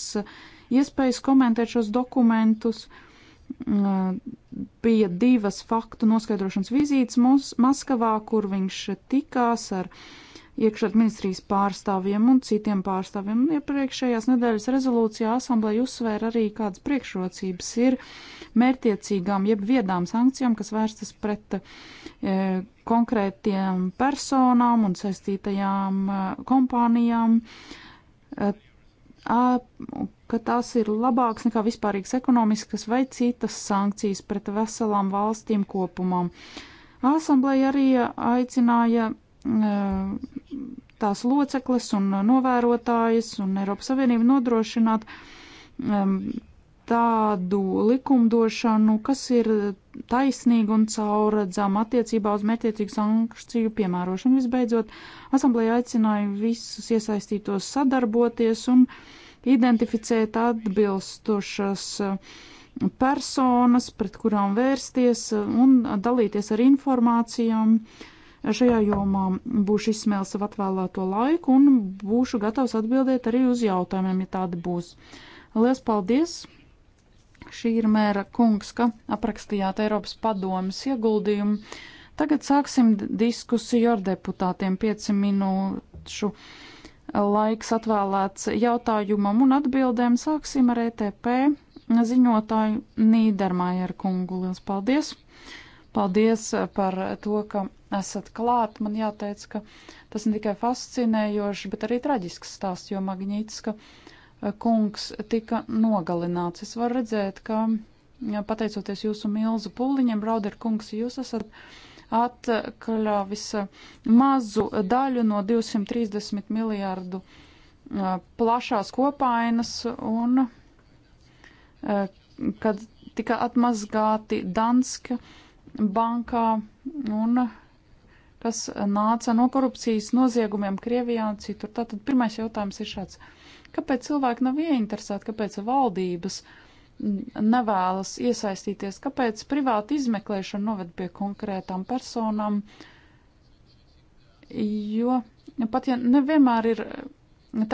iespējas komentēt šos dokumentus, uh, bija divas faktu noskaidrošanas vizītes Mos Maskavā, kur viņš tikās ar iekšļietu ministrijas pārstāvjiem un citiem pārstāvjiem. Un iepriekšējās nedēļas rezolūcijā asamblēja uzsvēra arī kādas priekšrocības ir mērtiecīgām jeb viedām sankcijām, kas vērstas pret e, konkrētiem personām un saistītajām e, kompānijām. E, ka tās ir labākas nekā vispārīgas ekonomiskas vai citas sankcijas pret veselām valstīm kopumam. Asambleja arī aicināja e, tās locekles un novērotājus un Eiropas Savienību nodrošināt e, tādu likumdošanu, kas ir taisnīga un cauradzama attiecībā uz mērķiecīgu sankciju piemērošanu. Visbeidzot, asamblēja aicināja visus iesaistītos sadarboties un identificēt atbilstošas uh, personas, pret kurām vērsties un dalīties ar informācijām. Šajā jomā būšu izsmēlis savu atvēlēto laiku un būšu gatavs atbildēt arī uz jautājumiem, ja tādi būs. Lielas paldies! Šīrmēra kungs, ka aprakstījāt Eiropas padomas ieguldījumu. Tagad sāksim diskusiju ar deputātiem. Pieci minūšu laiks atvēlēts jautājumam un atbildēm. Sāksim ar ETP ziņotāju Nīdermājeru kungu. Lielas paldies! Paldies par to, ka esat klāt. Man jāteic, ka tas ne tikai fascinējoši, bet arī traģisks stāsts, jo Magnītiska. ka Eh, kungs tika nogalināts. Es varu redzēt, ka pateicoties jūsu milzu pūliņiem, Brauder kungs, jūs esat atkļāvis eh, mazu daļu no 230 miljārdu eh, plašās kopainas un kad tika atmazgāti Danska bankā un kas nāca no korupcijas noziegumiem Krievijā un citur. Tātad pirmais jautājums ir šāds. Uh, Kāpēc cilvēki nav ieinteresēti, kāpēc valdības nevēlas iesaistīties, kāpēc privāta izmeklēšana noved pie konkrētām personām? Jo pat ja nevienmēr ir e,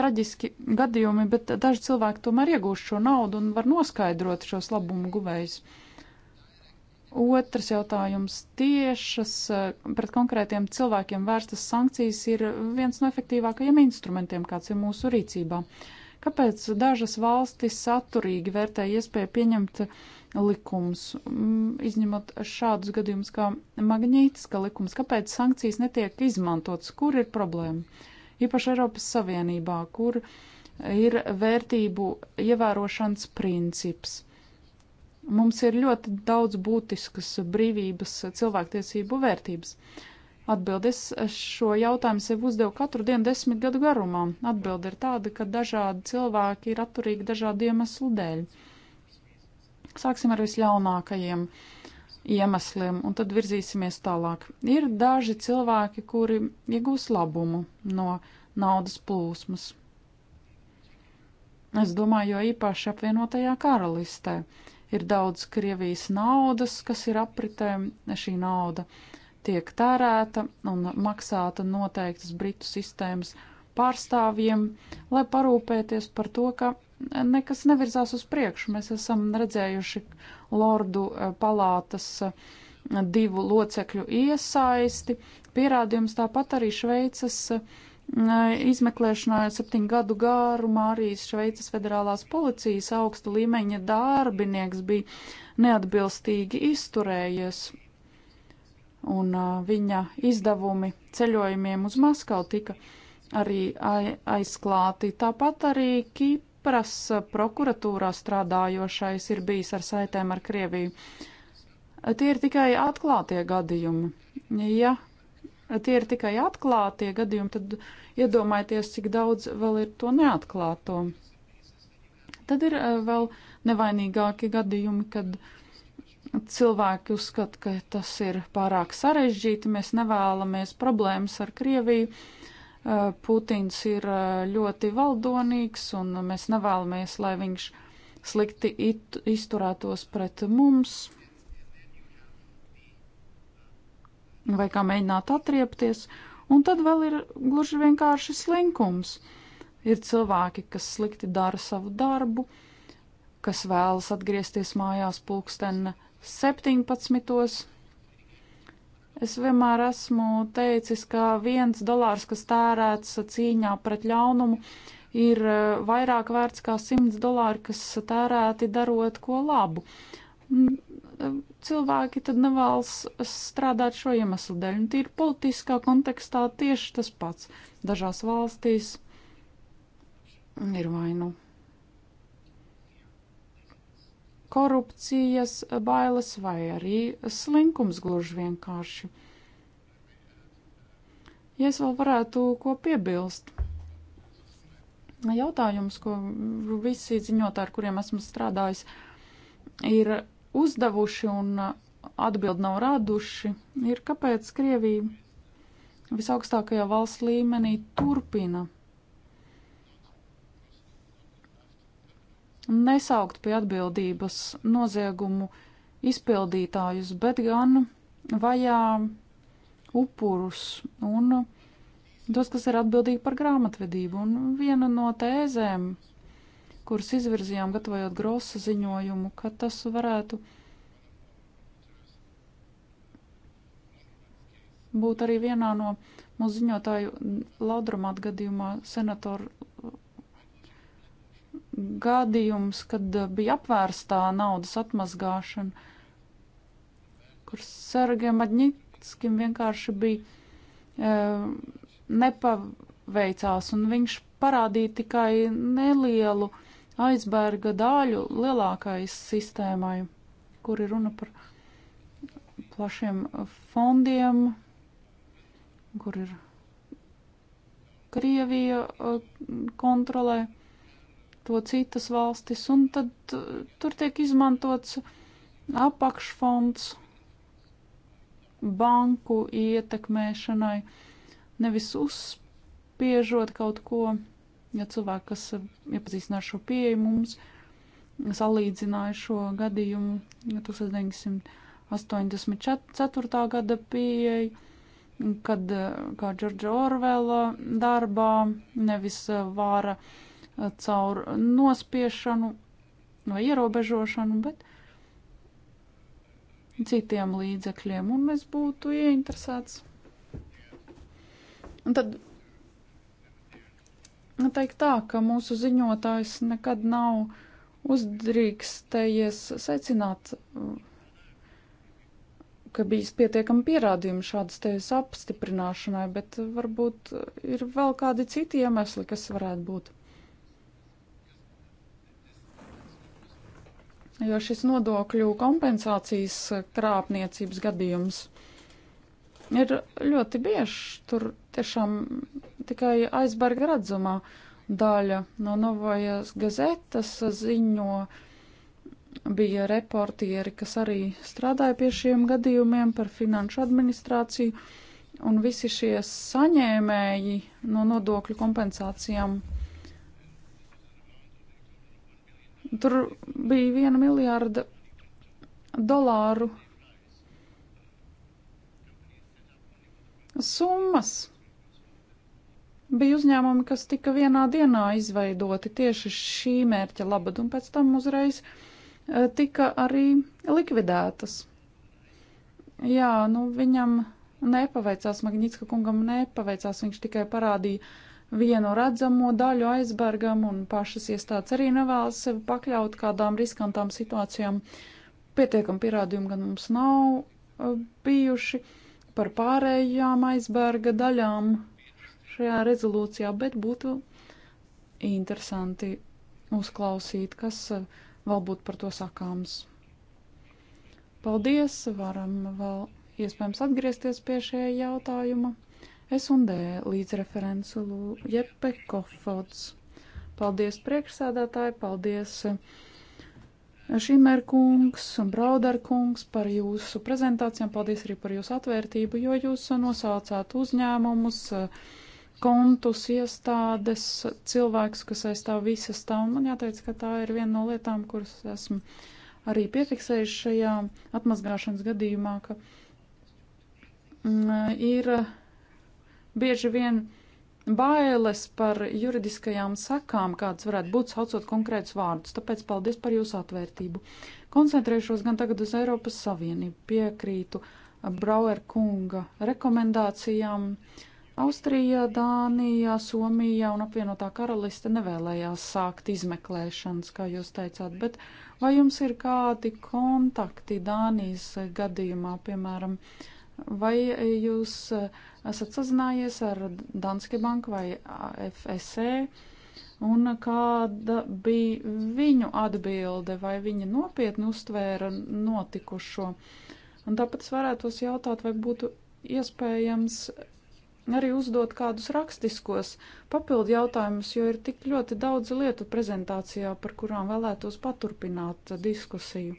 traģiski gadījumi, bet daži cilvēki tomēr iegūst šo naudu un var noskaidrot šos labumu guvējus. Uh, Otrs jautājums - tiešas eh, pret konkrētiem cilvēkiem vērstas sankcijas ir viens no efektīvākajiem instrumentiem, kāds ir mūsu rīcībā. Kāpēc dažas valstis saturīgi vērtē iespēju pieņemt likums, mm, izņemot šādus gadījumus kā magnītiska likums? Kāpēc sankcijas netiek izmantotas? Kur ir problēma? Īpaši Eiropas Savienībā, kur ir vērtību ievērošanas princips Mums ir ļoti daudz būtiskas brīvības, cilvēktiesību vērtības. Atbildes šo jautājumu sev uzdevu katru dienu desmit gadu garumā. Atbilde ir tāda, ka dažādi cilvēki ir atturīgi dažādu iemeslu dēļ. Sāksim ar visļaunākajiem iemesliem, un tad virzīsimies tālāk. Ir daži cilvēki, kuri iegūs labumu no naudas plūsmas. Es domāju, jo īpaši apvienotajā karalistē ir daudz Krievijas naudas, kas ir apritē, šī nauda tiek tērēta un maksāta noteiktas Britu sistēmas pārstāvjiem, lai parūpēties par to, ka nekas nevirzās uz priekšu. Mēs esam redzējuši Lordu eh, palātas eh, divu locekļu iesaisti. Pierādījums tāpat arī Šveices uh, Mm, eh, izmeklēšanā septiņu gadu garumā arī Šveices federālās policijas augsta līmeņa darbinieks bija neatbilstīgi izturējies. Un eh, viņa izdevumi ceļojumiem uz Maskavu tika arī aizklāti. Tāpat arī Kipras prokuratūrā strādājošais ir bijis ar saitēm ar Krieviju. Tie ir tikai atklātie gadījumi. Ja tie ir tikai atklātie gadījumi, tad iedomājieties, cik daudz vēl ir to neatklāto. Tad ir eh, vēl nevainīgāki gadījumi, kad cilvēki uzskata, ka tas ir pārāk sarežģīti, mēs nevēlamies problēmas ar Krieviju. Eh, Putins ir eh, ļoti valdonīgs un mēs nevēlamies, lai viņš slikti it, izturētos pret mums. vai kā mēģināt atriepties, un tad vēl ir gluži vienkārši slinkums. Ir cilvēki, kas slikti dara savu darbu, kas vēlas atgriezties mājās pulksten 17. Es vienmēr esmu teicis, ka viens dolārs, kas tērēts cīņā pret ļaunumu, ir e, vairāk vērts kā simts dolāri, kas tērēti darot ko labu. Mm, cilvēki tad nevēlas strādāt šo iemeslu dēļ. Un tīri politiskā kontekstā tieši tas pats. Dažās valstīs ir vai nu korupcijas bailes vai arī slinkums gluži vienkārši. Ja es vēl varētu ko piebilst. Jautājums, ko visi ziņotāji, ar kuriem esmu strādājis, ir uzdevuši un uh, atbild nav raduši, ir kāpēc Krievija visaugstākajā valsts līmenī turpina nesaukt pie atbildības noziegumu izpildītājus, bet gan vajā upurus un tos, kas ir atbildīgi par grāmatvedību. Un viena no tēzēm, kurus izvirzījām, gatavojot grosu ziņojumu, ka tas varētu būt arī vienā no mūsu ziņotāju laudramāta gadījumā senatoru gadījums, kad bija apvērstā naudas atmazgāšana, kur Sergiem Maģņitskim vienkārši bija e, nepaveicās, un viņš parādīja tikai nelielu e, aizberga dāļu lielākais sistēmai, kur ir runa par plašiem fondiem, kur ir Krievija eh, kontrolē to citas valstis, un tad eh, tur tiek izmantots apakšfonds banku ietekmēšanai, nevis uzspiežot kaut ko ja cilvēki, kas iepazīstina ar šo pieeju mums, salīdzināja šo gadījumu 1984. gada pieeju, kad eh, kā Džordža Orvela darbā nevis eh, vāra eh, caur nospiešanu vai ierobežošanu, bet citiem līdzekļiem, un es būtu ieinteresēts. Un tad teikt tā, ka mūsu ziņotājs nekad nav uzdrīkstējies secināt, ka bijis pietiekami pierādījumi šādas tevis apstiprināšanai, bet varbūt ir vēl kādi citi iemesli, kas varētu būt. Jo šis nodokļu kompensācijas krāpniecības gadījums – ir ļoti bieži. Tur tiešām tikai aizberga redzamā daļa no Novojas gazetas ziņo. Bija reportieri, kas arī strādāja pie šiem gadījumiem par finanšu administrāciju, un visi šie saņēmēji no nodokļu kompensācijām. Tur bija viena miljārda dolāru summas. Bija uzņēmumi, kas tika vienā dienā izveidoti tieši šī mērķa labad, un pēc tam uzreiz e, tika arī likvidētas. Jā, nu viņam nepaveicās, Magnitska kungam nepaveicās, viņš tikai parādīja vienu redzamo daļu aizbergam, un pašas iestādes arī nevēlas sevi pakļaut kādām riskantām situācijām. Pietiekam pierādījumu gan mums nav e, bijuši. Uh, par pārējām aizberga daļām šajā rezolūcijā, bet būtu interesanti uzklausīt, kas eh, vēl būtu par to sakāms. Paldies, varam vēl iespējams atgriezties pie šie jautājuma. Es un D līdzreferents Jepe Kofots. Paldies priekšsēdētāji, paldies! Eh, Šimerkungs un Brauderkungs par jūsu prezentācijām. Paldies arī par jūsu atvērtību, jo jūs nosaucāt uzņēmumus, kontus, iestādes, cilvēkus, kas aizstāv visas tām. Man jāteic, ka tā ir viena no lietām, kuras esmu arī piefiksējis šajā atmazgāšanas gadījumā, ka mm, ir bieži vien bailes par juridiskajām sakām, kādas varētu būt saucot konkrētus vārdus. Tāpēc paldies par jūsu atvērtību. Koncentrēšos gan tagad uz Eiropas Savienību. Piekrītu Brauer kunga rekomendācijām. Austrija, Dānija, Somija un apvienotā karaliste nevēlējās sākt izmeklēšanas, kā jūs teicāt, bet vai jums ir kādi kontakti Dānijas gadījumā, piemēram, uh, Vai jūs esat sazinājies ar Danske banku vai FSE? Un kāda bija viņu atbilde, vai viņi nopietni uztvēra notikušo? Un tāpēc varētos jautāt, vai būtu iespējams arī uzdot kādus rakstiskos papildu jautājumus, jo ir tik ļoti daudz lietu prezentācijā, par kurām vēlētos paturpināt diskusiju.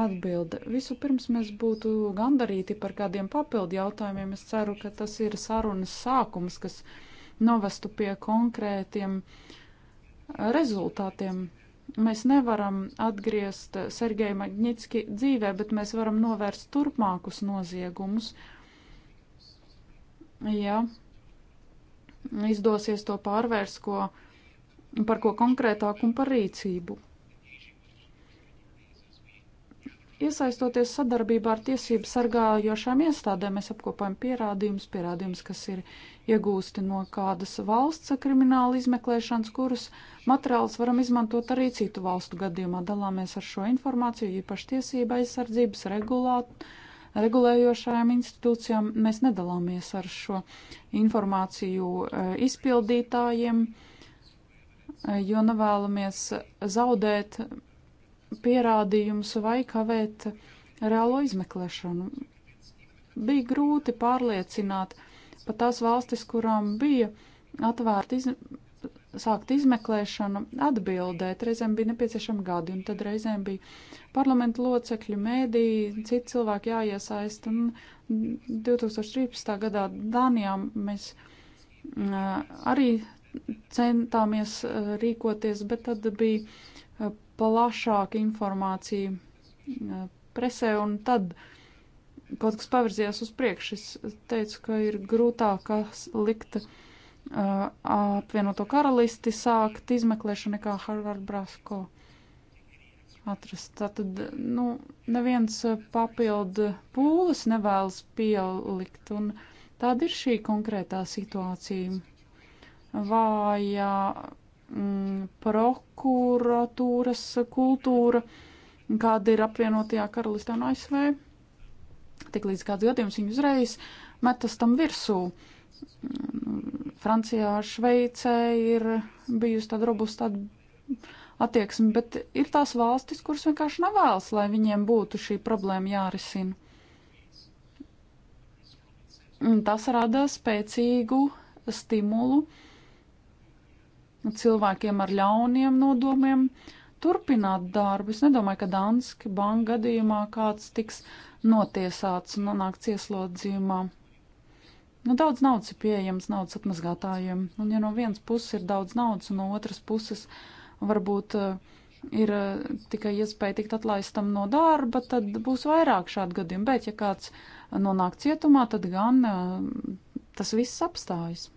Atbilde. Vispirms mēs būtu gandarīti par kādiem papildu jautājumiem. Es ceru, ka tas ir sarunas sākums, kas novestu pie konkrētiem rezultātiem. Mēs nevaram atgriezt Sergeju Magnitski dzīvē, bet mēs varam novērst turpmākus noziegumus. Jā, izdosies to pārvērst, ko, par ko konkrētāk un par rīcību. Iesaistoties sadarbībā ar tiesību sargājošām iestādēm, mēs apkopojam pierādījumus, pierādījumus, kas ir iegūsti no kādas valsts krimināla izmeklēšanas, kurus materiālus varam izmantot arī citu valstu gadījumā. Dalāmies ar šo informāciju, īpaši tiesība aizsardzības regulāt, regulējošajām institūcijām. Mēs nedalāmies ar šo informāciju e, izpildītājiem, e, jo nevēlamies zaudēt pierādījumus vai kavēt reālo izmeklēšanu. Bija grūti pārliecināt pat tās valstis, kurām bija atvērta iz... sākt izmeklēšanu, atbildēt. Reizēm bija nepieciešami gadi, un tad reizēm bija parlamentu locekļu, mēdī, citi cilvēki jāiesaist. Un 2013. gadā Dānijā mēs arī centāmies rīkoties, bet tad bija plašāka informācija eh, presē, un tad kaut kas pavirzījās uz priekšu. Es teicu, ka ir grūtāk likt uh, apvienoto karalisti sākt izmeklēšanu nekā Harvard Brasko atrast. Tātad, nu, neviens eh, papildu pūles nevēlas pielikt, un tāda ir šī konkrētā situācija. Vājā mm, prokuratūras kultūra, kāda ir apvienotajā karalistē un ASV. Tik līdz kāds gadījums viņi uzreiz metas tam virsū. Mm, Francijā, Šveicē ir bijusi tāda robusta attieksme, bet ir tās valstis, kuras vienkārši nevēlas, lai viņiem būtu šī problēma jārisina. Un tas rada spēcīgu stimulu uh, cilvēkiem ar ļauniem nodomiem turpināt darbu. Es nedomāju, ka Danske banka gadījumā kāds tiks notiesāts un nonāks ieslodzījumā. Nu, daudz naudas ir pieejams naudas atmazgātājiem, un ja no vienas puses ir daudz naudas, un no otras puses varbūt uh, ir uh, tikai iespēja tikt atlaistam no darba, tad būs vairāk šādu gadījumu. Bet, ja kāds nonāk cietumā, tad gan uh, tas viss apstājas.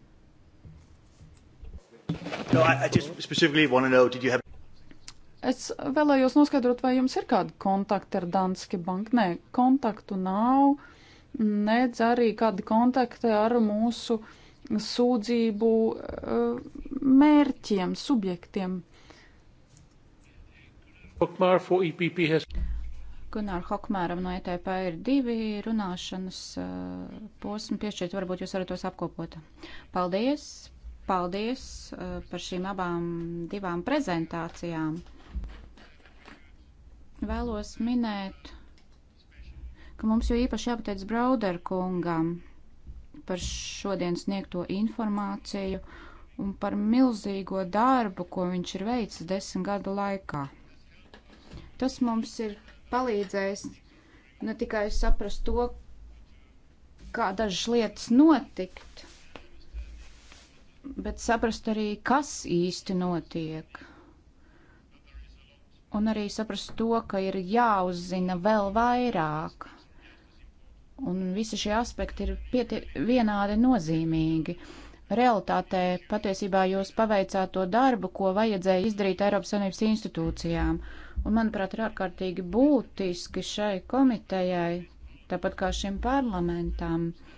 No, I, I just specifically want to know, did you have... Es vēlējos noskaidrot, vai jums ir kāda kontakta ar Danske banku. Nē, kontaktu nav, nedz arī kādi kontakti ar mūsu sūdzību eh, mērķiem, subjektiem. Hokmār for EPP has... Gunār Hokmāram no ETP ir divi runāšanas eh, posmi piešķirt, varbūt jūs varat tos apkopot. Paldies Paldies uh, par šīm abām divām prezentācijām. Vēlos minēt, ka mums jau īpaši jāpateic Brauderkungam par šodien sniegto informāciju un par milzīgo darbu, ko viņš ir veicis desmit gadu laikā. Tas mums ir palīdzējis ne tikai saprast to, kā dažas lietas notikt, bet saprast arī, kas īsti notiek. Un arī saprast to, ka ir jāuzzina vēl vairāk. Un visi šie aspekti ir pieti vienādi nozīmīgi. Realtātē patiesībā jūs paveicāt to darbu, ko vajadzēja izdarīt Eiropas Savienības institūcijām. Un, manuprāt, ir ārkārtīgi būtiski šai komitejai, tāpat kā šim parlamentam, uh,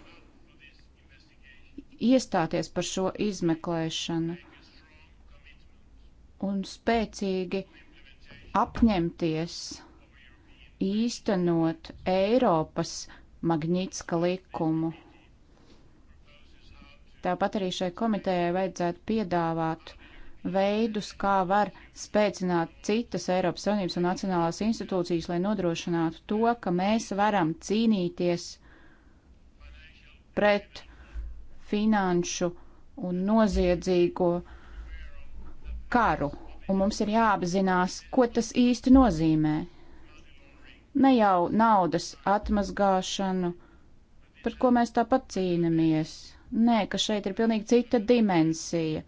iestāties par šo izmeklēšanu un spēcīgi apņemties īstenot Eiropas Magnitska likumu. Tāpat arī šai komitejai vajadzētu piedāvāt veidus, kā var spēcināt citas Eiropas Savienības un nacionālās institūcijas, lai nodrošinātu to, ka mēs varam cīnīties pret finanšu un noziedzīgo karu, un mums ir jāapzinās, ko tas īsti nozīmē. Ne jau naudas atmazgāšanu, par ko mēs tāpat cīnamies. Nē, ka šeit ir pilnīgi cita dimensija,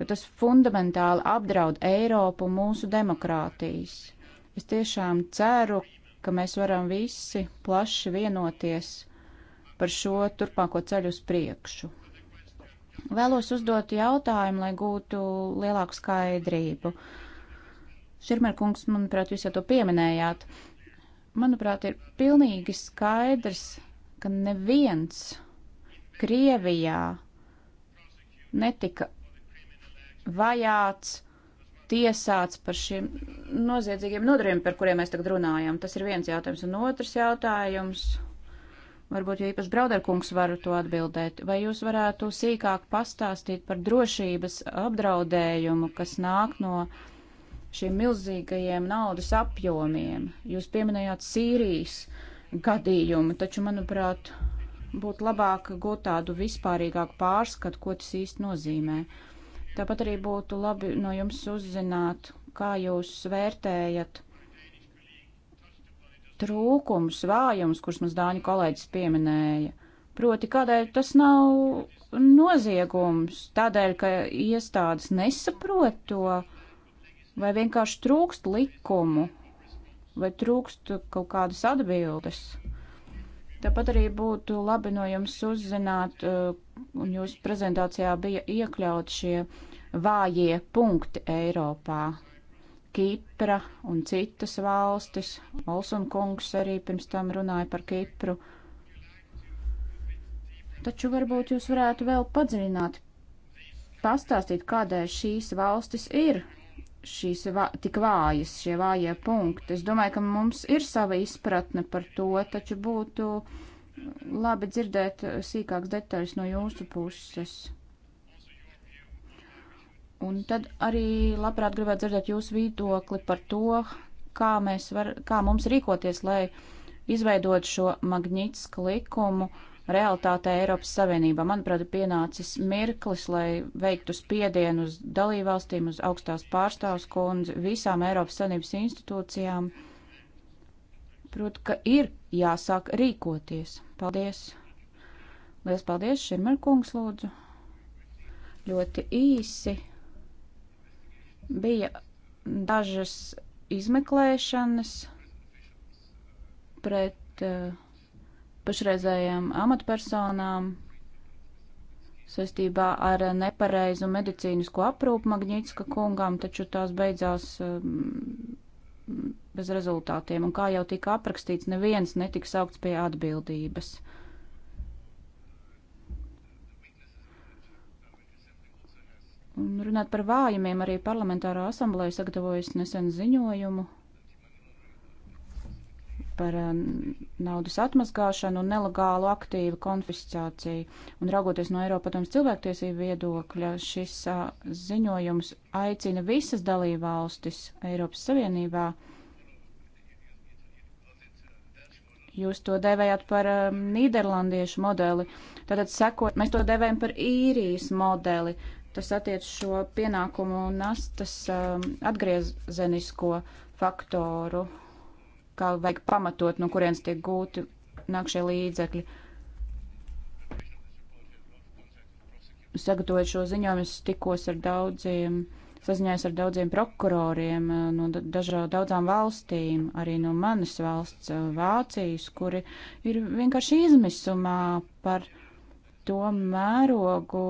ka tas fundamentāli apdraud Eiropu un mūsu demokrātijas. Es tiešām ceru, ka mēs varam visi plaši vienoties par šo turpmāko ceļu uz priekšu. Vēlos uzdot jautājumu, lai gūtu lielāku skaidrību. Širmerkungs, manuprāt, jūs jau to pieminējāt. Manuprāt, ir pilnīgi skaidrs, ka neviens Krievijā netika vajāts, tiesāts par šiem noziedzīgiem nodarījumiem, par kuriem mēs tagad runājam. Tas ir viens jautājums. Un otrs jautājums Varbūt jau īpaši Brauderkungs var to atbildēt. Vai jūs varētu sīkāk pastāstīt par drošības apdraudējumu, kas nāk no šiem milzīgajiem naudas apjomiem? Jūs pieminējāt Sīrijas gadījumu, taču, manuprāt, būtu labāk gūt tādu vispārīgāku pārskatu, ko tas īsti nozīmē. Tāpat arī būtu labi no jums uzzināt, kā jūs vērtējat trūkums, vājums, kurus mums Dāņu kolēģis pieminēja. Proti, kādēļ tas nav noziegums? Tādēļ, ka iestādes nesaprot to, vai vienkārši trūkst likumu, vai trūkst kaut kādas atbildes. Tāpat arī būtu labi no jums uzzināt, uh, un jūsu prezentācijā bija iekļaut šie vājie punkti Eiropā. Kipra un citas valstis. Olsunkungs arī pirms tam runāja par Kipru. Taču varbūt jūs varētu vēl padziļināt, pastāstīt, kādēļ šīs valstis ir šīs va tik vājas, šie vājie punkti. Es domāju, ka mums ir sava izpratne par to, taču būtu labi dzirdēt sīkāks detaļas no jūsu puses. Un tad arī labprāt gribētu dzirdēt jūsu viedokli par to, kā, var, kā mums rīkoties, lai izveidot šo magnītisku likumu realitātē Eiropas Savienībā. Manuprāt, ir pienācis mirklis, lai veiktu spiedienu uz dalībvalstīm, uz augstās pārstāvs kundzi, visām Eiropas Savienības institūcijām. Protams, ka ir jāsāk rīkoties. Paldies! Lielas paldies, Širmer kungs, lūdzu! Ļoti īsi. Bija dažas izmeklēšanas pret uh, pašreizējām amatpersonām saistībā ar nepareizu medicīnisko aprūpu Magnītiska kungam, taču tās beidzās eh, bez rezultātiem, un kā jau tika aprakstīts, neviens netiks saukts pie atbildības. Runāt par vājumiem arī parlamentāro asamblēju sagatavojas nesen ziņojumu par eh, naudas atmazgāšanu un nelegālu aktīvu konfiscāciju. Un raugoties no Eiropadomas cilvēktiesību viedokļa, šis a, eh, ziņojums aicina visas dalībvalstis Eiropas Savienībā. Jūs to devējāt par um, nīderlandiešu modeli, tātad sekot, mēs to devējam par īrijas modeli, Tas attiec šo pienākumu nastas um, atgriezenisko faktoru, kā vajag pamatot, no kurienes tiek gūti nāk šie līdzekļi. Sagatavojot šo ziņojumu, es tikos ar daudziem, saziņājos ar daudziem prokuroriem uh, no dažā, daudzām valstīm, arī no manas valsts, uh, Vācijas, kuri ir vienkārši izmisumā par to mērogu,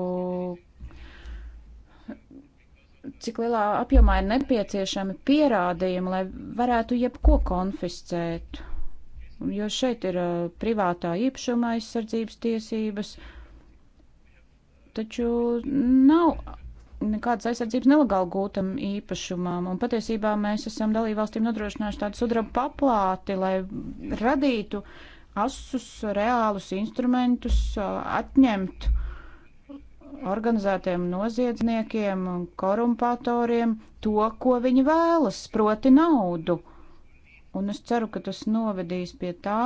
cik lielā apjomā ir nepieciešami pierādījumi, lai varētu jebko konfiscēt. Jo šeit ir uh, privātā īpašuma aizsardzības tiesības, taču nav nekādas aizsardzības nelegāli gūtam īpašumam. Un patiesībā mēs esam dalībvalstīm nodrošinājuši tādu sudraba paplāti, lai radītu asus reālus instrumentus uh, atņemt organizētiem noziedzniekiem un korumpatoriem to, ko viņi vēlas, proti naudu. Un es ceru, ka tas novedīs pie tā,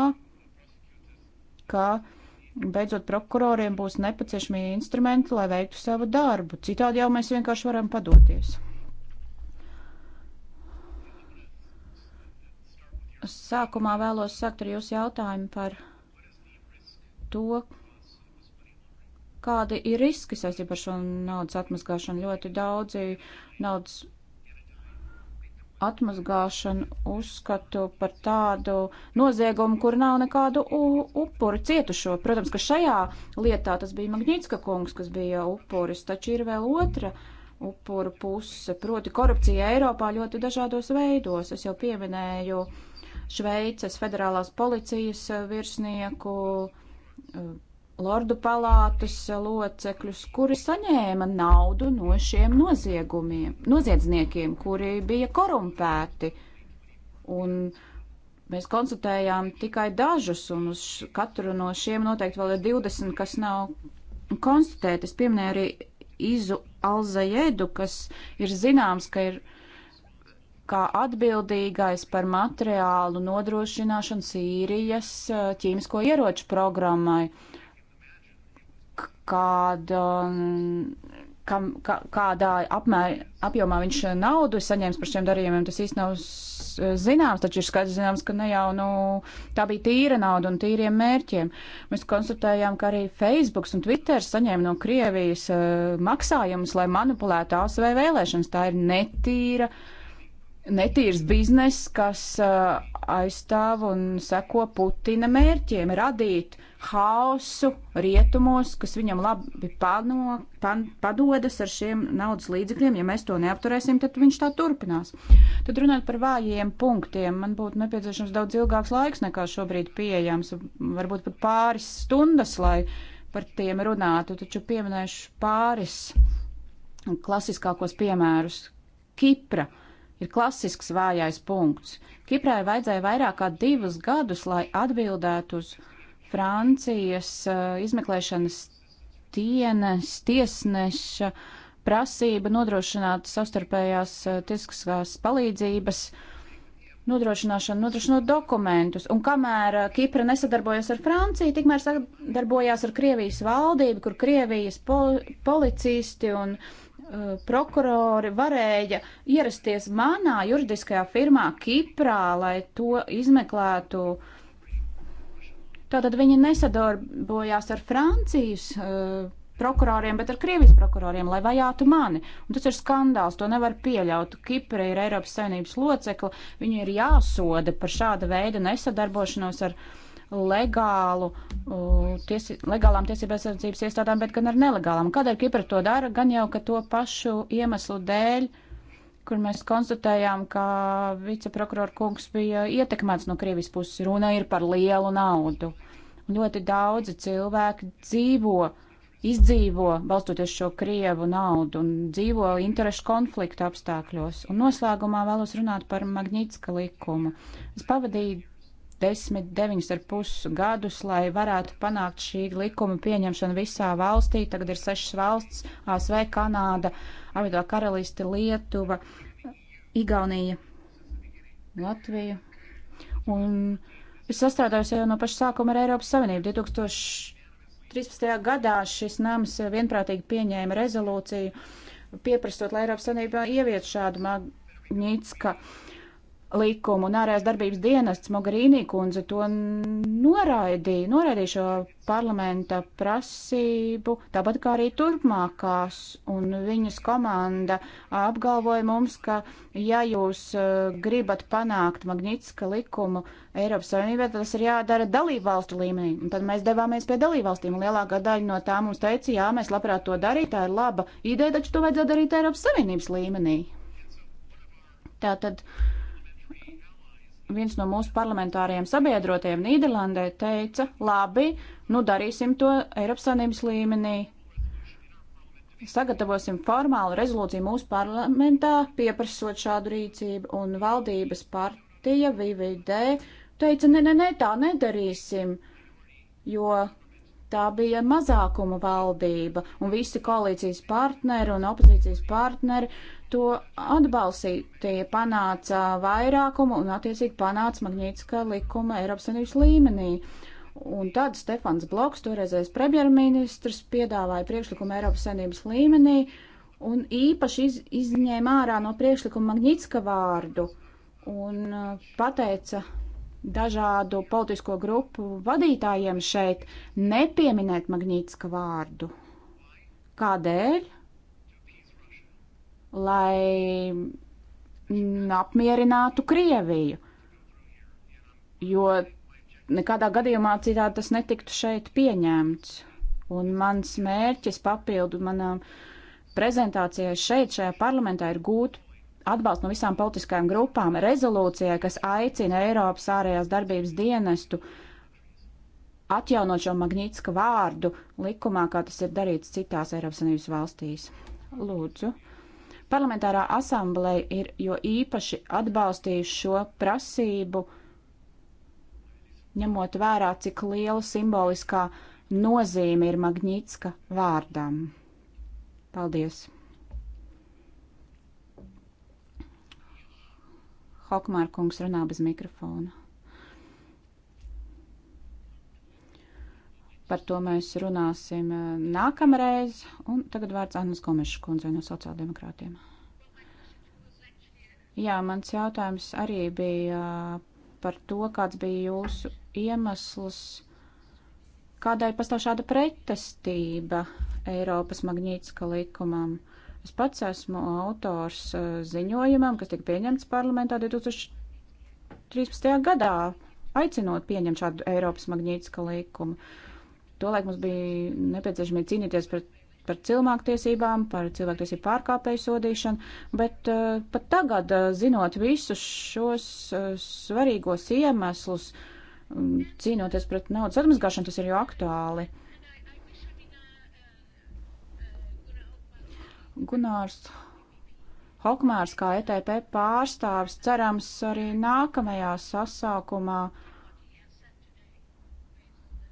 ka beidzot prokuroriem būs nepieciešami instrumenti, lai veiktu savu darbu. Citādi jau mēs vienkārši varam padoties. Sākumā vēlos sakt ar jūsu jautājumu par to, kādi ir riski saistībā ar šo naudas atmazgāšanu. Ļoti daudzi naudas atmazgāšanu uzskatu par tādu noziegumu, kur nav nekādu upuru cietušo. Protams, ka šajā lietā tas bija Magnitska kungs, kas bija upuris, taču ir vēl otra upuru puse, proti korupcija Eiropā ļoti dažādos veidos. Es jau pieminēju Šveices federālās policijas virsnieku lordu palātas locekļus, kuri saņēma naudu no šiem noziegumiem, noziedzniekiem, kuri bija korumpēti. Un mēs konstatējām tikai dažus, un uz katru no šiem noteikti vēl ir 20, kas nav konstatēti. Es pieminēju arī Izu Alzajedu, kas ir zināms, ka ir kā atbildīgais par materiālu nodrošināšanu Sīrijas ķīmisko ieroču programmai. Uh, kāda, kam, kā, kādā apmēr, apjomā viņš naudu ir saņēmis par šiem darījumiem, tas īsti nav zināms, taču ir skaidrs zināms, ka ne jau, nu, tā bija tīra nauda un tīriem mērķiem. Mēs konstatējām, ka arī Facebooks un Twitter saņēma no Krievijas uh, maksājumus, lai manipulētu ASV vēlēšanas. Tā ir netīra. Netīrs bizness, kas uh, aizstāv un seko Putina mērķiem radīt uh, haosu rietumos, kas viņam labi pano, pan, padodas ar šiem naudas līdzekļiem. Ja mēs to neapturēsim, tad viņš tā turpinās. Tad runāt par vājiem punktiem, man būtu nepieciešams daudz ilgāks laiks nekā šobrīd pieejams, varbūt pat pāris stundas, lai par tiem runātu, taču pieminēšu pāris klasiskākos piemērus. Kipra ir klasisks vājais punkts. Kiprai vajadzēja vairāk kā divus gadus, lai atbildētu uz Francijas eh, izmeklēšanas dienas tiesneša prasība nodrošināt savstarpējās eh, tiesiskās palīdzības nodrošināšanu, nodrošinot dokumentus. Un kamēr eh, Kipra nesadarbojas ar Franciju, tikmēr sadarbojās ar Krievijas valdību, kur Krievijas pol policisti un uh, prokurori varēja ierasties manā juridiskajā firmā Kiprā, lai to izmeklētu uh, Tātad viņi nesadarbojās ar Francijas uh, prokuroriem, bet ar Krievijas prokuroriem, lai vajātu mani. Un tas ir skandāls, to nevar pieļaut. Kipra ir Eiropas Savienības locekla, viņu ir jāsoda par šāda veida nesadarbošanos ar legālu, uh, tiesi, legālām tiesību aizsardzības iestādām, bet gan ar nelegālām. Kad ar Kipra to dara, gan jau, ka to pašu iemeslu dēļ uh, kur mēs konstatējām, ka viceprokurora kungs bija ietekmēts no Krievijas puses. Runa ir par lielu naudu. Ļoti daudzi cilvēki dzīvo, izdzīvo, balstoties šo Krievu naudu un dzīvo interešu konflikta apstākļos. Un noslēgumā vēlos runāt par Magnitska likumu. Es pavadīju desmit, deviņus ar pus gadus, lai varētu panākt šī likuma pieņemšanu visā valstī. Tagad ir sešas valsts - ASV, Kanāda, uh, Apvienotā karaliste, Lietuva, Igaunija, Latvija. Un es sastrādājos jau no paša sākuma ar Eiropas Savienību. 2013. gadā šis nams vienprātīgi pieņēma rezolūciju, pieprastot, lai Eiropas Savienībā ieviet šādu Magnitska uh, likumu, un ārējās darbības dienests Mogarīnī kundze to noraidīja, noraidīja šo parlamenta prasību, tāpat kā arī turpmākās, un viņas komanda apgalvoja mums, ka ja jūs uh, gribat panākt Magnitska likumu Eiropas Savienībā, tad tas ir jādara dalībvalstu līmenī, un tad mēs devāmies pie dalībvalstīm, un lielākā daļa no tā mums teica, jā, mēs labprāt to darīt, tā ir laba ideja, taču to vajadzētu darīt Eiropas Savienības līmenī. Tātad. tad viens no mūsu parlamentāriem sabiedrotiem Nīderlandē teica, labi, nu darīsim to Eiropas Savienības līmenī. Sagatavosim formālu rezolūciju mūsu parlamentā, pieprasot šādu rīcību, un valdības partija VVD teica, nē, nē, nē, tā nedarīsim, jo tā bija mazākuma valdība, un visi koalīcijas partneri un opozīcijas partneri uh, to atbalstītie panāca vairākumu un attiecīgi panāca Magnītiska likuma Eiropas Savienības līmenī. Un tad Stefans Bloks, toreizais premjerministrs, piedāvāja priekšlikumu Eiropas Savienības līmenī un īpaši iz, izņēma ārā no priekšlikuma Magnītiska vārdu un uh, pateica dažādu politisko grupu vadītājiem šeit nepieminēt Magnītiska vārdu. Kādēļ? lai mm, apmierinātu Krieviju, jo nekādā gadījumā citādi tas netiktu šeit pieņemts. Un mans mērķis papildu manām prezentācijai šeit, šajā parlamentā, ir gūt atbalstu no visām politiskajām grupām rezolūcijai, kas aicina Eiropas ārējās darbības dienestu atjaunot šo Magnitska vārdu likumā, kā tas ir darīts citās Eiropas Savienības valstīs. Lūdzu. Parlamentārā asambleja ir jo īpaši atbalstījuši šo prasību, ņemot vērā, cik liela simboliskā nozīme ir Magnītska vārdam. Paldies! Hokmārkungs runā bez mikrofona. Par to mēs runāsim eh, nākamreiz. Un tagad vārds Annas Gomeša kundzei no sociāldemokrātiem. Jā, mans jautājums arī bija eh, par to, kāds bija jūsu iemesls, kādai pastāv šāda pretestība Eiropas magnītiska likumam. Es pats esmu autors eh, ziņojumam, kas tika pieņemts parlamentā 2013. gadā, aicinot pieņemt šādu Eiropas magnītiska likumu. Tolaik mums bija nepieciešami cīnīties pret par cilvēktiesībām, par cilvēktiesību pārkāpēju sodīšanu, bet uh, pat tagad, uh, zinot visus šos uh, svarīgos iemeslus, um, cīnoties pret naudas atmazgāšanu, tas ir jau aktuāli. Gunārs Hokmārs, kā ETP pārstāvis, cerams arī nākamajā sasaukumā uh,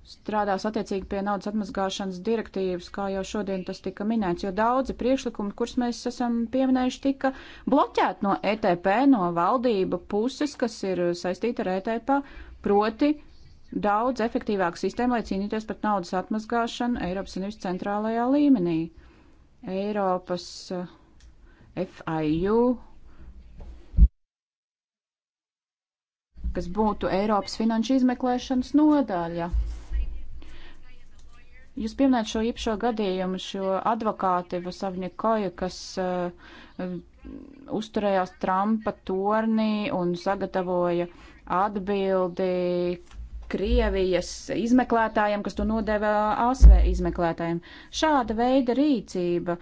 strādās attiecīgi pie naudas atmazgāšanas direktīvas, kā jau šodien tas tika minēts, jo daudzi priekšlikumi, kurus mēs esam pieminējuši, tika bloķēti no ETP, no valdība puses, kas ir saistīta ar ETP, proti daudz efektīvāku sistēmu, lai cīnīties pret naudas atmazgāšanu Eiropas Unības centrālajā līmenī. Eiropas eh, FIU, kas būtu Eiropas finanšu izmeklēšanas nodaļa. Jūs pieminējat šo īpašo gadījumu, šo advokāti Vasavņikoju, kas uh, uzturējās Trumpa tornī un sagatavoja atbildi Krievijas izmeklētājiem, kas to nodeva ASV izmeklētājiem. Šāda veida rīcība,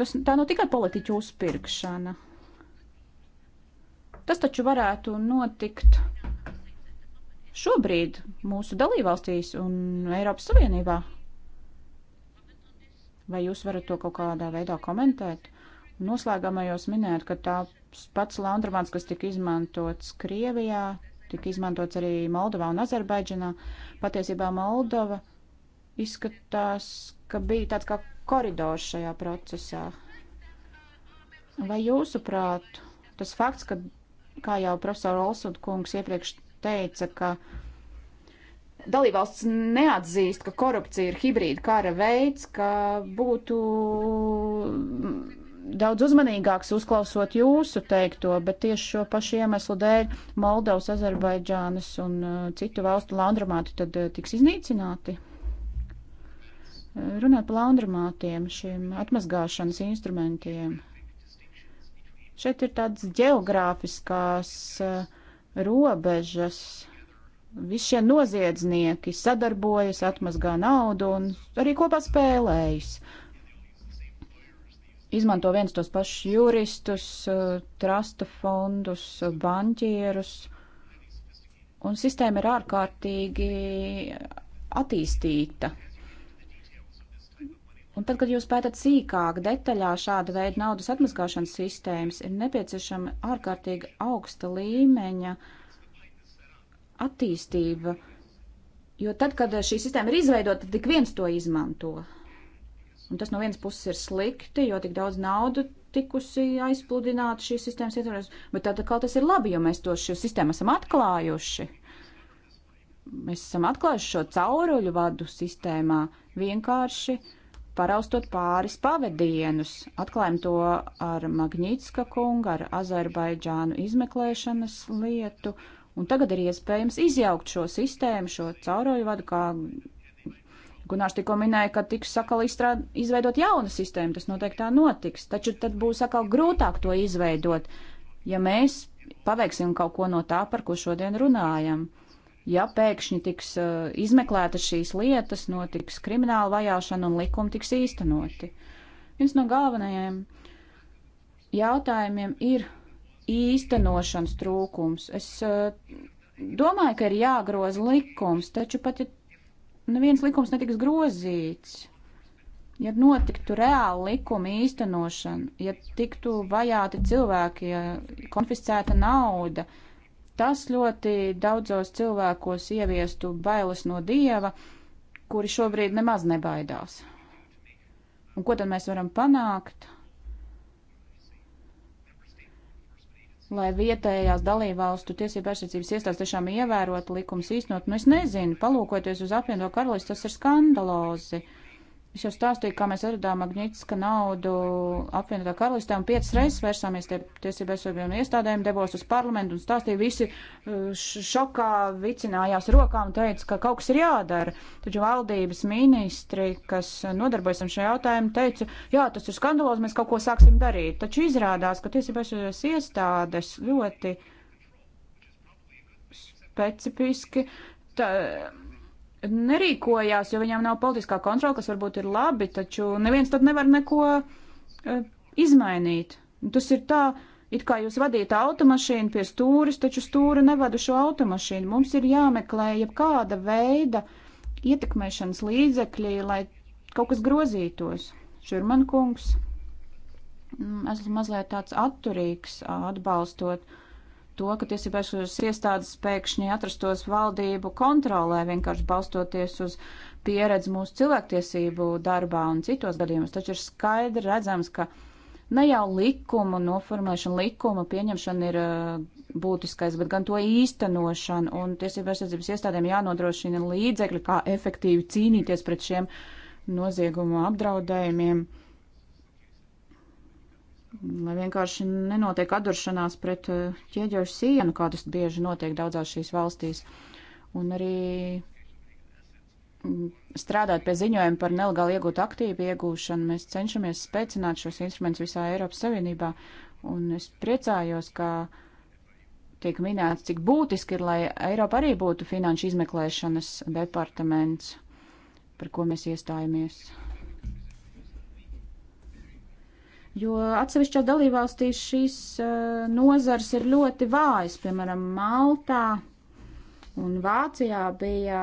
tas, tā nav tikai politiķu uzpirkšana. Tas taču varētu notikt šobrīd mūsu dalībvalstīs un Eiropas Savienībā. Vai jūs varat to kaut kādā veidā komentēt? Noslēgumā jūs minējat, ka tāds pats laundromāts, kas tika izmantots Krievijā, tika izmantots arī Moldovā un Azerbaidžanā. Patiesībā Moldova izskatās, ka bija tāds kā koridors šajā procesā. Vai jūsuprāt, tas fakts, ka, kā jau profesora Olsud kungs iepriekš teica, ka dalībvalsts neatzīst, ka korupcija ir hibrīda kara veids, ka būtu daudz uzmanīgāks uzklausot jūsu teikto, bet tieši šo pašu iemeslu dēļ Moldovas, Azerbaidžānas un uh, citu valstu laundromāti tad uh, tiks iznīcināti. Uh, runāt par laundromātiem, šiem atmazgāšanas instrumentiem. Šeit ir tādas geogrāfiskās robežas visi šie noziedznieki sadarbojas, atmazgā naudu un arī kopā spēlējas. Izmanto viens tos pašus juristus, trusta fondus, banķierus, un sistēma ir ārkārtīgi attīstīta. Un tad, kad jūs pētat sīkāk detaļā šāda veida naudas atmazgāšanas sistēmas, ir nepieciešama ārkārtīgi augsta līmeņa uh, attīstība, jo tad, kad eh, šī sistēma ir izveidota, tik viens to izmanto. Un tas no vienas puses ir slikti, jo tik daudz naudu tikusi aizpludināta šīs sistēmas ietvaros, bet tad atkal tas ir labi, jo mēs to šo sistēmu esam atklājuši. Mēs esam atklājuši šo cauruļu vadu sistēmā vienkārši paraustot pāris pavadienus. Atklājam to ar Magnitska kunga, ar Azerbaidžānu izmeklēšanas lietu Un tagad ir iespējams izjaukt šo sistēmu, šo cauroļu vadu, kā Gunārs tikko minēja, ka tiks sakal izstrād, izveidot jauna sistēma, tas noteikti tā notiks, taču tad būs sakal grūtāk to izveidot, ja mēs paveiksim kaut ko no tā, par ko šodien runājam. Ja pēkšņi tiks uh, izmeklētas šīs lietas, notiks krimināla vajāšana un likumi tiks īstenoti. Viens no galvenajiem jautājumiem ir īstenošanas trūkums. Es eh, domāju, ka ir jāgroza likums, taču pat ja neviens likums netiks grozīts, ja notiktu reāla likuma īstenošana, ja tiktu vajāti cilvēki, ja konfiscēta nauda, tas ļoti daudzos cilvēkos ieviestu bailes no dieva, kuri šobrīd nemaz nebaidās. Un ko tad mēs varam panākt? lai vietējās dalībvalstu tiesība aizsardzības iestādes tiešām ievērot likums īstenot. Nu, es nezinu, palūkoties uz apvienoto karalistu, tas ir skandalozi. Viņš jau stāstīja, kā mēs atradām Magnitska naudu apvienotā karalistē un piecas reizes vērsāmies tie tiesību aizsardzībiem iestādēm, devos uz parlamentu un stāstīja, visi uh, šokā vicinājās rokām un teica, ka kaut kas ir jādara. Taču valdības ministri, kas nodarbojas ar šo jautājumu, teica, jā, tas ir skandalos, mēs kaut ko sāksim darīt. Taču izrādās, ka tiesību aizsardzības iestādes ļoti specifiski. Tā, nerīkojās, jo viņām nav politiskā kontrola, kas varbūt ir labi, taču neviens tad nevar neko uh, izmainīt. Tas ir tā, it kā jūs vadītu automašīnu pie stūris, taču stūra nevada šo automašīnu. Mums ir jāmeklē jebkāda veida ietekmēšanas līdzekļi, lai kaut kas grozītos. Šurman kungs, es mm, esmu mazliet tāds atturīgs atbalstot uh, to, ka tiesībā šīs iestādes pēkšņi atrastos valdību kontrolē, vienkārši balstoties uz pieredzi mūsu cilvēktiesību darbā un citos gadījumos. Taču ir skaidri redzams, ka ne jau likumu noformulēšana, likuma pieņemšana ir uh, būtiskais, bet gan to īstenošana. Un tiesībā aizsardzības iestādēm jānodrošina līdzekļi, kā efektīvi cīnīties pret šiem noziegumu apdraudējumiem. Uh, lai vienkārši nenotiek atduršanās pret eh, ķieģeļu sienu, kā tas bieži notiek daudzās šīs valstīs. Un arī mm, strādāt pie ziņojuma par nelegāli iegūtu aktīvu iegūšanu, mēs cenšamies spēcināt šos instrumentus visā Eiropas Savienībā. Un es priecājos, ka tiek minēts, cik būtiski ir, lai Eiropa arī būtu finanšu izmeklēšanas departaments, par ko mēs iestājamies. jo atsevišķās dalībvalstīs šīs eh, nozars ir ļoti vājas, piemēram, Maltā un Vācijā bija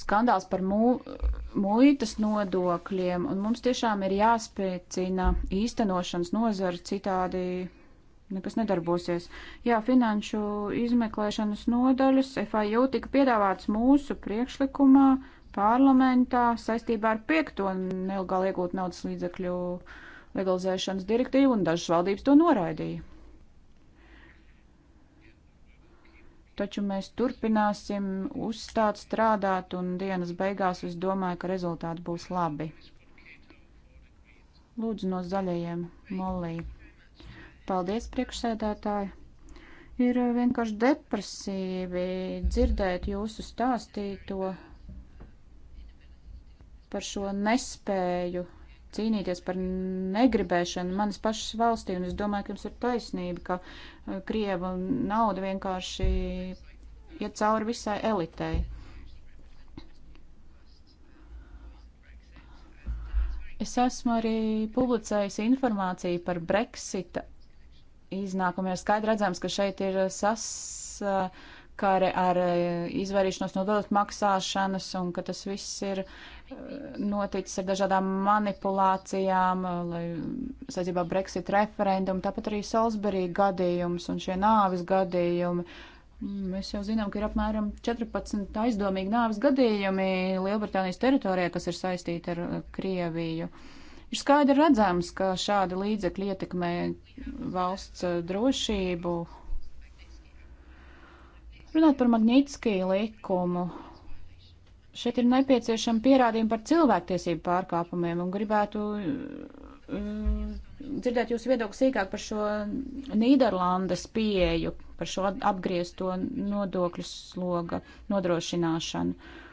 skandāls par mū, muitas nodokļiem, un mums tiešām ir jāspēcina īstenošanas nozara citādi. Nekas nedarbosies. Jā, finanšu izmeklēšanas nodaļas FIU tika piedāvāts mūsu priekšlikumā, parlamentā saistībā ar piekto nelegāli iegūt naudas līdzekļu legalizēšanas direktīvu, un dažas valdības to noraidīja. Taču mēs turpināsim uzstāt strādāt, un dienas beigās es domāju, ka rezultāti būs labi. Lūdzu no zaļajiem, Mollī. Paldies, priekšsēdētāji! Ir uh, vienkārši depresīvi dzirdēt jūsu stāstīto par šo nespēju cīnīties par negribēšanu manas pašas valstī, un es domāju, ka jums ir taisnība, ka uh, Krieva nauda vienkārši iet cauri visai elitei. Es esmu arī publicējis informāciju par Brexita iznākumu. Ir skaidri redzams, ka šeit ir saskare ar uh, izvairīšanos no dodas maksāšanas un ka tas viss ir uh, Eh, noticis ar dažādām manipulācijām, eh, lai saistībā Brexit referendumu, tāpat arī Salisbury gadījums un šie nāvis gadījumi. Mēs jau zinām, ka ir apmēram 14 aizdomīgi nāvis gadījumi Lielbritānijas teritorijā, kas ir saistīti ar eh, Krieviju. Ir skaidri redzams, ka šādi līdzekļi ietekmē valsts drošību. Runāt par Magnitskiju likumu Šeit ir nepieciešama pierādījuma par cilvēktiesību pārkāpumiem un gribētu mm, dzirdēt jūsu viedokli sīkāk par šo Nīderlandes pieeju, par šo apgriezto nodokļu sloga nodrošināšanu. Uh,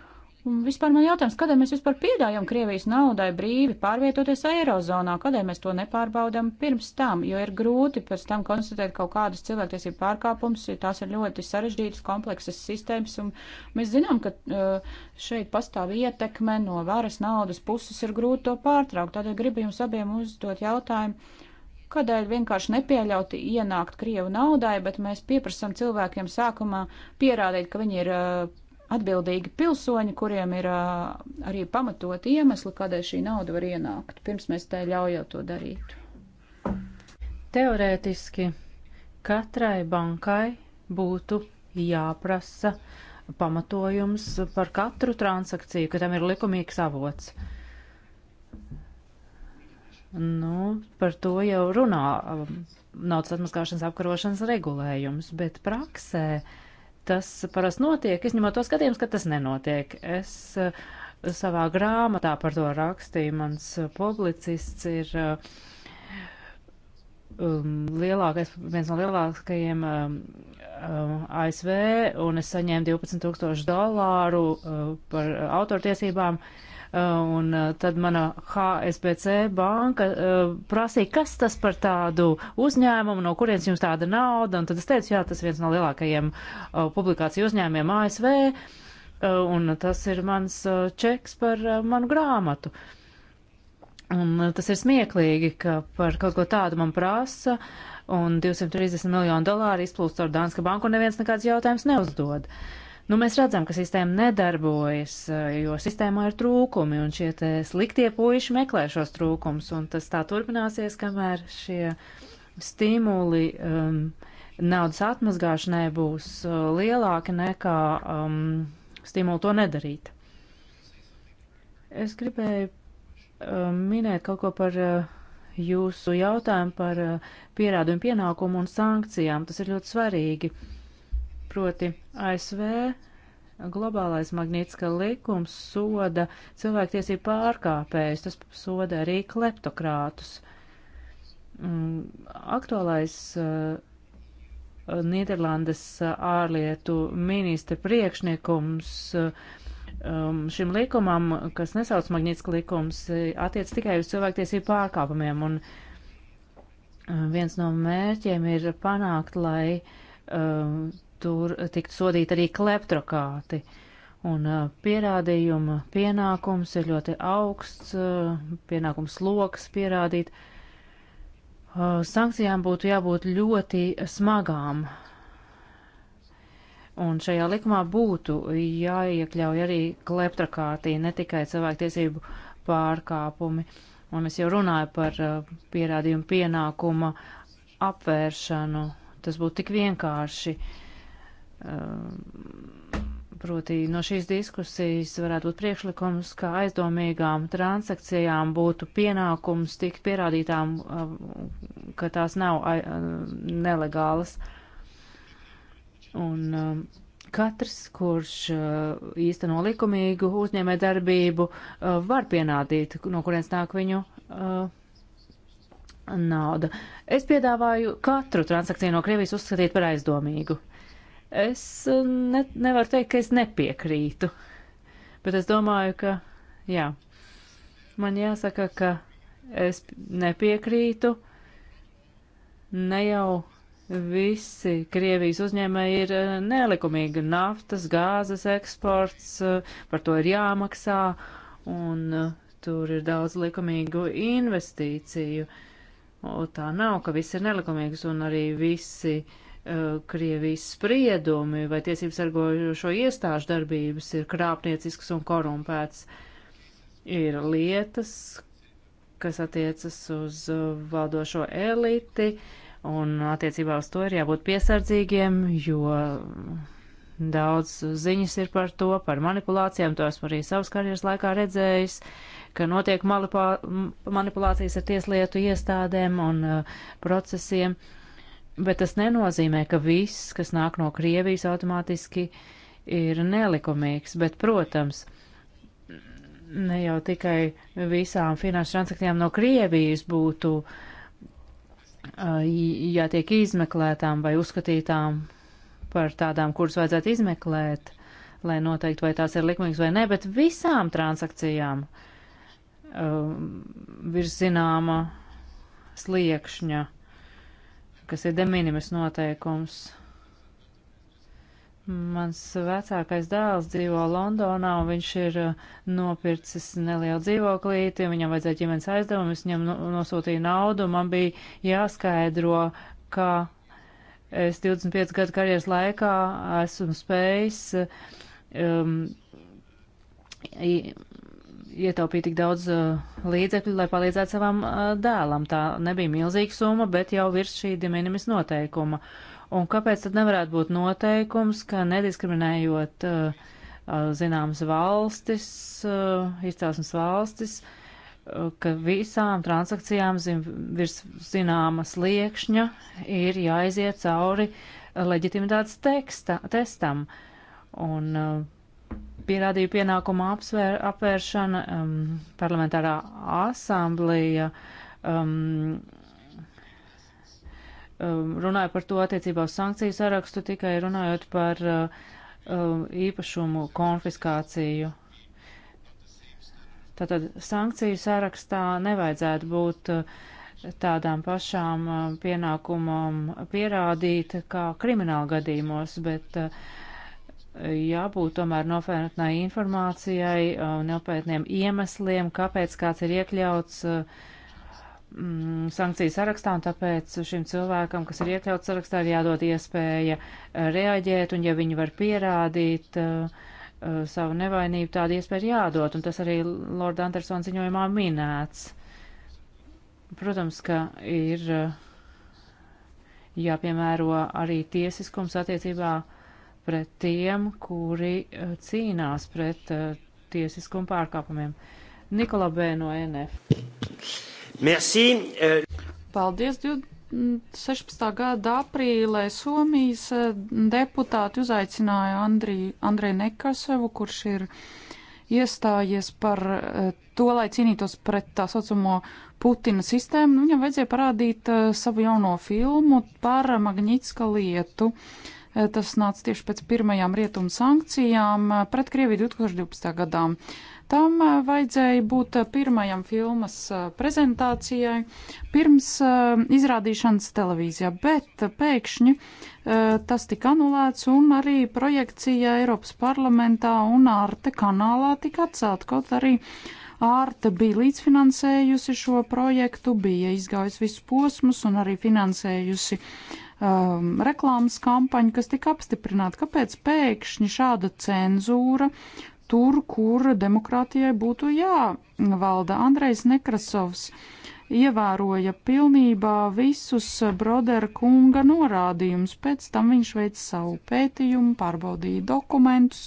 Vispār man jautājums, kādēļ mēs vispār piedājam Krievijas naudai brīvi pārvietoties Eirozonā, kādēļ mēs to nepārbaudam pirms tam, jo ir grūti pēc tam konstatēt kaut kādas cilvēktiesību pārkāpumus, jo tās ir ļoti sarežģītas, kompleksas sistēmas, un mēs zinām, ka uh, šeit pastāv ietekme no varas naudas puses, ir grūti to pārtraukt. Tādēļ gribu jums abiem uzdot jautājumu kādēļ vienkārši nepieļauti ienākt Krievu naudai, bet mēs pieprasām cilvēkiem sākumā pierādīt, ka viņi ir uh, atbildīgi pilsoņi, kuriem ir uh, arī pamatot iemesli, kādēļ šī nauda var ienākt, pirms mēs tā ļaujam to darīt. Teorētiski katrai bankai būtu jāprasa pamatojums par katru transakciju, ka tam ir likumīgs avots. Nu, par to jau runā naudas atmaskāšanas apkarošanas regulējums, bet praksē uh, tas parasti notiek. Es ņemot to skatījumus, ka tas nenotiek. Es eh, savā grāmatā par to rakstīju. Mans eh, publicists ir eh, um, lielākais, viens no lielākajiem um, ASV, un es saņēmu 12 tūkstošu dolāru uh, par autortiesībām. Uh, Eh, un eh, tad mana HSBC banka eh, prasīja, kas tas par tādu uzņēmumu, no kurienes jums tāda nauda, un tad es teicu, jā, tas viens no lielākajiem publikāciju uzņēmumiem ASV, un tas ir mans čeks par manu grāmatu. Un tas ir smieklīgi, ka par kaut ko tādu man prasa, un 230 miljonu dolāru izplūst ar Danska banku, un neviens nekāds jautājums neuzdod. Uh, Nu, mēs redzam, ka sistēma nedarbojas, eh, jo sistēmā ir trūkumi, un šie sliktie puiši meklē šos trūkumus, un tas tā turpināsies, kamēr šie stimuli um, naudas atmazgāšanai būs uh, lielāki nekā um, stimuli to nedarīt. Es gribēju uh, minēt kaut ko par. Uh, Jūsu jautājumu par uh, pierādumu pienākumu un sankcijām, tas ir ļoti svarīgi. Uh, Proti ASV globālais magnītiskā likums soda cilvēktiesību pārkāpējus, tas soda arī kleptokrātus. Mm, aktuālais uh, Nīderlandes uh, ārlietu ministra priekšniekums uh, um, šim likumam, kas nesauc magnītiskā likums, attiec tikai uz cilvēktiesību pārkāpumiem. Un viens no mērķiem ir panākt, lai tur tikt sodīti arī kleptokāti. Un uh, pierādījuma pienākums ir ļoti augsts, uh, pienākums loks pierādīt. Uh, sankcijām būtu jābūt ļoti smagām. Un šajā likumā būtu jāiekļauj arī kleptokātī, ne tikai cilvēktiesību pārkāpumi. Un es jau runāju par pierādījumu pienākuma apvēršanu. Tas būtu tik vienkārši. Uh, Ehm, proti no šīs diskusijas varētu būt priekšlikums, ka aizdomīgām transakcijām būtu pienākums tikt pierādītām, ehm, ka tās nav ehm, nelegālas. Un katrs, kurš īsteno likumīgu uzņēmē darbību, var pienādīt, no kurienes nāk viņu nauda. Es piedāvāju katru transakciju no Krievijas uzskatīt par aizdomīgu. Es eh, ne, nevaru teikt, ka es nepiekrītu, bet es domāju, ka, jā, man jāsaka, ka es nepiekrītu. Ne jau visi Krievijas uzņēmēji ir eh, nelikumīgi. Naftas, gāzes eksports, eh, par to ir jāmaksā, un tur ir daudz likumīgu investīciju. Un tā nav, ka viss ir nelikumīgs, un arī visi uh, Eh, Krievijas spriedumi vai tiesību sargojošo iestāžu darbības ir krāpniecisks un korumpēts. Ir lietas, kas attiecas uz eh, valdošo eliti, un attiecībā uz to ir jābūt piesardzīgiem, jo daudz ziņas ir par to, par manipulācijām, to esmu arī savas karjeras laikā redzējis ka notiek manipulācijas ar tieslietu iestādēm un uh, procesiem. Uh, bet tas nenozīmē, ka viss, kas nāk no Krievijas, automātiski ir nelikumīgs, bet, protams, ne jau tikai visām finanšu transakcijām no Krievijas būtu jātiek izmeklētām vai uzskatītām par tādām, kuras vajadzētu izmeklēt, lai noteikti, vai tās ir likumīgas vai nē, bet visām transakcijām um, virs zināma sliekšņa. Uh, kas ir deminimis noteikums. Mans vecākais dēls dzīvo Londonā, un viņš ir uh, nopircis nelielu dzīvoklīti, viņam vajadzēja ģimenes aizdevumus, viņam nosūtīja naudu, man bija jāskaidro, ka es 25 gadu karjeras laikā esmu spējis um, ietaupīja tik daudz uh, līdzekļu, lai palīdzētu savam uh, dēlam. Tā nebija milzīga summa, bet jau virs šī diminimis noteikuma. Un kāpēc tad nevarētu būt noteikums, ka nediskriminējot uh, uh zināmas valstis, uh, izcelsmes valstis, uh, ka visām transakcijām zin, virs zināmas liekšņa ir jāiziet cauri leģitimitātes teksta, testam. Un uh, pierādīju pienākumu apsvēr, apvēršana, um, parlamentārā asamblija um, um runāja par to attiecībā uz sankciju sarakstu, tikai runājot par uh, um, īpašumu konfiskāciju. Tātad sankciju sarakstā nevajadzētu būt uh, tādām pašām uh, pienākumam pierādīt kā krimināla gadījumos, bet uh, jābūt tomēr nopietnai informācijai, uh, nopietniem iemesliem, kāpēc kāds ir iekļauts uh, mm, sankciju sarakstā, un tāpēc šim cilvēkam, kas ir iekļauts sarakstā, ir jādod iespēja uh, reaģēt, un ja viņi var pierādīt uh, savu nevainību, tāda iespēja ir jādod, un tas arī Lorda Andersona ziņojumā minēts. Protams, ka ir jāpiemēro arī tiesiskums attiecībā uh, pret tiem, kuri eh, cīnās pret eh, tiesiskumu pārkāpumiem. Nikola B. no NF. Merci. Eh. Paldies, 16. gada aprīlē Somijas deputāti uzaicināja Andriju, Andreju Nekasevu, kurš ir iestājies par to, lai cīnītos pret tā saucamo Putina sistēmu. Viņam vajadzēja parādīt savu jauno filmu par Magnitska lietu. Uh, Eh, tas nāca tieši pēc pirmajām rietumu sankcijām eh, pret Krieviju 2012. gadā. Tam eh, vajadzēja būt pirmajam filmas prezentācijai pirms izrādīšanas televīzijā, bet pēkšņi tas tika anulēts un arī projekcija Eiropas parlamentā un ārte kanālā tika atcelt, kaut arī ārte bija līdzfinansējusi šo projektu, bija izgājusi visus posmus un arī finansējusi uh, um, reklāmas kampaņu, kas tika apstiprināta. Kāpēc pēkšņi šāda cenzūra tur, kur demokrātijai būtu jāvalda? Andrejs Nekrasovs ievēroja pilnībā visus Brodera kunga norādījumus. Pēc tam viņš veica savu pētījumu, pārbaudīja dokumentus,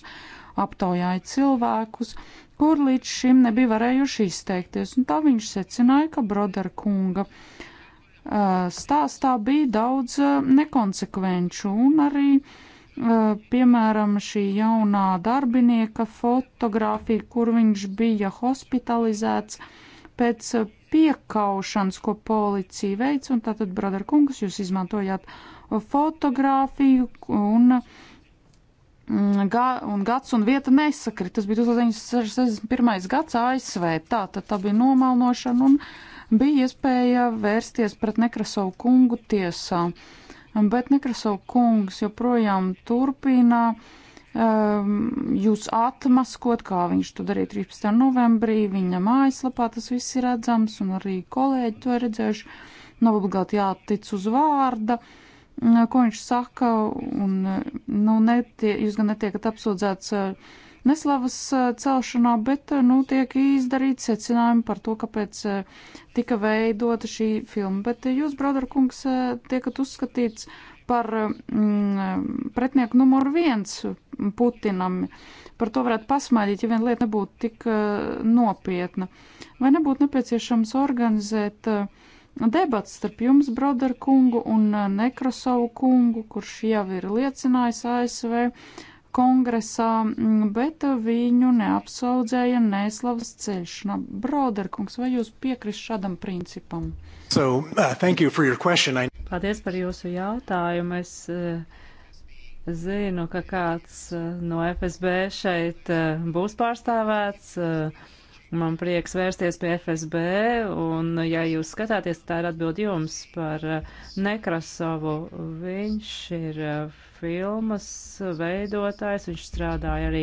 aptaujāja cilvēkus, kur līdz šim nebija varējuši izteikties, un tā viņš secināja, ka Brodera kunga uh, Eh, stāstā bija daudz eh, nekonsekvenču un arī, eh, piemēram, šī jaunā darbinieka fotografija, kur viņš bija hospitalizēts pēc piekaušanas, ko policija veica, un tātad, brother kungs, jūs izmantojāt fotografiju un, mm, ga, un gads un vieta nesakrit. Tas bija 1961. gads ASV, tā tad tā bija nomalnošana un. Uh, bija iespēja vērsties pret Nekrasovu kungu tiesā, bet Nekrasovu kungs joprojām turpina um, jūs atmaskot, kā viņš to darīja 13. novembrī, viņa mājaslapā tas viss ir redzams, un arī kolēģi to ir redzējuši. Nav obligāti jātic uz vārda, mm, ko viņš saka, un, nu, netie, jūs gan netiekat apsūdzēts uh, neslavas celšanā, bet nu, tiek izdarīti secinājumi par to, kāpēc tika veidota šī filma. Bet jūs, Brodar kungs, tiekat uzskatīts par mm, pretnieku numuru viens Putinam. Par to varētu pasmaidīt, ja viena lieta nebūtu tik uh, nopietna. Vai nebūtu nepieciešams organizēt uh, debats starp jums, Broder kungu un uh, Nekrosovu kungu, kurš jau ir liecinājis ASV kongresā, mm, bet viņu neapsaudzēja neslavas celšana. Nu, Broderkungs, vai jūs piekrist šādam principam? So, uh, you I... Paldies par jūsu jautājumu. Es uh, zinu, ka kāds uh, no FSB šeit uh, būs pārstāvēts. Uh, Man prieks vērsties pie FSB, un ja jūs skatāties, tā ir atbildi jums par eh, Nekrasovu. Viņš ir eh, filmas veidotājs, viņš strādāja arī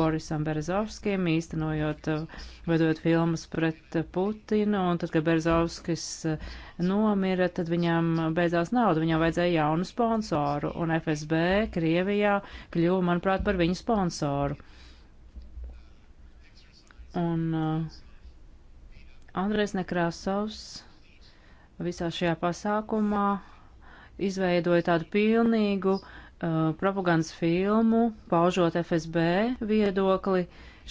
Borisam Berezovskim, īstenojot, eh, vedot filmas pret Putinu, un tad, kad Berezovskis nomira, tad viņam beidzās nauda, viņam vajadzēja jaunu sponsoru, un FSB Krievijā kļuva, manuprāt, par viņu sponsoru. Un uh, Andrēs Nekrāsovs visā šajā pasākumā izveidoja tādu pilnīgu uh, propagandas filmu, paužot FSB viedokli.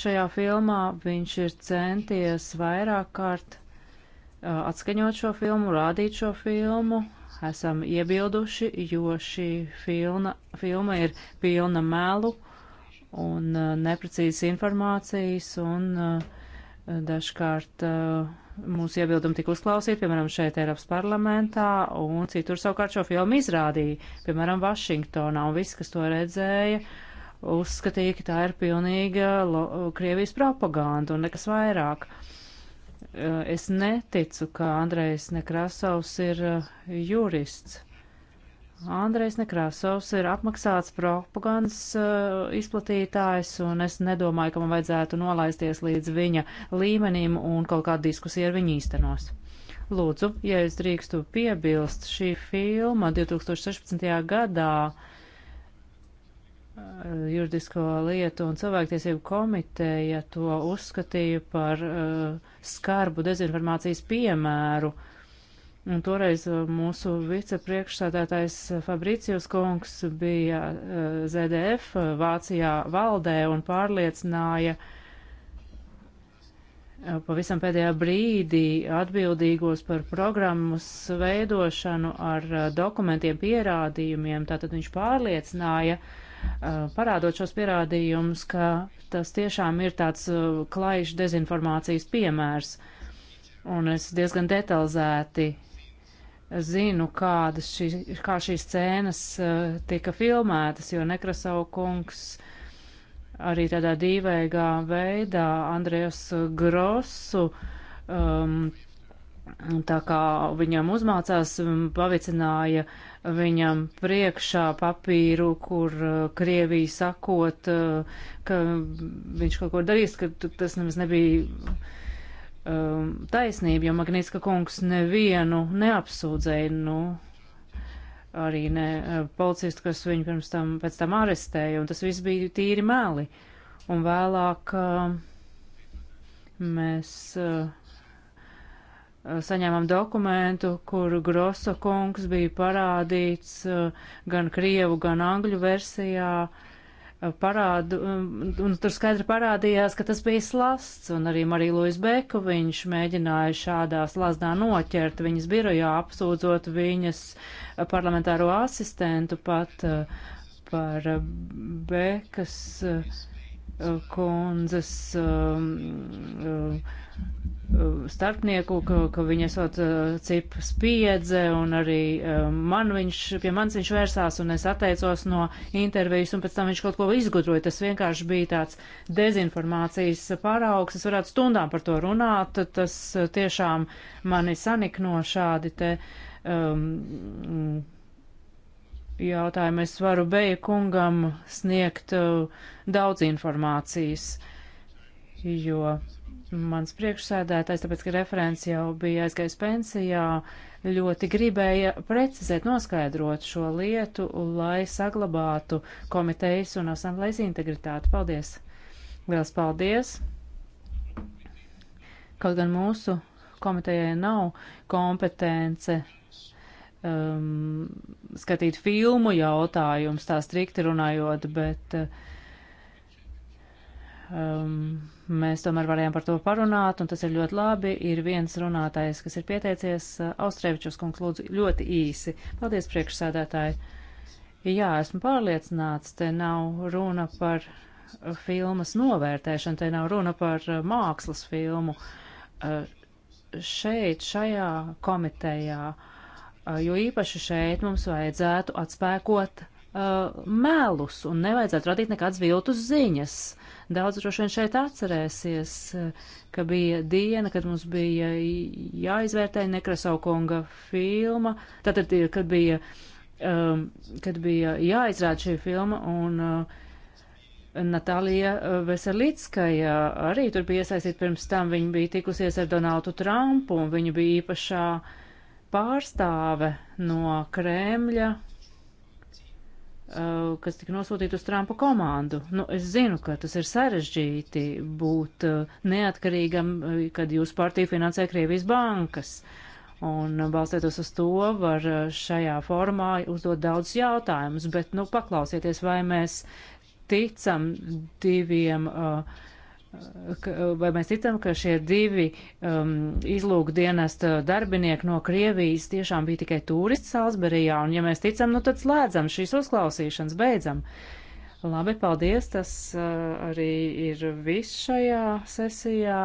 Šajā filmā viņš ir centies vairāk kārt uh, atskaņot šo filmu, rādīt šo filmu, esam iebilduši, jo šī filma, filma ir pilna melu un uh, neprecīzas informācijas, un uh, dažkārt uh, mūsu iebildumi tika uzklausīti, piemēram, šeit Eiropas parlamentā, un citur savukārt šo filmu izrādīja, piemēram, Vašingtonā, un viss, kas to redzēja, uzskatīja, ka tā ir pilnīga Krievijas propaganda un nekas vairāk. Es neticu, ka Andrejs Nekrasovs ir jurists. Andrejs Nekrāsovs ir apmaksāts propagandas uh, izplatītājs, un es nedomāju, ka man vajadzētu nolaisties līdz viņa līmenim un kaut kādu diskusiju ar viņu īstenos. Lūdzu, ja es drīkstu piebilst, šī filma 2016. gadā uh, Juridisko lietu un cilvēktiesību komiteja to uzskatīja par uh, skarbu dezinformācijas piemēru. Uh, Un toreiz uh, mūsu vicepriekšsādātājs Fabricijus kungs bija uh, ZDF uh, Vācijā valdē un pārliecināja pavisam pēdējā brīdī atbildīgos par programmas veidošanu ar dokumentiem pierādījumiem. Tātad viņš pārliecināja, parādot šos pierādījumus, ka tas tiešām ir tāds klaišs dezinformācijas piemērs. Un es diezgan detalizēti zinu, kādas šī, kā šīs scēnas uh, tika filmētas, jo Nekrasau kungs arī tādā dīvaigā veidā Andrejas Grosu um, tā kā viņam uzmācās, um, pavicināja viņam priekšā papīru, kur eh, Krievija sakot, eh, ka viņš kaut ko darīs, ka tas nemaz nebija um, taisnību, jo Magnītska kungs nevienu neapsūdzēja, nu, arī ne uh, policistu, kas viņu pirms tam, pēc tam arestēja, un tas viss bija tīri meli. Un vēlāk uh, mēs uh, saņēmām dokumentu, kur Grosa kungs bija parādīts uh, gan Krievu, gan Angļu versijā. Uh, parādu, um, un tur skaidri parādījās, ka tas bija slasts, un arī Marija Lūis Beku viņš mēģināja šādā slazdā noķert viņas birojā, apsūdzot viņas parlamentāro asistentu pat uh, par Bekas. Uh, kundzes um, um, starpnieku, ka, ka viņa esot uh, cip spiedze un arī um, man viņš, pie manis viņš vērsās un es atteicos no intervijas un pēc tam viņš kaut ko izgudroja. Tas vienkārši bija tāds dezinformācijas paraugs. Es varētu stundām par to runāt. Tas uh, tiešām mani sanikno šādi te. Um, jautājumu. Es varu Beja kungam sniegt uh, daudz informācijas, jo mans priekšsēdētājs, tāpēc, ka referents jau bija aizgājis pensijā, ļoti gribēja precizēt, noskaidrot šo lietu, lai saglabātu komitejas un asamblejas integritāti. Paldies! Liels paldies! Kaut gan mūsu komitejai nav kompetence um, skatīt filmu jautājums, tā strikti runājot, bet um, mēs tomēr varējām par to parunāt, un tas ir ļoti labi. Ir viens runātājs, kas ir pieteicies, Austrēvičus kungs, lūdzu, ļoti īsi. Paldies, priekšsēdētāji. Jā, esmu pārliecināts, te nav runa par filmas novērtēšanu, te nav runa par mākslas filmu. Uh, šeit, šajā komitejā uh, jo īpaši šeit mums vajadzētu atspēkot uh, melus un nevajadzētu radīt nekādas viltus ziņas. Daudz droši vien šeit atcerēsies, ka bija diena, kad mums bija jāizvērtē Nekrasaukonga filma, tātad, kad bija, um, kad bija jāizrāda šī filma un uh, Natālija Veselitskaja arī tur bija iesaistīta pirms tam, viņa bija tikusies ar Donaldu Trumpu un viņa bija īpašā uh, pārstāve no Kremļa, uh, kas tika nosūtīta uz Trumpa komandu. Nu, es zinu, ka tas ir sarežģīti būt uh, neatkarīgam, uh, kad jūsu partija finansē Krievijas bankas. Un balstoties uz to, var šajā formā uzdot daudz jautājumus, bet, nu, paklausieties, vai mēs ticam diviem uh, vai mēs ticam, ka šie divi um, izlūkdienesta darbinieki no Krievijas tiešām bija tikai turisti Salzberijā, un ja mēs ticam, nu tad slēdzam šīs uzklausīšanas, beidzam. Labi, paldies, tas uh, arī ir viss šajā sesijā.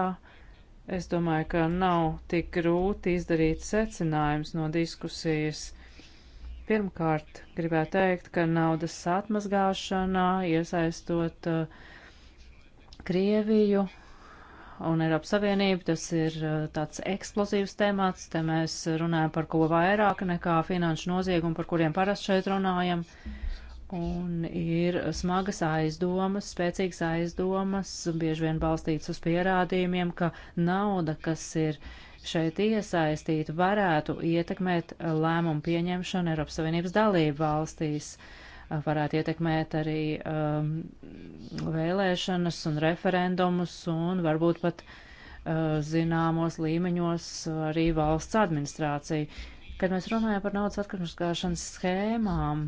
Es domāju, ka nav tik grūti izdarīt secinājums no diskusijas. Pirmkārt, gribētu teikt, ka naudas atmazgāšana, iesaistot uh, Krieviju un Eiropas Savienību. Tas ir uh, tāds eksplozīvs temats, te mēs runājam par ko vairāk nekā finanšu noziegumu, par kuriem parasti šeit runājam. Un ir smagas aizdomas, spēcīgas aizdomas, bieži vien balstītas uz pierādījumiem, ka nauda, kas ir šeit iesaistīta, varētu ietekmēt lēmumu pieņemšanu Eiropas Savienības dalību valstīs. Uh, varētu ietekmēt arī um, vēlēšanas un referendumus un varbūt pat uh, zināmos līmeņos arī valsts administrāciju. Kad mēs runājam par naudas atkarnošanas schēmām,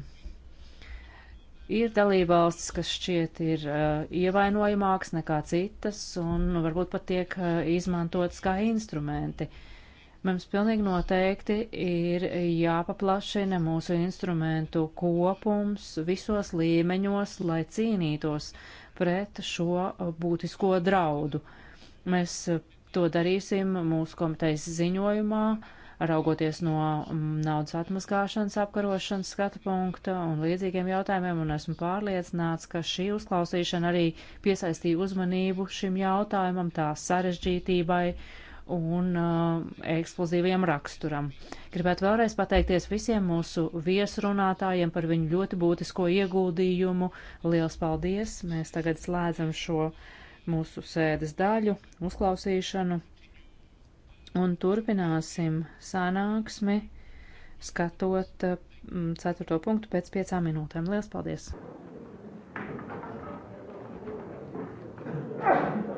ir dalībvalstis, kas šķiet ir uh, ievainojamāks nekā citas un varbūt pat tiek uh, izmantotas kā instrumenti. Uh, Mums pilnīgi noteikti ir jāpaplašina mūsu instrumentu kopums visos līmeņos, lai cīnītos pret šo būtisko draudu. Mēs to darīsim mūsu komitejas ziņojumā raugoties no naudas atmaskāšanas apkarošanas skatu punkta un līdzīgiem jautājumiem, un esmu pārliecināts, ka šī uzklausīšana arī piesaistīja uzmanību šim jautājumam, tā sarežģītībai un uh, eksplozīviem raksturam. Gribētu vēlreiz pateikties visiem mūsu viesrunātājiem par viņu ļoti būtisko ieguldījumu. Liels paldies! Mēs tagad slēdzam šo mūsu sēdes daļu, uzklausīšanu un turpināsim sanāksmi, skatot uh, ceturto punktu pēc piecām minūtēm. Liels paldies! Thank you.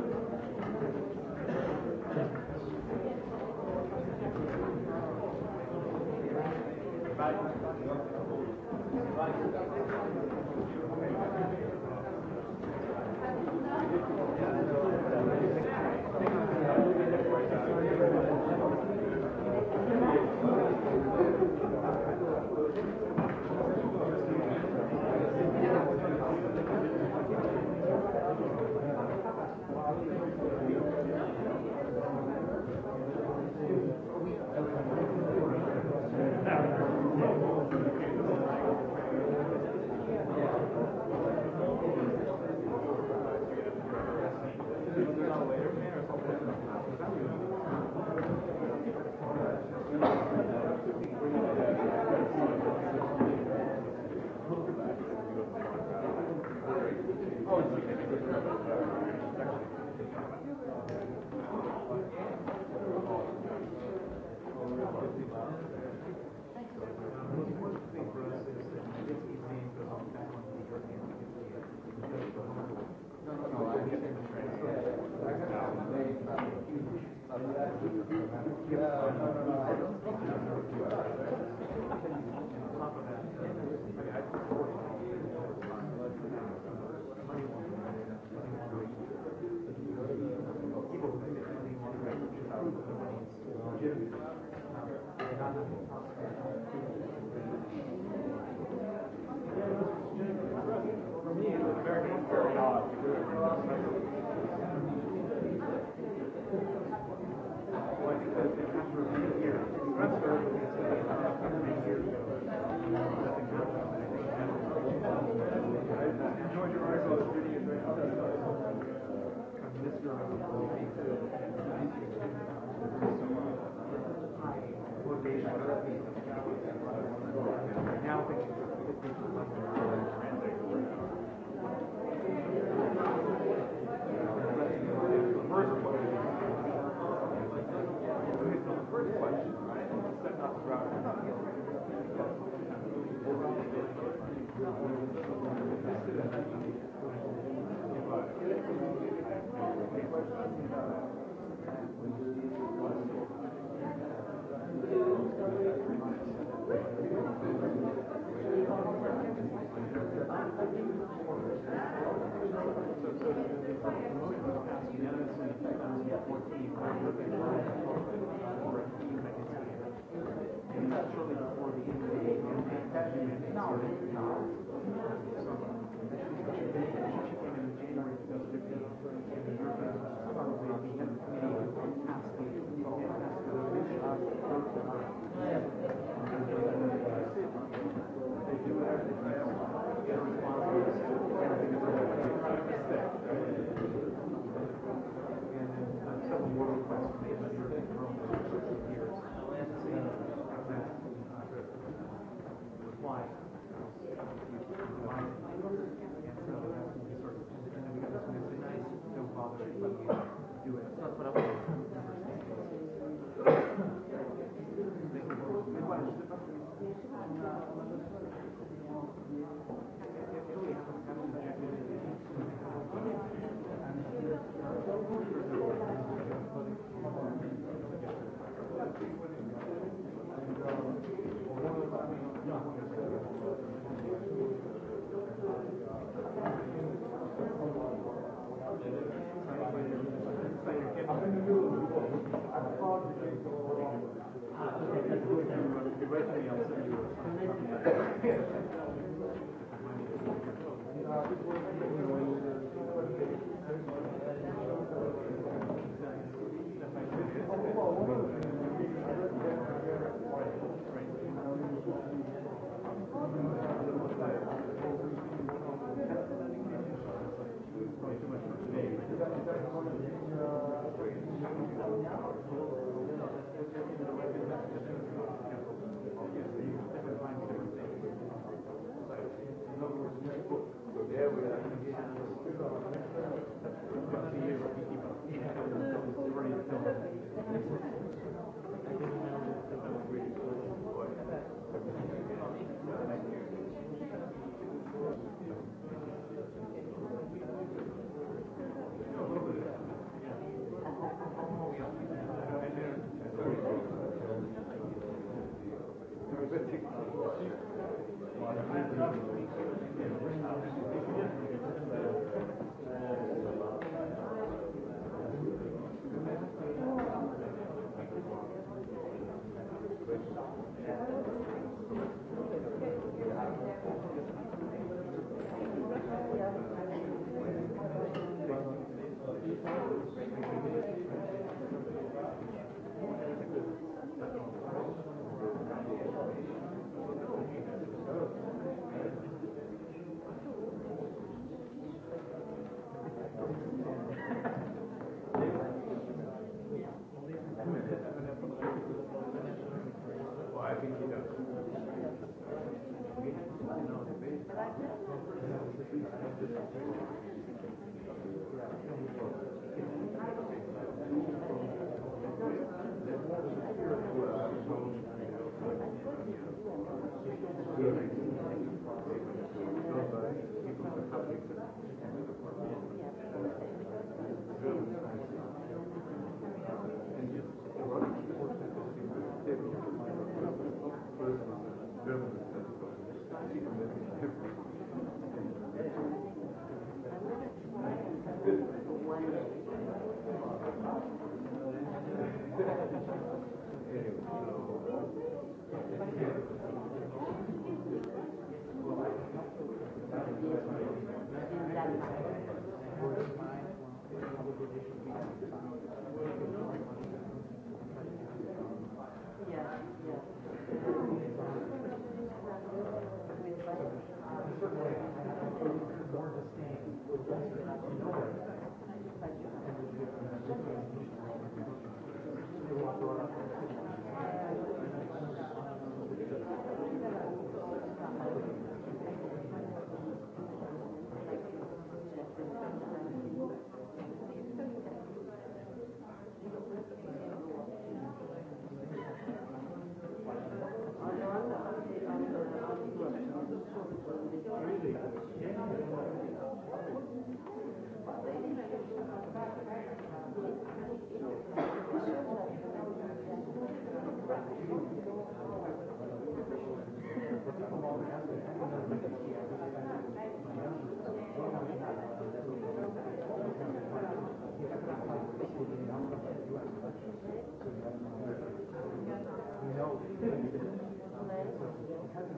Thank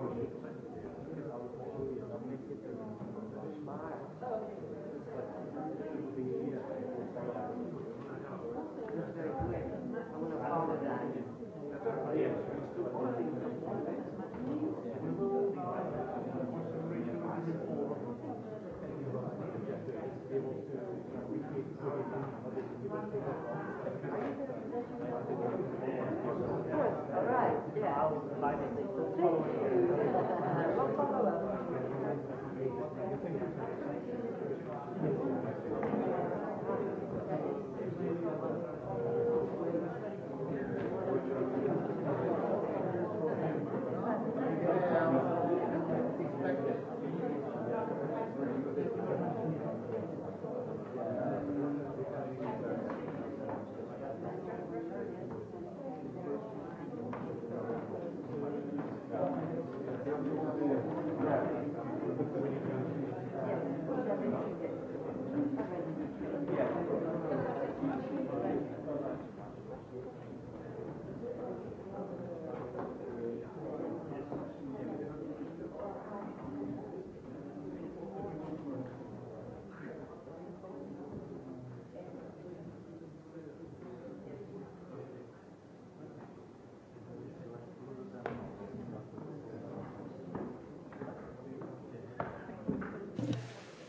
you.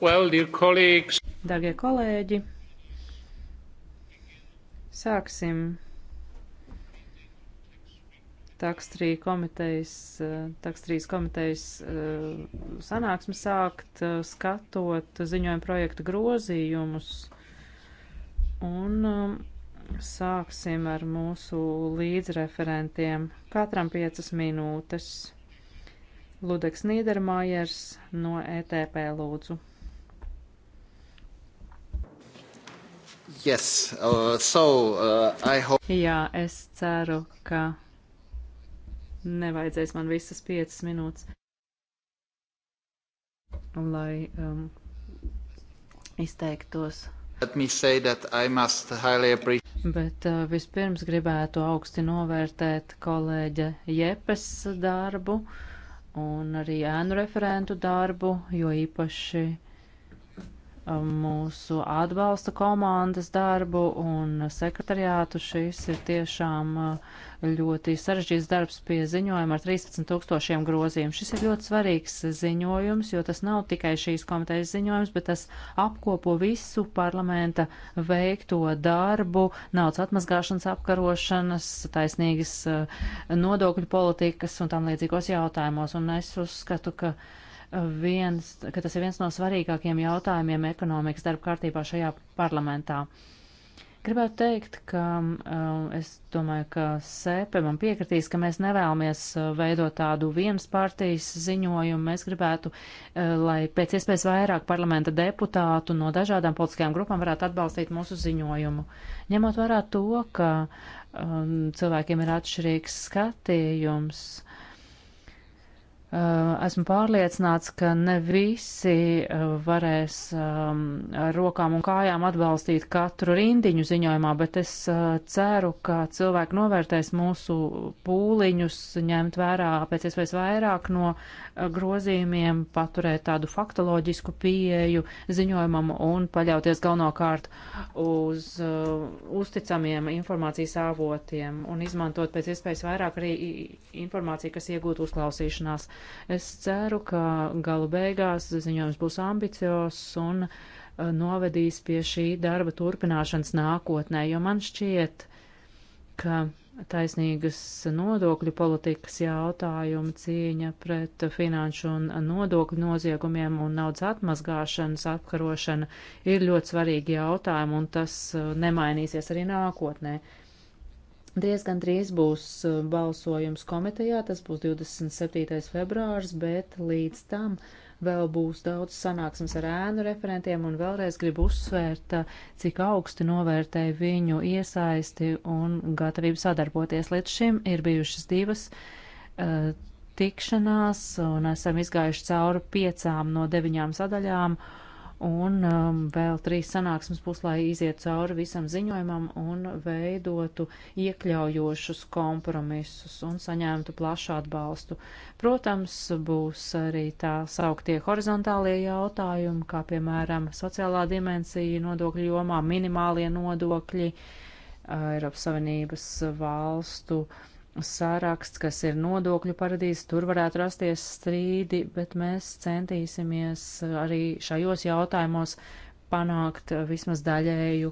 Well, Darbie kolēģi, sāksim Takstrī komitejas, Takstrīs komitejas eh, sanāksmi sākt, eh, skatot ziņojumu projektu grozījumus. Un eh, sāksim ar mūsu līdzreferentiem. Katram piecas minūtes. Ludeks Nīdermājers no ETP lūdzu. Yes, uh, so, uh, I hope... Jā, es ceru, ka nevajadzēs man visas piecas minūtes, lai um, izteiktos. Bet uh, vispirms gribētu augsti novērtēt kolēģa Jepes darbu un arī ēnu referentu darbu, jo īpaši uh, mūsu atbalsta komandas darbu un sekretariātu. Šis ir tiešām uh, ļoti sarežģīts darbs pie ziņojuma ar 13 tūkstošiem grozījumiem. Šis ir ļoti svarīgs ziņojums, jo tas nav tikai šīs komitejas ziņojums, bet tas apkopo visu parlamenta veikto darbu, naudas atmazgāšanas apkarošanas, taisnīgas uh, nodokļu politikas un tam līdzīgos jautājumos. Un es uzskatu, ka uh, viens, ka tas ir viens no svarīgākiem jautājumiem ekonomikas darba kārtībā šajā parlamentā. Gribētu teikt, ka uh, es domāju, ka Sēpe man piekritīs, ka mēs nevēlamies uh, veidot tādu vienas partijas ziņojumu. Mēs gribētu, uh, lai pēc iespējas vairāk parlamenta deputātu no dažādām politiskajām grupām varētu atbalstīt mūsu ziņojumu. Ņemot vērā to, ka um, cilvēkiem ir atšķirīgs skatījums. Uh, Eh, esmu pārliecināts, ka ne visi eh, varēs ehm, ar rokām un kājām atbalstīt katru rindiņu ziņojumā, bet es eh, ceru, ka cilvēki novērtēs mūsu pūliņus, ņemt vērā pēc iespējas vairāk no grozījumiem, paturēt tādu faktoloģisku pieeju ziņojumam un paļauties galvenokārt uz uzticamiem informācijas avotiem un izmantot pēc iespējas vairāk arī informāciju, kas iegūta uzklausīšanās. Es ceru, ka gala beigās ziņojums būs ambiciozs un uh, novedīs pie šī darba turpināšanas nākotnē, jo man šķiet, ka taisnīgas nodokļu politikas jautājumi, cīņa pret finanšu un nodokļu noziegumiem un naudas atmazgāšanas apkarošana ir ļoti svarīgi jautājumi, un tas uh, nemainīsies arī nākotnē. Diezgan drīz būs uh, balsojums komitejā, tas būs 27. februārs, bet līdz tam vēl būs daudz sanāksmes ar ēnu referentiem un vēlreiz gribu uzsvērt, uh, cik augsti novērtēju viņu iesaisti un gatavību sadarboties. Līdz šim ir bijušas divas uh, tikšanās un esam izgājuši cauri piecām no deviņām sadaļām. Uh, Un um, vēl trīs sanāksmes būs, lai iziet cauri visam ziņojumam un veidotu iekļaujošus kompromisus un saņemtu plašu atbalstu. Protams, būs arī tā sauktie horizontālie jautājumi, kā piemēram sociālā dimensija nodokļu jomā, minimālie nodokļi, uh, Eiropas Savienības valstu uh, sāraksts, kas ir nodokļu paradīze, tur varētu rasties strīdi, bet mēs centīsimies arī šajos jautājumos panākt vismaz daļēju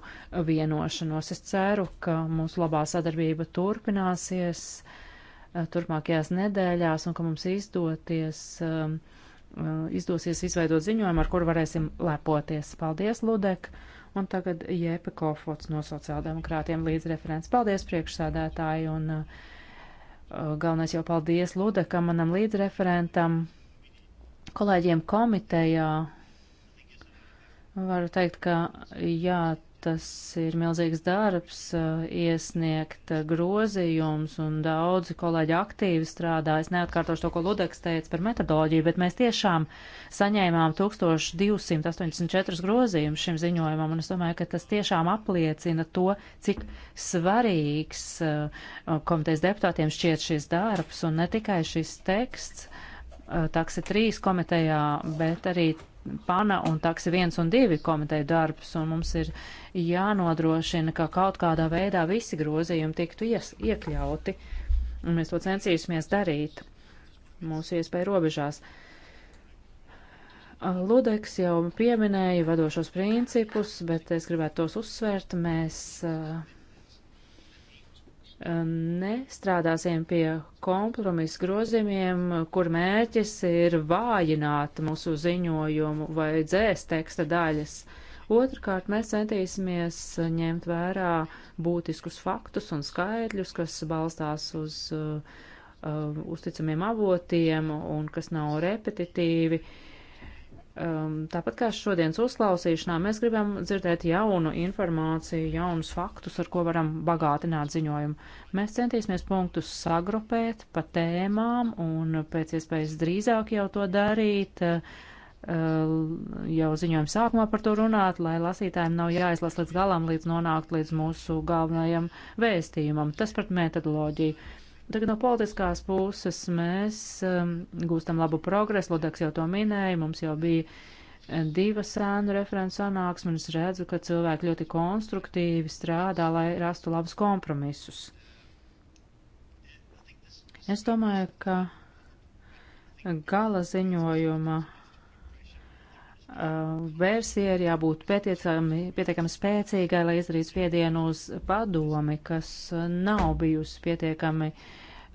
vienošanos. Es ceru, ka mūsu labā sadarbība turpināsies eh, turpmākajās nedēļās un ka mums izdoties, eh, eh, izdosies izveidot ziņojumu, ar kur varēsim lepoties. Paldies, Ludek! un tagad Jēpe Kofots no sociāldemokrātiem līdzreferents. Paldies priekšsādātāji un uh, Uh, galvenais jau paldies Ludekam, manam līdzreferentam, kolēģiem komitejā. Varu teikt, ka jā, Tas ir milzīgs darbs uh, iesniegt uh, grozījums un daudzi kolēģi aktīvi strādā. Es neatkārtošu to, ko Ludeks teica par metodoloģiju, bet mēs tiešām saņēmām 1284 grozījumus šim ziņojumam, un es domāju, ka tas tiešām apliecina to, cik svarīgs uh, komitejas deputātiem šķiet šis darbs un ne tikai šis teksts Eh, taksi 3 komitejā, bet arī pana un taksi 1 un 2 komiteja darbs, un mums ir jānodrošina, ka kaut kādā veidā visi grozījumi tiktu ies, iekļauti, un mēs to censīsimies darīt mūsu iespēju robežās. Eh, Ludeks jau pieminēja vadošos principus, bet es gribētu tos uzsvērt. Mēs uh, nestrādāsim pie kompromisu grozījumiem, kur mērķis ir vājināt mūsu ziņojumu vai dzēst teksta daļas. Otrkārt, mēs centīsimies ņemt vērā būtiskus faktus un skaidļus, kas balstās uz uh, uh, uzticamiem avotiem un kas nav repetitīvi. Uh, um, tāpat kā šodienas uzklausīšanā, mēs gribam dzirdēt jaunu informāciju, jaunus faktus, ar ko varam bagātināt ziņojumu. Mēs centīsimies punktus sagrupēt pa tēmām un pēc iespējas drīzāk jau to darīt. Uh, jau ziņojuma sākumā par to runāt, lai lasītājiem nav jāizlas līdz galam, līdz nonākt līdz mūsu galvenajam vēstījumam. Tas pret metodoloģiju. Tagad no politiskās puses mēs um, gūstam labu progresu. Ludeks jau to minēja, mums jau bija eh, divas sēnu referents sanāks, un es redzu, ka cilvēki ļoti konstruktīvi strādā, lai rastu labus kompromisus. Es domāju, ka gala ziņojuma uh, versija ir jābūt pietiekami, pietiekami spēcīgai, lai izdarītu spiedienu uz padomi, kas uh, nav bijusi pietiekami uh,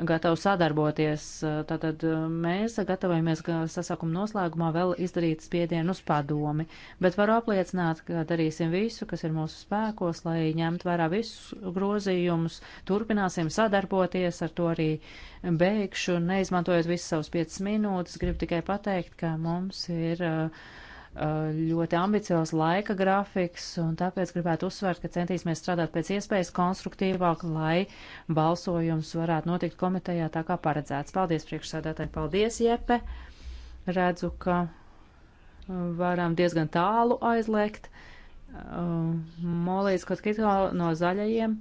gatavi sadarboties. Tātad eh, mēs gatavojamies sasākuma noslēgumā vēl izdarīt spiedienu uz padomi, bet varu apliecināt, ka darīsim visu, kas ir mūsu spēkos, lai ņemt vērā visus grozījumus, turpināsim sadarboties, ar to arī beigšu, neizmantojot visus savus piecas minūtes, gribu tikai pateikt, ka mums ir uh, Eh, ļoti ambiciozs laika grafiks, un tāpēc gribētu uzsvērt, ka centīsimies strādāt pēc iespējas konstruktīvāk, lai balsojums varētu notikt komitejā tā kā paredzēts. Paldies priekšsēdētāji, paldies, Jepe. Redzu, ka eh, varam diezgan tālu aizliegt. Eh, Molīs Kotkito no zaļajiem.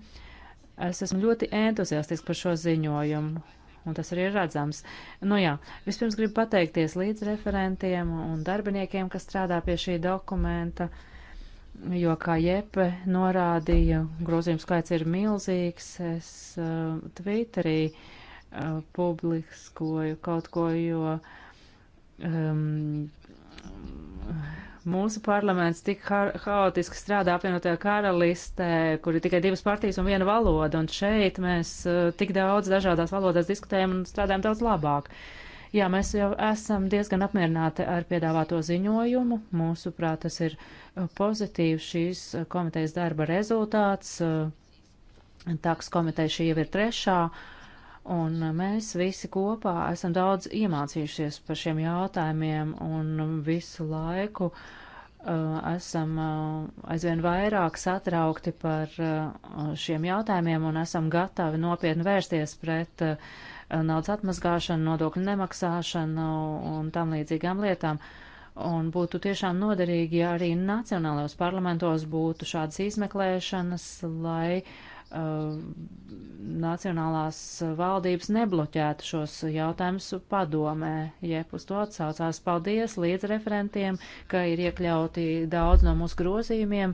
Es esmu ļoti entuziastiski par šo ziņojumu un tas arī ir redzams. Nu jā, vispirms gribu pateikties līdz referentiem un darbiniekiem, kas strādā pie šī dokumenta, jo, kā Jepe norādīja, grozījums skaits ir milzīgs. Es uh, Twitterī uh, publiskoju kaut ko, jo. Um, Mūsu parlaments tik ha haotiski strādā apvienotajā karalistē, kur ir tikai divas partijas un viena valoda, un šeit mēs uh, tik daudz dažādās valodās diskutējam un strādājam daudz labāk. Jā, mēs jau esam diezgan apmierināti ar piedāvāto ziņojumu. Mūsuprāt, tas ir eh, pozitīvs šīs eh, komitejas darba rezultāts. Uh, Tāks komiteja šī jau ir trešā. Uh, Un mēs visi kopā esam daudz iemācījušies par šiem jautājumiem un visu laiku uh, esam uh, aizvien vairāk satraukti par uh, šiem jautājumiem un esam gatavi nopietni vērsties pret uh, naudas atmazgāšanu, nodokļu nemaksāšanu un tam līdzīgām lietām. Un būtu tiešām noderīgi, ja arī nacionālajos parlamentos būtu šādas izmeklēšanas, lai uh, Uh, nacionālās valdības nebloķētu šos jautājumus padomē. Jep uz to atsaucās paldies līdz referentiem, ka ir iekļauti daudz no mūsu grozījumiem.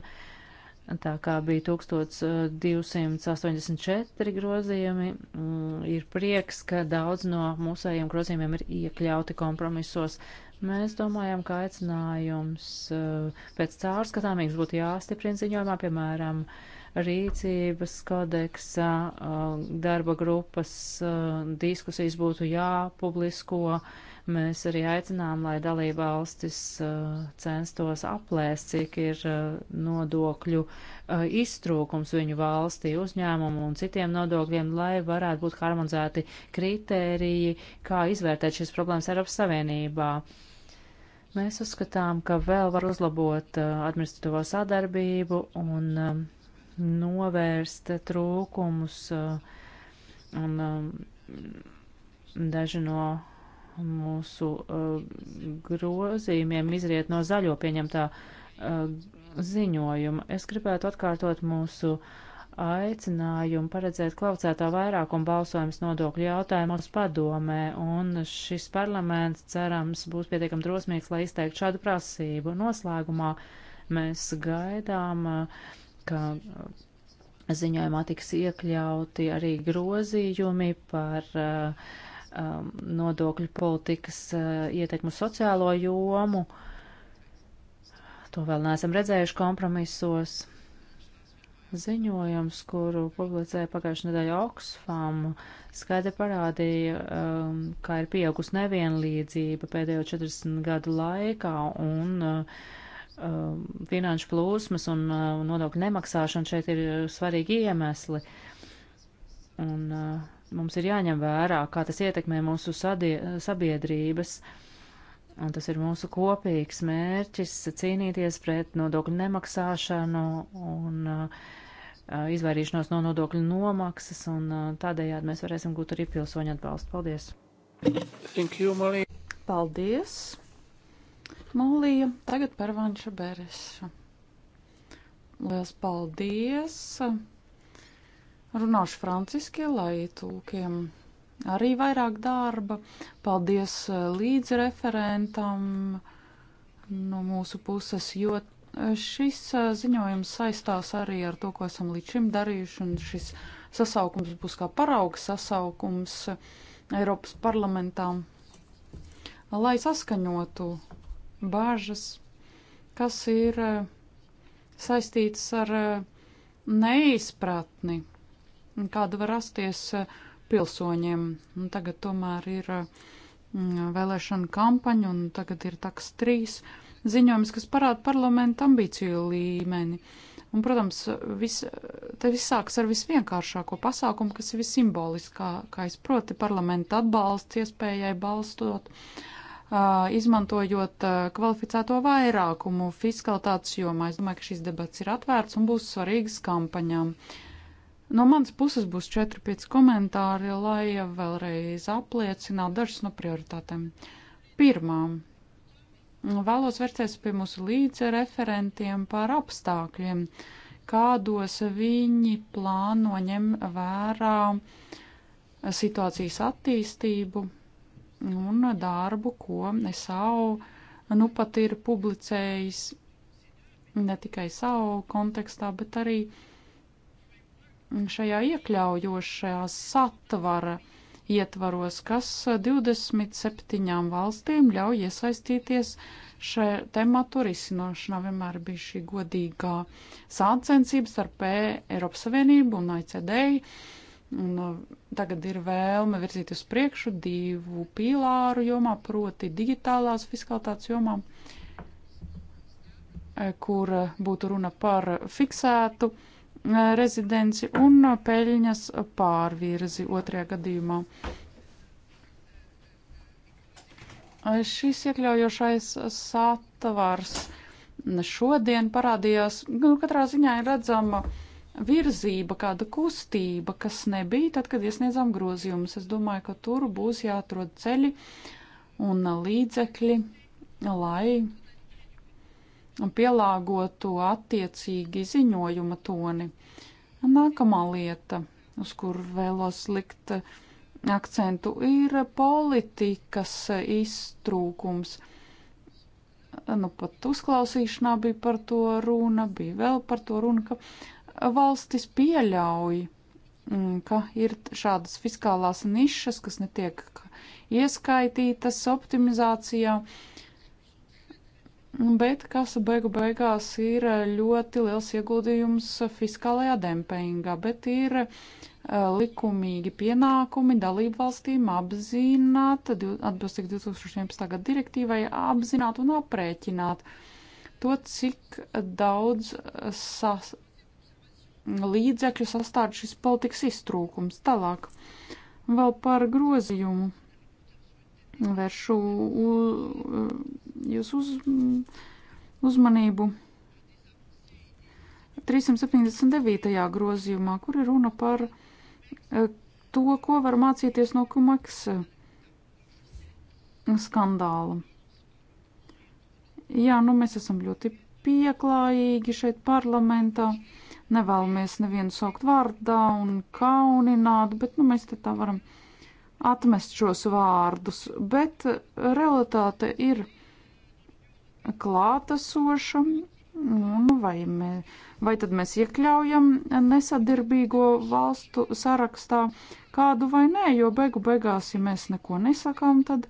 Tā kā bija 1284 grozījumi, mm, ir prieks, ka daudz no mūsējiem grozījumiem ir iekļauti kompromisos. Mēs domājam, ka aicinājums uh, pēc cārskatāmības būtu jāstiprina ziņojumā, piemēram, uh, rīcības kodeksa uh, darba grupas uh, diskusijas būtu jāpublisko. Mēs arī aicinām, lai dalība valstis uh, censtos aplēst, cik ir nodokļu iztrūkums viņu valstī uzņēmumu un citiem nodokļiem, lai varētu būt harmonizēti kritēriji, kā izvērtēt šīs problēmas Eiropas Savienībā. Mēs uzskatām, ka vēl var uzlabot administratīvo sadarbību un um, novērst trūkumus, uh, un um, daži no mūsu uh, grozījumiem izriet no zaļo pieņemtā uh, ziņojuma. Es gribētu atkārtot mūsu aicinājumu paredzēt klaucētā vairākuma balsojums nodokļu jautājumos padomē, un šis parlaments, cerams, būs pietiekam drosmīgs, lai izteikt šādu prasību. Noslēgumā mēs gaidām uh, ka uh, ziņojumā tiks iekļauti arī grozījumi par uh, um, nodokļu politikas uh, ietekmu sociālo jomu. To vēl neesam redzējuši kompromisos. Ziņojums, kuru publicēja pagājušajā nedēļā Oxfam, skaidri parādīja, um, kā ir pieaugusi nevienlīdzība pēdējo 40 gadu laikā un uh, Um, finanšu plūsmas uh, un nodokļu nemaksāšana šeit ir svarīgi iemesli. Un uh, mums ir jāņem vērā, kā tas ietekmē mūsu sadie, sabiedrības. Un tas ir mūsu kopīgs mērķis cīnīties pret nodokļu nemaksāšanu un uh, uh izvairīšanos no nodokļu nomaksas, un uh, tādējādi mēs varēsim gūt arī pilsoņu atbalstu. Paldies! Thank you, Malī. Paldies! Mūlija, tagad par Vanša Beresu. Liels paldies! Runāšu franciski, lai tūkiem arī vairāk darba. Paldies eh, līdzreferentam no mūsu puses, jo eh, šis eh, ziņojums saistās arī ar to, ko esam līdz šim darījuši, un šis sasaukums būs kā paraugs sasaukums Eiropas parlamentā, lai saskaņotu bāžas, kas ir eh, saistītas ar eh, neizpratni, kāda var rasties eh, pilsoņiem. Un tagad tomēr ir mm, vēlēšana kampaņa, un tagad ir taks trīs ziņojums, kas parāda parlamentu ambīciju līmeni. Un, protams, vis, te viss sāks ar visvienkāršāko pasākumu, kas ir visimboliskākais, proti parlamenta atbalsts iespējai balstot uh, Uh, izmantojot uh, kvalificēto vairākumu fiskalitātes jomā. Es domāju, ka šīs debats ir atvērts un būs svarīgas kampaņām. No manas puses būs 4-5 komentāri, lai vēlreiz apliecinātu dažas no prioritātēm. Pirmām vēlos vērsties pie mūsu līdzreferentiem par apstākļiem, kādos viņi plāno ņem vērā situācijas attīstību un darbu, ko SAO nu pat ir publicējis ne tikai SAO kontekstā, bet arī šajā iekļaujošajā satvara ietvaros, kas 27 valstīm ļauj iesaistīties šajā tematu risināšanā. Vienmēr bija šī godīgā sācensības ar P Eiropas Savienību un ICD Un uh, tagad ir vēlme virzīt uz priekšu divu pīlāru jomā, proti digitālās fiskalitātes jomā, eh, kur eh, būtu runa par fiksētu eh, rezidenci un peļņas pārvirzi otrajā gadījumā. Šis iekļaujošais satvars šodien parādījās, nu, katrā ziņā ir redzama uh, virzība, kāda kustība, kas nebija tad, kad iesniedzām grozījumus. Es domāju, ka tur būs jāatrod ceļi un līdzekļi, lai pielāgotu attiecīgi ziņojuma toni. Nākamā lieta, uz kur vēlos likt akcentu, ir politikas iztrūkums nu, pat uzklausīšanā bija par to runa, bija vēl par to runa, ka valstis pieļauj, mm, ka ir šādas fiskālās nišas, kas netiek ieskaitītas optimizācijā, bet kas beigu beigās ir ļoti liels ieguldījums fiskālajā dempingā, bet ir e, likumīgi pienākumi dalību valstīm apzināt, atbilstīgi 2017. gada direktīvai, apzināt un aprēķināt to, cik daudz sas līdzekļu sastāv šis politikas iztrūkums. Tālāk vēl par grozījumu vēršu jūs uz, uzmanību 379. grozījumā, kur ir runa par eh, to, ko var mācīties no Kumaks eh, skandāla. Jā, nu mēs esam ļoti pieklājīgi šeit parlamentā. Uh, nevēlamies nevienu saukt vārdā un kaunināt, bet nu, mēs te tā varam atmest šos vārdus. Bet eh, realitāte ir klātesoša, un vai, mē, vai tad mēs iekļaujam nesadirbīgo valstu sarakstā kādu vai nē, jo beigu beigās, ja mēs neko nesakām, tad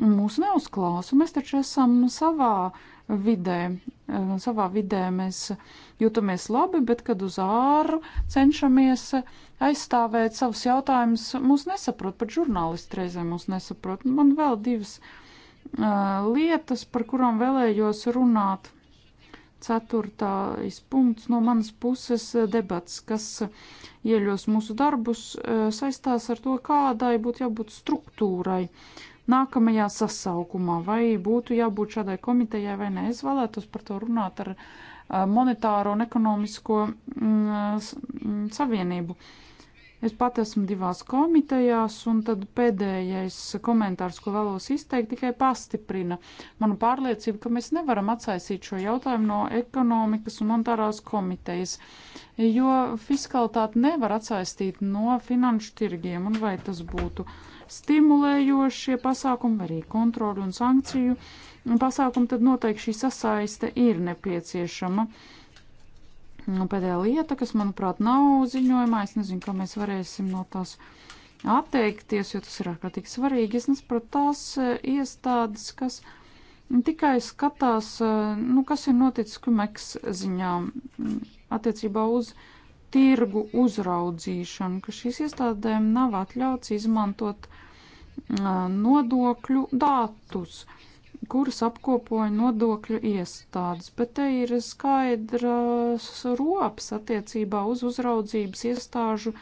mūs neuzklausa. Mēs taču esam savā vidē. Uh, savā vidē mēs jūtamies labi, bet kad uz āru cenšamies aizstāvēt savus jautājumus, mūs nesaprot, pat žurnālisti reizē mūs nesaprot. Man vēl divas uh, lietas, par kurām vēlējos runāt. Ceturtais punkts no manas puses debats, kas ieļos mūsu darbus, uh, saistās ar to, kādai būtu jābūt struktūrai uh, nākamajā sasaukumā, vai būtu jābūt šādai komitejai vai nē. Es vēlētos par to runāt ar eh, monetāro un ekonomisko mm, mm, savienību. Es pat esmu divās komitejās, un tad pēdējais komentārs, ko vēlos izteikt, tikai pastiprina manu pārliecību, ka mēs nevaram atsaisīt šo jautājumu no ekonomikas un monetārās komitejas, jo fiskalitāti nevar atsaistīt no finanšu tirgiem, un vai tas būtu uh, stimulējošie pasākumi, arī kontroli un sankciju pasākumi, tad noteikti šī sasaiste ir nepieciešama. Nu, pēdējā lieta, kas, manuprāt, nav ziņojumā, es nezinu, kā mēs varēsim no tās atteikties, jo tas ir ārkārtīgi svarīgi. Es nesaprotu tās eh, iestādes, kas tikai skatās, eh, nu, kas ir noticis Kumeks ziņā mm, attiecībā uz uh, tirgu uzraudzīšanu, ka šīs iestādēm nav atļauts izmantot nodokļu datus, kuras apkopoja nodokļu iestādes, bet te ir skaidrs rops attiecībā uz uzraudzības iestāžu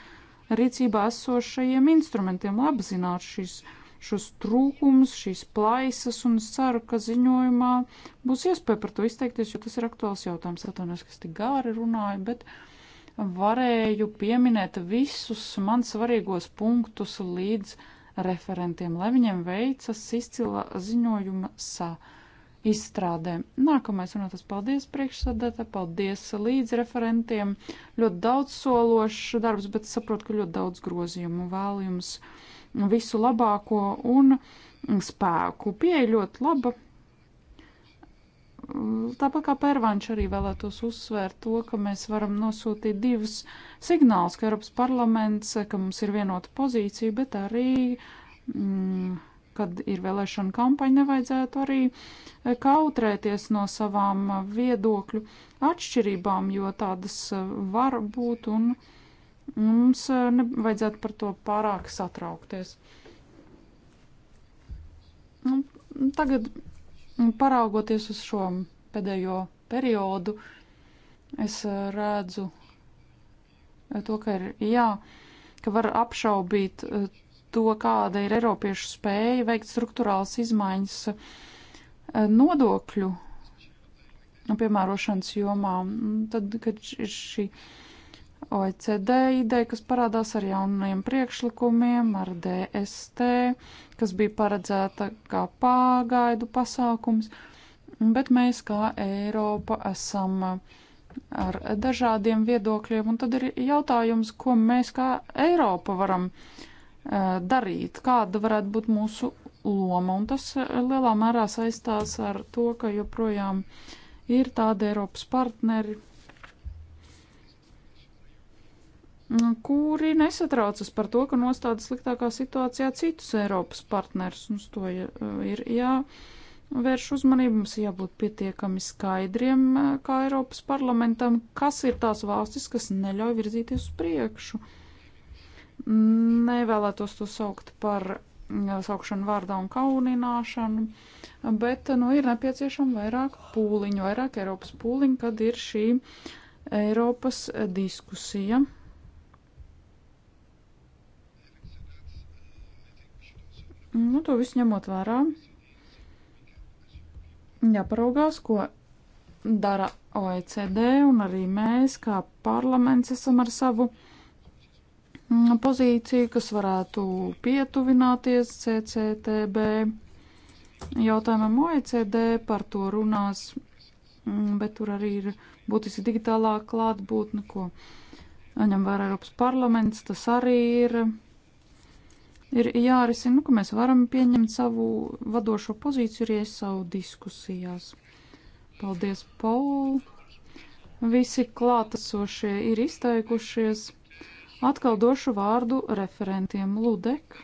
rīcībā esošajiem instrumentiem, lai apzinātu šīs šos trūkumus, šīs plaisas, un es ceru, ka ziņojumā būs iespēja par to izteikties, jo tas ir aktuāls jautājums. Atvainojos, ka es tik gāri runāju, bet uh, varēju pieminēt visus man svarīgos punktus līdz referentiem, lai viņiem veicas izcila ziņojuma sa izstrādē. Nākamais runātas paldies priekšsādātā, paldies līdz referentiem. Ļoti daudz sološs darbs, bet saprotu, ka ļoti daudz grozījumu vēl jums visu labāko un spēku. Pieeja ļoti laba, Tāpat kā Pērvanš arī vēlētos uzsvērt to, ka mēs varam nosūtīt divus signālus, ka Eiropas parlaments, ka mums ir vienota pozīcija, bet arī, mm, kad ir vēlēšana kampaņa, nevajadzētu arī eh, kautrēties no savām viedokļu atšķirībām, jo tādas eh, var būt un mums eh, nevajadzētu par to pārāk satraukties. Nu, tagad Paraugoties uz šo pēdējo periodu, es eh, redzu eh, to, ka ir jā, ka var apšaubīt eh, to, kāda ir Eiropiešu spēja veikt struktūrāls izmaiņas nodokļu piemērošanas jomā. Tad, kad ir šī. Ši OECD ideja, kas parādās ar jauniem priekšlikumiem, ar DST, kas bija paredzēta kā pāgaidu pasākums, bet mēs kā Eiropa esam ar dažādiem viedokļiem, un tad ir jautājums, ko mēs kā Eiropa varam e, darīt, kāda varētu būt mūsu loma, un tas e, lielā mērā saistās ar to, ka joprojām ir tādi Eiropas partneri, Nu, kuri nesatraucas par to, ka nostāda sliktākā situācijā citus Eiropas partnerus. Uz to eh, ir jāvērš uzmanība, mums jābūt pietiekami skaidriem eh, kā Eiropas parlamentam, kas ir tās valstis, kas neļauj virzīties uz priekšu. Nevēlētos to saukt par eh, saukšanu vārdā un kaunināšanu, bet, nu, ir nepieciešama vairāk pūliņu, vairāk Eiropas pūliņu, kad ir šī Eiropas diskusija Nu, to visu ņemot vērā, jāparaugās, ko dara OECD un arī mēs, kā parlaments, esam ar savu mm, pozīciju, kas varētu pietuvināties CCTB jautājumam OECD, par to runās, mm, bet tur arī ir būtiski digitālā klātbūtne, ko ņem vērā Eiropas parlaments, tas arī ir ir jārisina, nu, ka mēs varam pieņemt savu vadošo pozīciju arī savu diskusijās. Paldies, Paul! Visi klātesošie ir izteikušies. Atkal došu vārdu referentiem Ludek.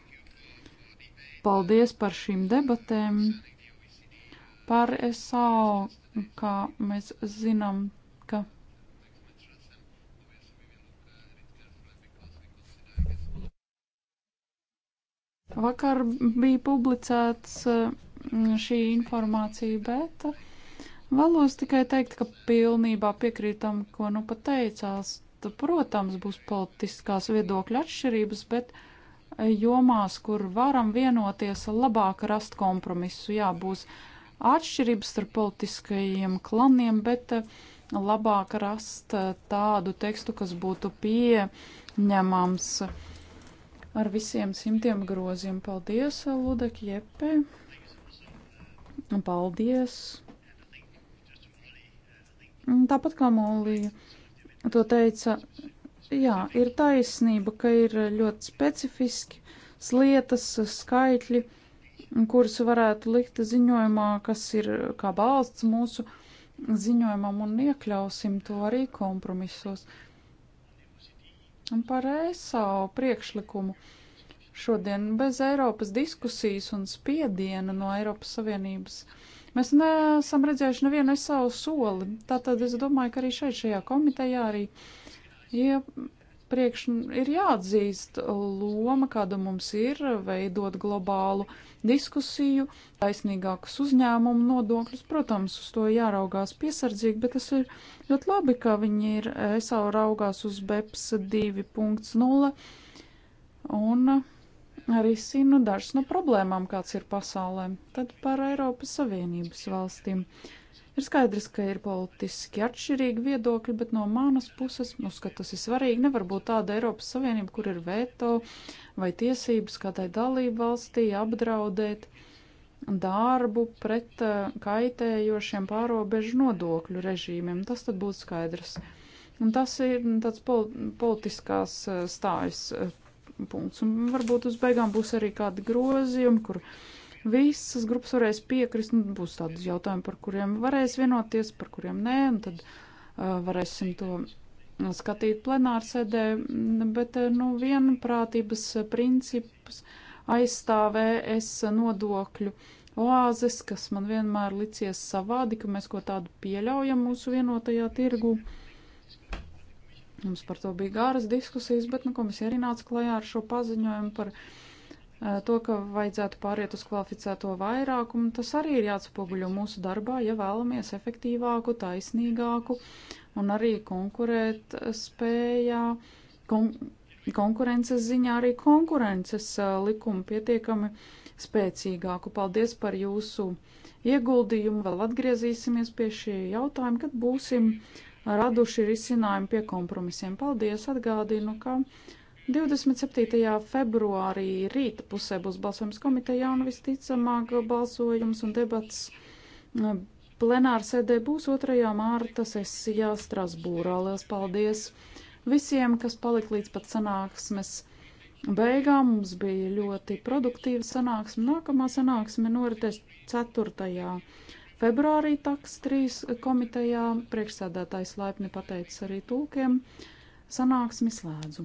Paldies par šīm debatēm. Par SAO, kā mēs zinām, Vakar bija publicēts mm, šī informācija, bet vēlos tikai teikt, ka pilnībā piekrītam, ko nu pateicās. Protams, būs politiskās viedokļa atšķirības, bet jomās, kur varam vienoties, labāk rast kompromisu. Jā, būs atšķirības starp politiskajiem klaniem, bet eh, labāk rast eh, tādu tekstu, kas būtu pieņemams ar visiem simtiem groziem. Paldies, Ludek Jepe! Paldies! Tāpat kā Molija to teica, jā, ir taisnība, ka ir ļoti specifiski lietas, skaitļi, kurus varētu likt ziņojumā, kas ir kā balsts mūsu ziņojumam un iekļausim to arī kompromisos. Uh, par ESAO priekšlikumu. Šodien bez Eiropas diskusijas un spiediena no Eiropas Savienības mēs neesam redzējuši nevienu ESAO soli. Tātad es domāju, ka arī šeit šajā komitejā arī ja priekš ir jāatzīst loma, kāda mums ir, veidot globālu diskusiju, taisnīgākus uzņēmumu nodokļus. Protams, uz to jāraugās piesardzīgi, bet tas ir ļoti labi, ka viņi ir ESA raugās uz BEPS 2.0 un arī sinu dažas no problēmām, kāds ir pasaulē. Tad par Eiropas Savienības valstīm. Uh, Ir skaidrs, ka ir politiski atšķirīgi viedokļi, bet no manas puses uzskatu, nu, tas ir svarīgi. Nevar būt tāda Eiropas Savienība, kur ir veto vai tiesības kādai dalību valstī apdraudēt darbu pret eh, kaitējošiem pārobežu nodokļu režīmiem. Tas tad būtu skaidrs. Un tas ir nu, tāds pol politiskās eh, stājas eh, punkts. Un varbūt uz beigām būs arī kādi grozījumi, kur visas grupas varēs piekrist, un nu, būs tādas jautājumi, par kuriem varēs vienoties, par kuriem nē, un tad uh, varēsim to skatīt plenārsēdē, bet, nu, vienprātības princips aizstāvē es nodokļu oāzes, kas man vienmēr licies savādi, ka mēs ko tādu pieļaujam mūsu vienotajā tirgu. Mums par to bija gāras diskusijas, bet nu, komisija arī nāca klajā ar šo paziņojumu par uh, Eh, to, ka vajadzētu pāriet uz kvalificēto vairākumu, tas arī ir jāatspoguļo mūsu darbā, ja vēlamies efektīvāku, taisnīgāku un arī konkurēt spējā, kon konkurences ziņā arī konkurences eh, likumu pietiekami spēcīgāku. Paldies par jūsu ieguldījumu. Vēl atgriezīsimies pie šī jautājuma, kad būsim raduši risinājumu pie kompromisiem. Paldies, atgādinu, ka 27. februārī rīta pusē būs balsojums komitejā un visticamāk balsojums un debats eh, plenāra sēdē būs 2. mārta sesijā Strasbūrā. Lielas paldies visiem, kas palika līdz pat sanāksmes beigām. Mums bija ļoti produktīva sanāksme. Nākamā sanāksme noritēs 4 februārī taks trīs komitejā priekšsēdētājs laipni pateicis arī tūkiem. Sanāksmi slēdzu.